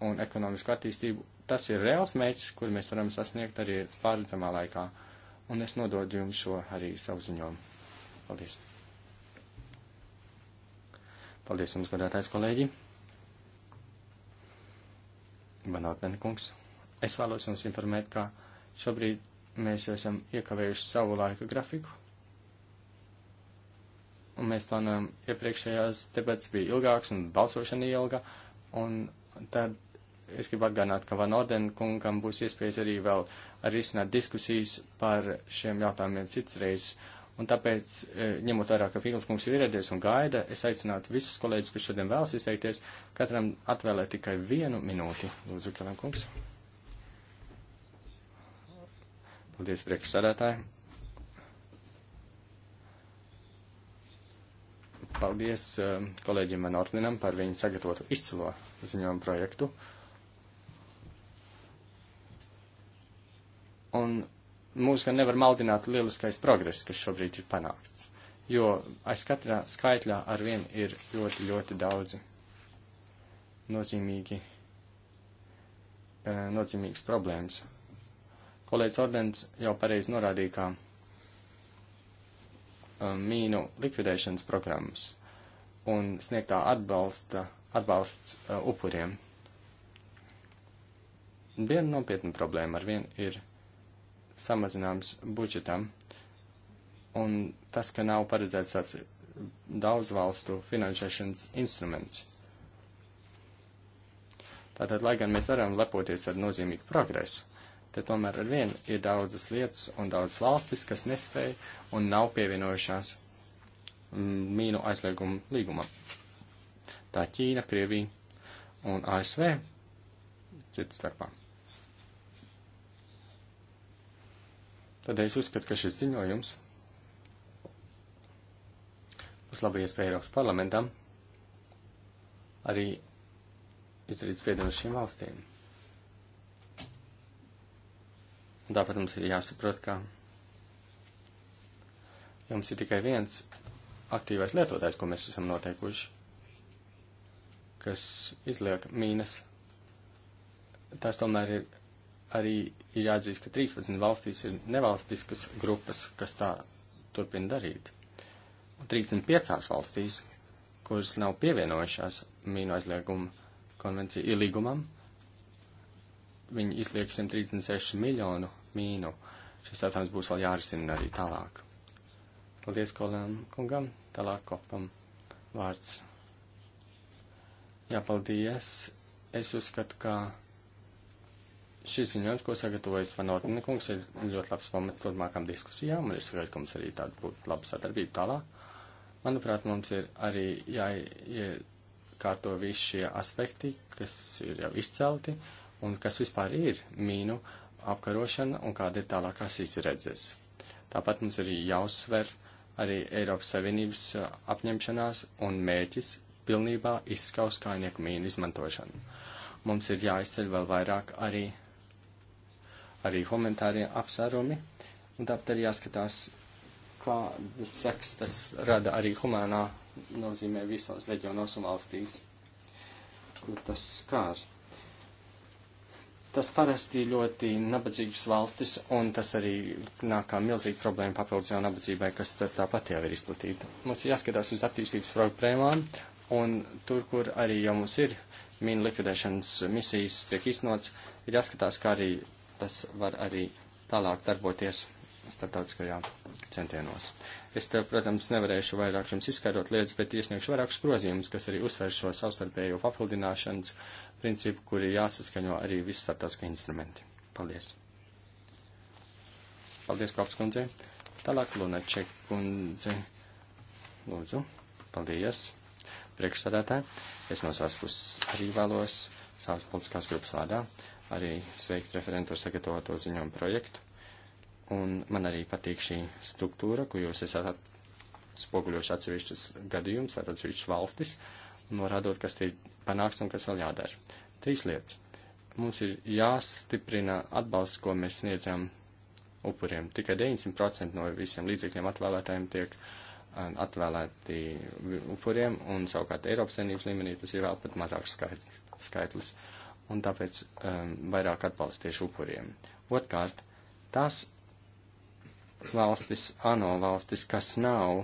un ekonomisku attīstību. Tas ir reāls mērķis, kur mēs varam sasniegt arī pārredzamā laikā. Un es nododu jums šo arī savu ziņojumu. Paldies! Paldies jums, godātais kolēģi! Banātenkungs, es vēlos jums informēt, ka šobrīd mēs esam iekavējuši savu laika grafiku. Un mēs plānojam, iepriekšējās debats bija ilgāks un balsošana ilga, un tad es gribu atgādināt, ka Van Orden kungam būs iespējas arī vēl arī izsnāt diskusijas par šiem jautājumiem citreiz. Uh, Un tāpēc, e, ņemot vērā, ka Fīgls kungs ir ieradies un gaida, es aicinātu visus kolēģus, kas šodien vēlas izteikties, katram atvēlēt tikai vienu minūti. Lūdzu, Kalam kungs. Paldies, priekšsādātāji. Paldies e, kolēģim Van Ortenam par viņu sagatavotu izcilo ziņojumu projektu. Un mūs gan nevar maldināt lieliskais progress, kas šobrīd ir panākts, jo aiz katrā skaitļā ar vien ir ļoti, ļoti daudzi nozīmīgi, eh, nozīmīgas problēmas. Kolēģis Ordens jau pareizi norādīja, kā eh, mīnu likvidēšanas programmas un sniegtā atbalsta, atbalsts eh, upuriem. Viena nopietna problēma ar vienu ir samazinājums budžetam. Un tas, ka nav paredzēts tāds daudz valstu finansēšanas instruments. Tātad, lai gan mēs varam lepoties ar nozīmīgu progresu, te tomēr ar vienu ir daudzas lietas un daudz valstis, kas nespēja un nav pievienojušās mm, mīnu aizliegumu līgumam. Tā Ķīna, Krievija un ASV citas starpā. tad es uzskatu, ka šis ziņojums būs laba iespēja Eiropas parlamentam arī izdarīt spiedienu uz šīm valstīm. Un tāpat mums ir jāsaprot, ka jums ir tikai viens aktīvais lietotājs, ko mēs esam noteikuši, kas izliek mīnas. Tās tomēr ir arī ir jāatzīst, ka 13 valstīs ir nevalstiskas grupas, kas tā turpina darīt. Un 35 valstīs, kuras nav pievienojušās mīnu aizlieguma konvenciju ielīgumam, viņi izliek 136 miljonu mīnu. Šis jautājums būs vēl jārisina arī tālāk. Paldies kolēm kungam, tālāk kopam vārds. Jā, paldies. Es uzskatu, ka. Kā šis ziņojums, ko sagatavojas Fanortina kungs, ir ļoti labs pamats turpmākām diskusijām, un es sagaidu, ka mums arī tāda būtu laba sadarbība tālāk. Manuprāt, mums ir arī jāiekārto visi šie aspekti, kas ir jau izcelti, un kas vispār ir mīnu apkarošana un kāda ir tālākās izredzes. Tāpat mums arī jāuzsver arī Eiropas Savienības apņemšanās un mērķis pilnībā izskaust kainieku mīnu izmantošanu. Mums ir jāizceļ vēl vairāk arī arī humanitārie apsvērumi, un tāpat arī jāskatās, kādas seks tas rada arī humānā nozīmē visos reģionos un valstīs, kur tas skār. Tas parasti ļoti nabadzīgas valstis, un tas arī nāk kā milzīga problēma papildus jau nabadzībai, kas tāpat jau ir izplatīta. Mums ir jāskatās uz attīstības problēmām, un tur, kur arī jau mums ir mīnu likvidēšanas misijas tiek iznots, ir jāskatās, kā arī tas var arī tālāk darboties starptautiskajā centienos. Es, te, protams, nevarēšu vairāk jums izskaidrot lietas, bet iesniegšu vairākus grozījumus, kas arī uzsver šo savstarpējo papildināšanas principu, kuri jāsaskaņo arī visi starptautiskie instrumenti. Paldies! Paldies, Kopskundze! Tālāk Lunaček kundze. Lūdzu, paldies! Priekšsādātāji, es no savas puses arī vēlos savas politiskās grupas vārdā arī sveikt referentu ar sagatavoto ziņojumu projektu. Un man arī patīk šī struktūra, ko jūs esat spoguļojuši atsevišķas gadījumus, tātad atsevišķas valstis, norādot, kas ir panāks un kas vēl jādara. Trīs lietas. Mums ir jāstiprina atbalsts, ko mēs sniedzam upuriem. Tikai 900% no visiem līdzekļiem atvēlētājiem tiek um, atvēlēti upuriem, un savukārt Eiropas saimnības līmenī tas ir vēl pat mazāks skaitlis un tāpēc um, vairāk atbalsta tieši upuriem. Otkārt, tās valstis, ANO valstis, kas nav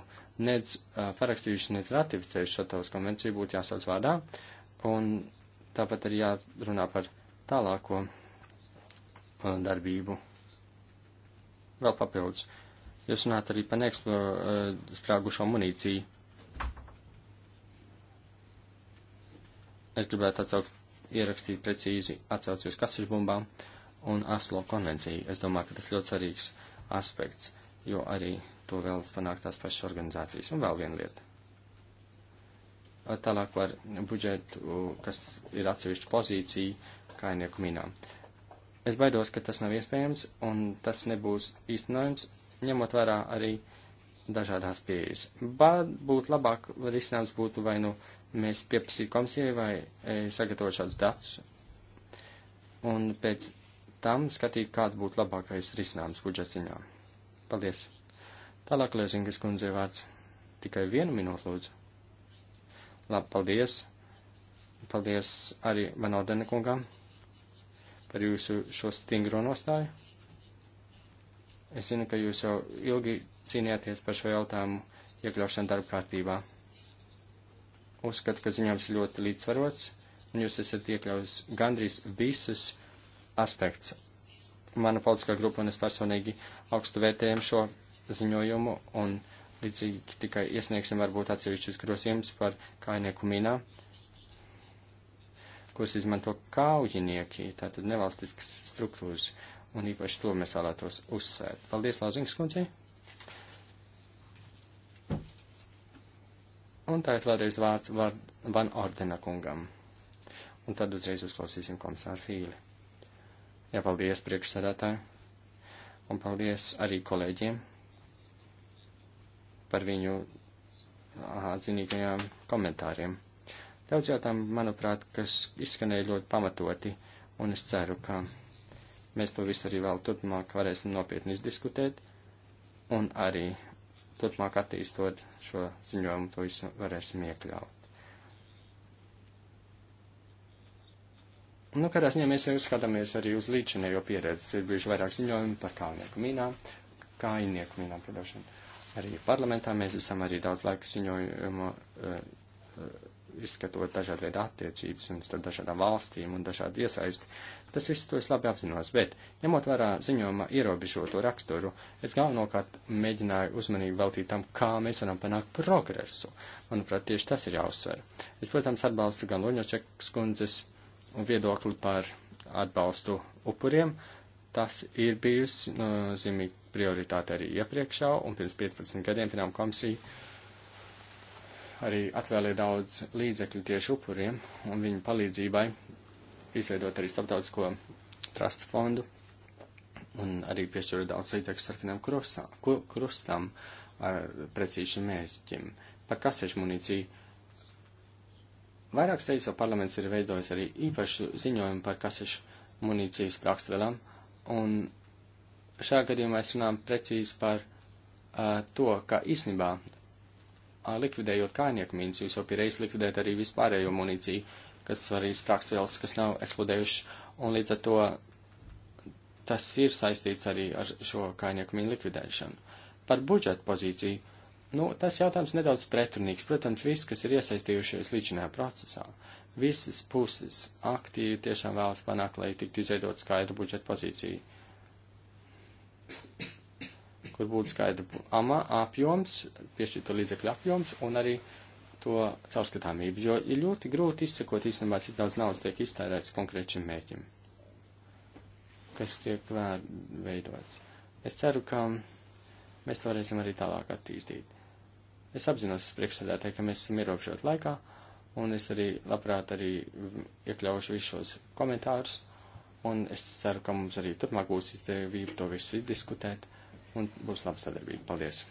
nec uh, parakstījuši, nec ratificējuši Šatavas konvenciju, būtu jāsauc vārdā, un tāpat arī jārunā par tālāko uh, darbību. Vēl papildus. Jūs runājat arī par neeksplodējušo uh, munīciju. Es gribētu atsaukt ierakstīt precīzi atsauci uz kasešu bumbām un ASLO konvenciju. Es domāju, ka tas ļoti svarīgs aspekts, jo arī to vēlas panākt tās pašas organizācijas. Un vēl viena lieta. Tālāk par budžetu, kas ir atsevišķa pozīcija kainieku minām. Es baidos, ka tas nav iespējams un tas nebūs īstenojams, ņemot vērā arī dažādās pieejas. Bet būtu labāk risinājums būtu vai nu mēs pieprasītu komisijai vai e, sagatavot šādus datus. Un pēc tam skatīt, kāds būtu labākais risinājums budžeta ziņā. Paldies! Tālāk Lēzingas kundzei vārds. Tikai vienu minūtu lūdzu. Labi, paldies! Paldies arī Vanodena kungam par jūsu šo stingro nostāju. Es zinu, ka jūs jau ilgi cīnījāties par šo jautājumu iekļaušanu darba kārtībā. Uzskatu, ka ziņojums ļoti līdzsvarots, un jūs esat iekļauts gandrīz visus aspekts. Mana politiskā grupa un es personīgi augstu vērtējam šo ziņojumu, un līdzīgi tikai iesniegsim varbūt atsevišķus grozījumus par kainieku minā, kurus izmanto kaujinieki, tātad nevalstiskas struktūras, un īpaši to mēs vēlētos uzsvērt. Paldies, Lauzingas kundzei! Un tagad vēlreiz vārds var, Van Ordena kungam. Un tad uzreiz uzklausīsim komisāru Fīli. Jā, paldies priekšsēdētāji. Un paldies arī kolēģiem par viņu atzinīgajām komentāriem. Daudz jautājumu, manuprāt, kas izskanēja ļoti pamatoti, un es ceru, ka mēs to visu arī vēl turpmāk varēsim nopietni izdiskutēt, un arī turpmāk attīstot šo ziņojumu, to visu varēsim iekļaut. Nu, kādā ziņā mēs jau skatāmies arī uz līdšanējo pieredzi. Ir bijuši vairāk ziņojumi par kalnieku mīnām, kājnieku mīnām, piedošanu. Arī parlamentā mēs esam arī daudz laika ziņojumu uh, uh, izskatot dažādu veidu attiecības un starp dažādām valstīm un dažādu iesaisti. Tas viss to es labi apzinos, bet, ņemot vērā ziņojuma ierobežoto raksturu, es galvenokārt mēģināju uzmanību veltīt tam, kā mēs varam panākt progresu. Manuprāt, tieši tas ir jāuzsver. Es, protams, atbalstu gan Loņočekas kundzes viedokli par atbalstu upuriem. Tas ir bijusi nozīmīgi prioritāte arī iepriekšā, un pirms 15 gadiem pirmām komisija arī atvēlēja daudz līdzekļu tieši upuriem un viņu palīdzībai, izveidot arī starptautisko trust fondu un arī piešķirot daudz līdzekļu sarkanam krustam ar precīzi mērķim par kasešu munīciju. Vairākas reizes jau parlaments ir veidojis arī īpašu ziņojumu par kasešu munīcijas sprākstvelām, un šajā gadījumā es runāju precīzi par uh, to, ka īstenībā likvidējot kājnieku mīnas, jūs jau pierreiz likvidēt arī vispārējo munīciju, kas arī sprākstvielas, kas nav eksplodējuši, un līdz ar to tas ir saistīts arī ar šo kājnieku mīnu likvidēšanu. Par budžetu pozīciju, nu, tas jautājums nedaudz pretrunīgs, protams, viss, kas ir iesaistījušies līdzinājā procesā, visas puses aktīvi tiešām vēlas panākt, lai tiktu izveidot skaidru budžetu pozīciju kur būtu skaidra ama, apjoms, piešķirto līdzekļu apjoms un arī to caurskatāmību, jo ir ļoti grūti izsekot īstenībā, cik daudz naudas tiek iztērēts konkrēt šim mēķim, kas tiek veidots. Es ceru, ka mēs to varēsim arī tālāk attīstīt. Es apzinos priekšsēdētāji, ka mēs esam ierobežot laikā, un es arī labprāt arī iekļaušu visus šos komentārus, un es ceru, ka mums arī turpmāk būs izdevība to visu diskutēt un būs laba sadarbība. Paldies!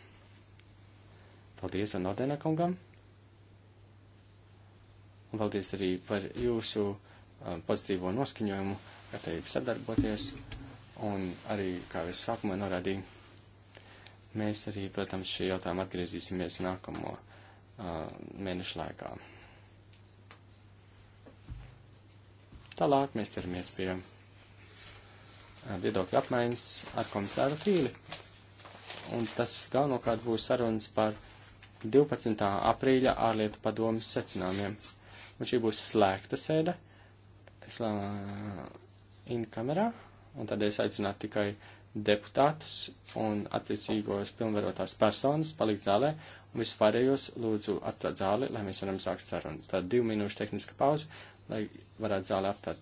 Paldies un Ordena kungam! Un paldies arī par jūsu uh, pozitīvo noskaņojumu, gatavību sadarboties. Un arī, kā es sākumā norādīju, mēs arī, protams, šī jautājuma atgriezīsimies nākamo uh, mēnešu laikā. Tālāk mēs ķeramies pie uh, viedokļa apmaiņas ar komisāru Fīli un tas galvenokārt būs sarunas par 12. aprīļa ārlietu padomas secinājumiem. Un šī būs slēgta sēde, slēgta in kamerā, un tad es aicinātu tikai deputātus un attiecīgos pilnvarotās personas palikt zālē, un vispārējos lūdzu atstāt zāli, lai mēs varam sākt sarunas. Tad divu minūšu tehniska pauze, lai varētu zāli atstāt.